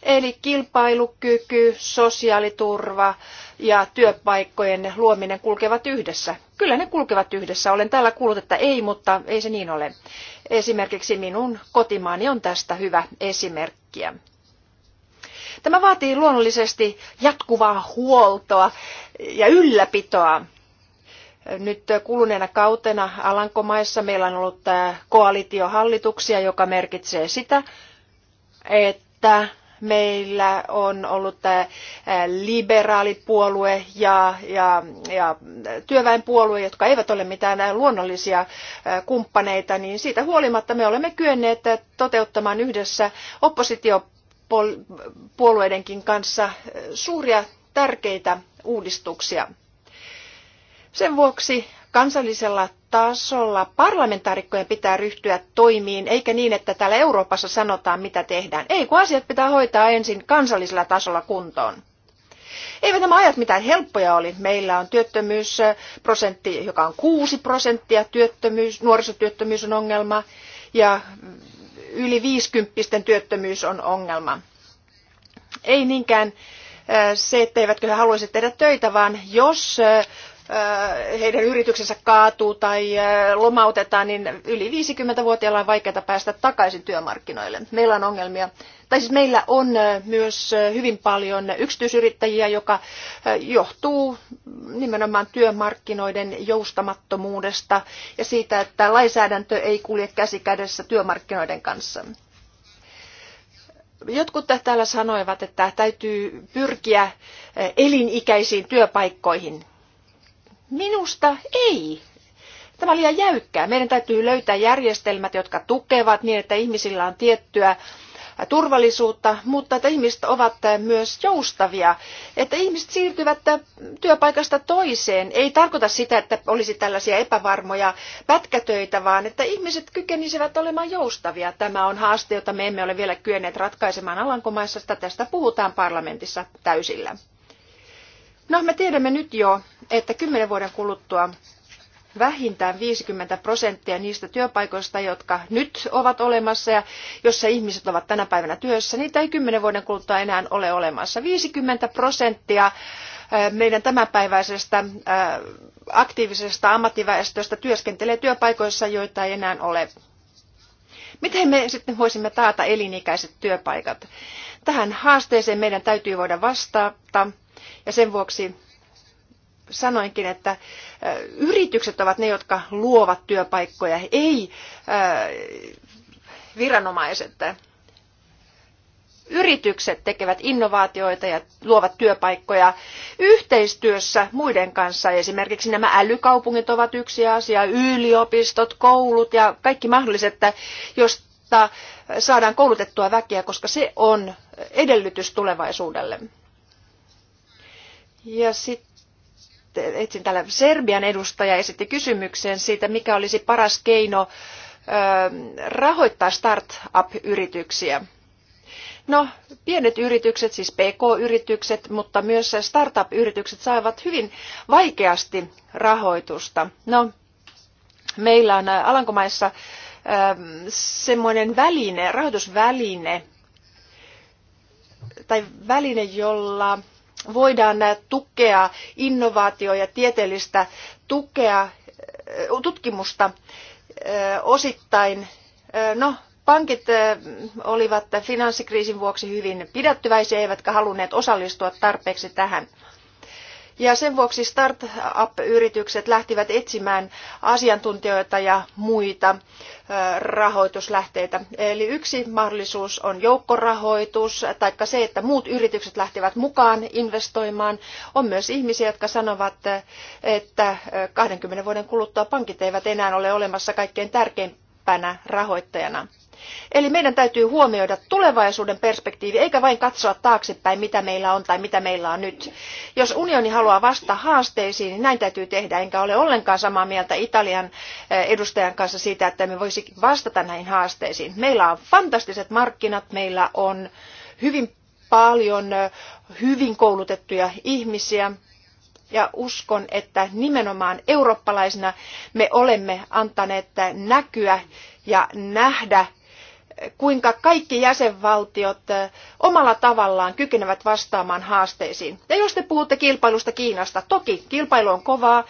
Eli kilpailukyky, sosiaaliturva ja työpaikkojen luominen kulkevat yhdessä. Kyllä ne kulkevat yhdessä. Olen täällä kuullut, että ei, mutta ei se niin ole. Esimerkiksi minun kotimaani on tästä hyvä esimerkkiä. Tämä vaatii luonnollisesti jatkuvaa huoltoa ja ylläpitoa. Nyt kuluneena kautena Alankomaissa meillä on ollut koalitiohallituksia, joka merkitsee sitä, että meillä on ollut äh, liberaalipuolue ja, ja, ja työväenpuolue, jotka eivät ole mitään luonnollisia äh, kumppaneita, niin siitä huolimatta me olemme kyenneet äh, toteuttamaan yhdessä oppositiopuolueidenkin kanssa suuria tärkeitä uudistuksia. Sen vuoksi kansallisella tasolla parlamentaarikkojen pitää ryhtyä toimiin, eikä niin, että täällä Euroopassa sanotaan, mitä tehdään. Ei, kun asiat pitää hoitaa ensin kansallisella tasolla kuntoon. Eivät nämä ajat mitään helppoja oli. Meillä on työttömyysprosentti, joka on 6 prosenttia, työttömyys, nuorisotyöttömyys on ongelma ja yli 50 työttömyys on ongelma. Ei niinkään äh, se, etteivätkö he haluaisi tehdä töitä, vaan jos äh, heidän yrityksensä kaatuu tai lomautetaan, niin yli 50-vuotiailla on vaikeaa päästä takaisin työmarkkinoille. Meillä on ongelmia. Tai siis meillä on myös hyvin paljon yksityisyrittäjiä, joka johtuu nimenomaan työmarkkinoiden joustamattomuudesta ja siitä, että lainsäädäntö ei kulje käsi kädessä työmarkkinoiden kanssa. Jotkut täällä sanoivat, että täytyy pyrkiä elinikäisiin työpaikkoihin Minusta ei. Tämä on liian jäykkää. Meidän täytyy löytää järjestelmät, jotka tukevat niin, että ihmisillä on tiettyä turvallisuutta, mutta että ihmiset ovat myös joustavia, että ihmiset siirtyvät työpaikasta toiseen. Ei tarkoita sitä, että olisi tällaisia epävarmoja pätkätöitä, vaan että ihmiset kykenisivät olemaan joustavia. Tämä on haaste, jota me emme ole vielä kyenneet ratkaisemaan Alankomaissa, tästä puhutaan parlamentissa täysillä. No, me tiedämme nyt jo, että kymmenen vuoden kuluttua vähintään 50 prosenttia niistä työpaikoista, jotka nyt ovat olemassa ja jossa ihmiset ovat tänä päivänä työssä, niitä ei kymmenen vuoden kuluttua enää ole olemassa. 50 prosenttia äh, meidän tämänpäiväisestä äh, aktiivisesta ammattiväestöstä työskentelee työpaikoissa, joita ei enää ole. Miten me sitten voisimme taata elinikäiset työpaikat? Tähän haasteeseen meidän täytyy voida vastata ja sen vuoksi sanoinkin, että yritykset ovat ne, jotka luovat työpaikkoja, ei viranomaiset. Yritykset tekevät innovaatioita ja luovat työpaikkoja yhteistyössä muiden kanssa. Esimerkiksi nämä älykaupungit ovat yksi asia, yliopistot, koulut ja kaikki mahdolliset, josta saadaan koulutettua väkeä, koska se on edellytys tulevaisuudelle. Ja sitten etsin täällä Serbian edustaja esitti kysymyksen siitä, mikä olisi paras keino ähm, rahoittaa startup-yrityksiä. No, pienet yritykset, siis PK-yritykset, mutta myös startup-yritykset saavat hyvin vaikeasti rahoitusta. No, meillä on äh, Alankomaissa ähm, semmoinen väline, rahoitusväline, tai väline, jolla voidaan tukea innovaatio- ja tieteellistä tukea, äh, tutkimusta äh, osittain. Äh, no, pankit olivat finanssikriisin vuoksi hyvin pidättyväisiä eivätkä halunneet osallistua tarpeeksi tähän. Ja sen vuoksi start up yritykset lähtivät etsimään asiantuntijoita ja muita rahoituslähteitä. Eli yksi mahdollisuus on joukkorahoitus, tai se, että muut yritykset lähtevät mukaan investoimaan. On myös ihmisiä, jotka sanovat, että 20 vuoden kuluttua pankit eivät enää ole olemassa kaikkein tärkeimpänä rahoittajana. Eli meidän täytyy huomioida tulevaisuuden perspektiivi, eikä vain katsoa taaksepäin, mitä meillä on tai mitä meillä on nyt. Jos unioni haluaa vastata haasteisiin, niin näin täytyy tehdä, enkä ole ollenkaan samaa mieltä Italian eh, edustajan kanssa siitä, että me voisi vastata näihin haasteisiin. Meillä on fantastiset markkinat, meillä on hyvin paljon eh, hyvin koulutettuja ihmisiä, ja uskon, että nimenomaan eurooppalaisina me olemme antaneet eh, näkyä ja nähdä kuinka kaikki jäsenvaltiot omalla tavallaan kykenevät vastaamaan haasteisiin. Ja jos te puhutte kilpailusta Kiinasta, toki kilpailu on kovaa,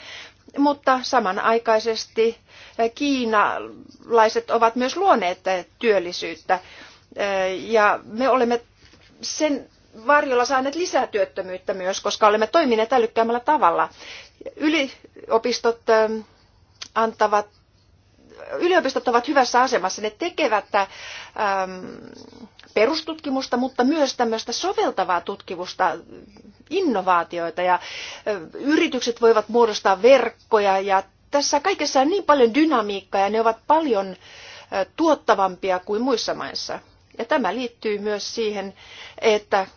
mutta samanaikaisesti kiinalaiset ovat myös luoneet työllisyyttä. Ja me olemme sen varjolla saaneet lisää työttömyyttä myös, koska olemme toimineet älykkäämmällä tavalla. Yliopistot antavat yliopistot ovat hyvässä asemassa. Ne tekevät ähm, perustutkimusta, mutta myös tämmöistä soveltavaa tutkimusta, innovaatioita ja äh, yritykset voivat muodostaa verkkoja ja tässä kaikessa on niin paljon dynamiikkaa ja ne ovat paljon äh, tuottavampia kuin muissa maissa. Ja tämä liittyy myös siihen, että äh,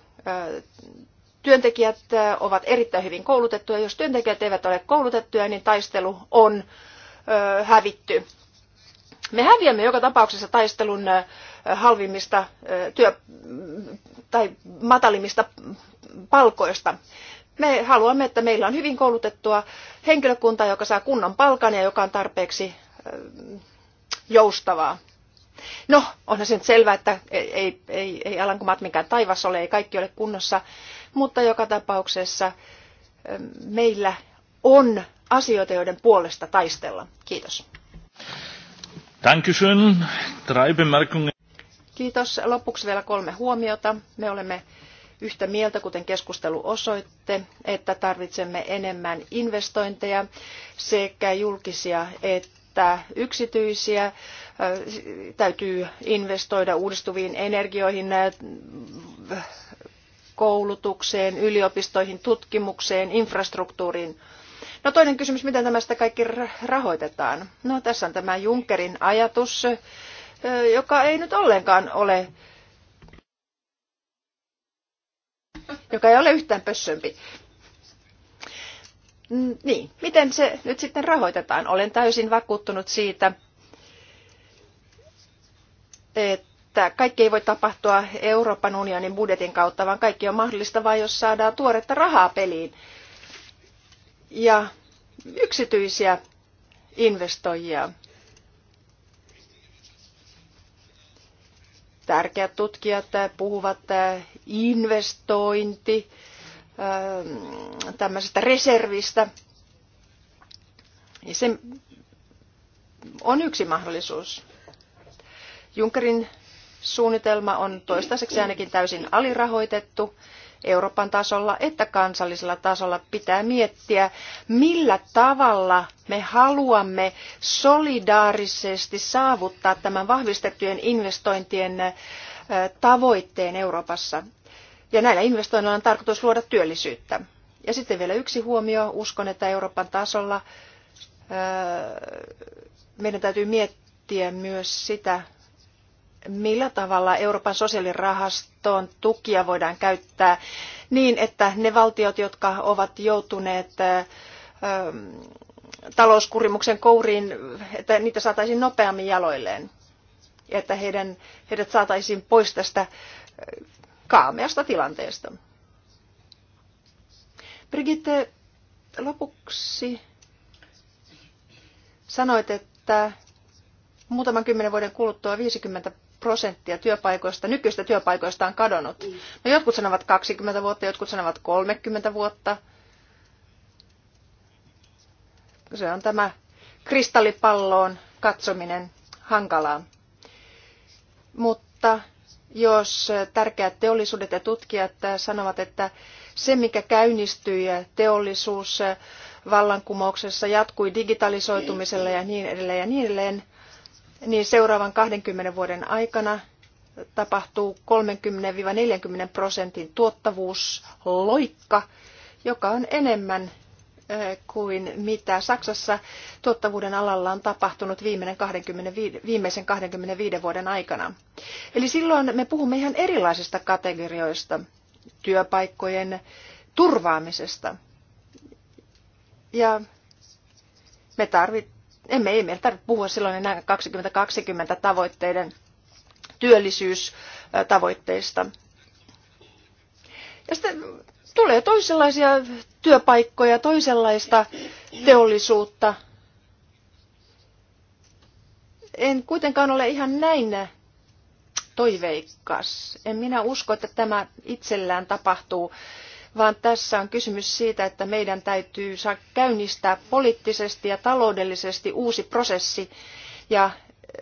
työntekijät ovat erittäin hyvin koulutettuja. Jos työntekijät eivät ole koulutettuja, niin taistelu on hävitty. Me häviämme joka tapauksessa taistelun halvimmista työ- tai matalimmista palkoista. Me haluamme, että meillä on hyvin koulutettua henkilökuntaa, joka saa kunnon palkan ja joka on tarpeeksi joustavaa. No, onhan se nyt selvää, että ei, ei, ei Alankomaat mikään taivas ole, ei kaikki ole kunnossa, mutta joka tapauksessa meillä on asioita, joiden puolesta taistella. Kiitos. Drei Bemerkungen. Kiitos. Lopuksi vielä kolme huomiota. Me olemme yhtä mieltä, kuten keskustelu osoitte, että tarvitsemme enemmän investointeja sekä julkisia että yksityisiä. Täytyy investoida uudistuviin energioihin, koulutukseen, yliopistoihin, tutkimukseen, infrastruktuuriin. No toinen kysymys, miten tämä sitä kaikki rahoitetaan? No tässä on tämä Junckerin ajatus, joka ei nyt ollenkaan ole joka ei ole yhtään pössömpi. Niin, miten se nyt sitten rahoitetaan? Olen täysin vakuuttunut siitä, että kaikki ei voi tapahtua Euroopan unionin budjetin kautta, vaan kaikki on mahdollista vain, jos saadaan tuoretta rahaa peliin ja yksityisiä investoijia. Tärkeät tutkijat puhuvat investointi ähm, tämmöisestä reservistä. Ja se on yksi mahdollisuus. Junckerin suunnitelma on toistaiseksi ainakin täysin alirahoitettu Euroopan tasolla että kansallisella tasolla pitää miettiä, millä tavalla me haluamme solidaarisesti saavuttaa tämän vahvistettujen investointien tavoitteen Euroopassa. Ja näillä investoinneilla on tarkoitus luoda työllisyyttä. Ja sitten vielä yksi huomio. Uskon, että Euroopan tasolla meidän täytyy miettiä myös sitä, millä tavalla Euroopan sosiaalirahaston tukia voidaan käyttää niin, että ne valtiot, jotka ovat joutuneet talouskurimuksen kouriin, että niitä saataisiin nopeammin jaloilleen, että heidän, heidät saataisiin pois tästä kaameasta tilanteesta. Brigitte, lopuksi sanoit, että muutaman kymmenen vuoden kuluttua 50 prosenttia työpaikoista, nykyistä työpaikoista on kadonnut. No jotkut sanovat 20 vuotta, jotkut sanovat 30 vuotta. Se on tämä kristallipalloon katsominen hankalaa. Mutta jos tärkeät teollisuudet ja tutkijat sanovat, että se mikä käynnistyi teollisuus vallankumouksessa jatkui digitalisoitumisella ja niin edelleen ja niin edelleen, niin seuraavan 20 vuoden aikana tapahtuu 30-40 prosentin tuottavuusloikka, joka on enemmän kuin mitä Saksassa tuottavuuden alalla on tapahtunut viimeisen 25 vuoden aikana. Eli silloin me puhumme ihan erilaisista kategorioista, työpaikkojen turvaamisesta. Ja me tarvitsemme emme, ei meidän tarvitse puhua silloin enää 2020 tavoitteiden työllisyystavoitteista. Ja sitten tulee toisenlaisia työpaikkoja, toisenlaista teollisuutta. En kuitenkaan ole ihan näin toiveikkas. En minä usko, että tämä itsellään tapahtuu vaan tässä on kysymys siitä, että meidän täytyy saa käynnistää poliittisesti ja taloudellisesti uusi prosessi ja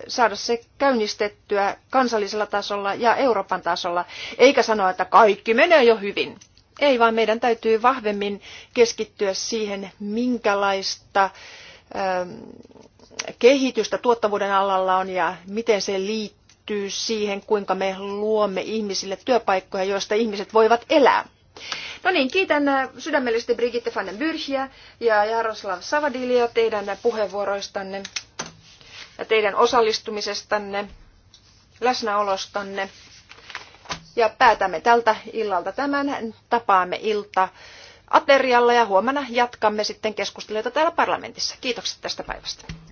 saada se käynnistettyä kansallisella tasolla ja Euroopan tasolla, eikä sanoa, että kaikki menee jo hyvin. Ei, vaan meidän täytyy vahvemmin keskittyä siihen, minkälaista ähm, kehitystä tuottavuuden alalla on ja miten se liittyy siihen, kuinka me luomme ihmisille työpaikkoja, joista ihmiset voivat elää. No niin, kiitän äh, sydämellisesti Brigitte van den Byrhiä ja Jaroslav Savadilia teidän puheenvuoroistanne ja teidän osallistumisestanne, läsnäolostanne. Ja päätämme tältä illalta tämän. Tapaamme ilta aterialla ja huomenna jatkamme sitten keskusteluita täällä parlamentissa. Kiitokset tästä päivästä.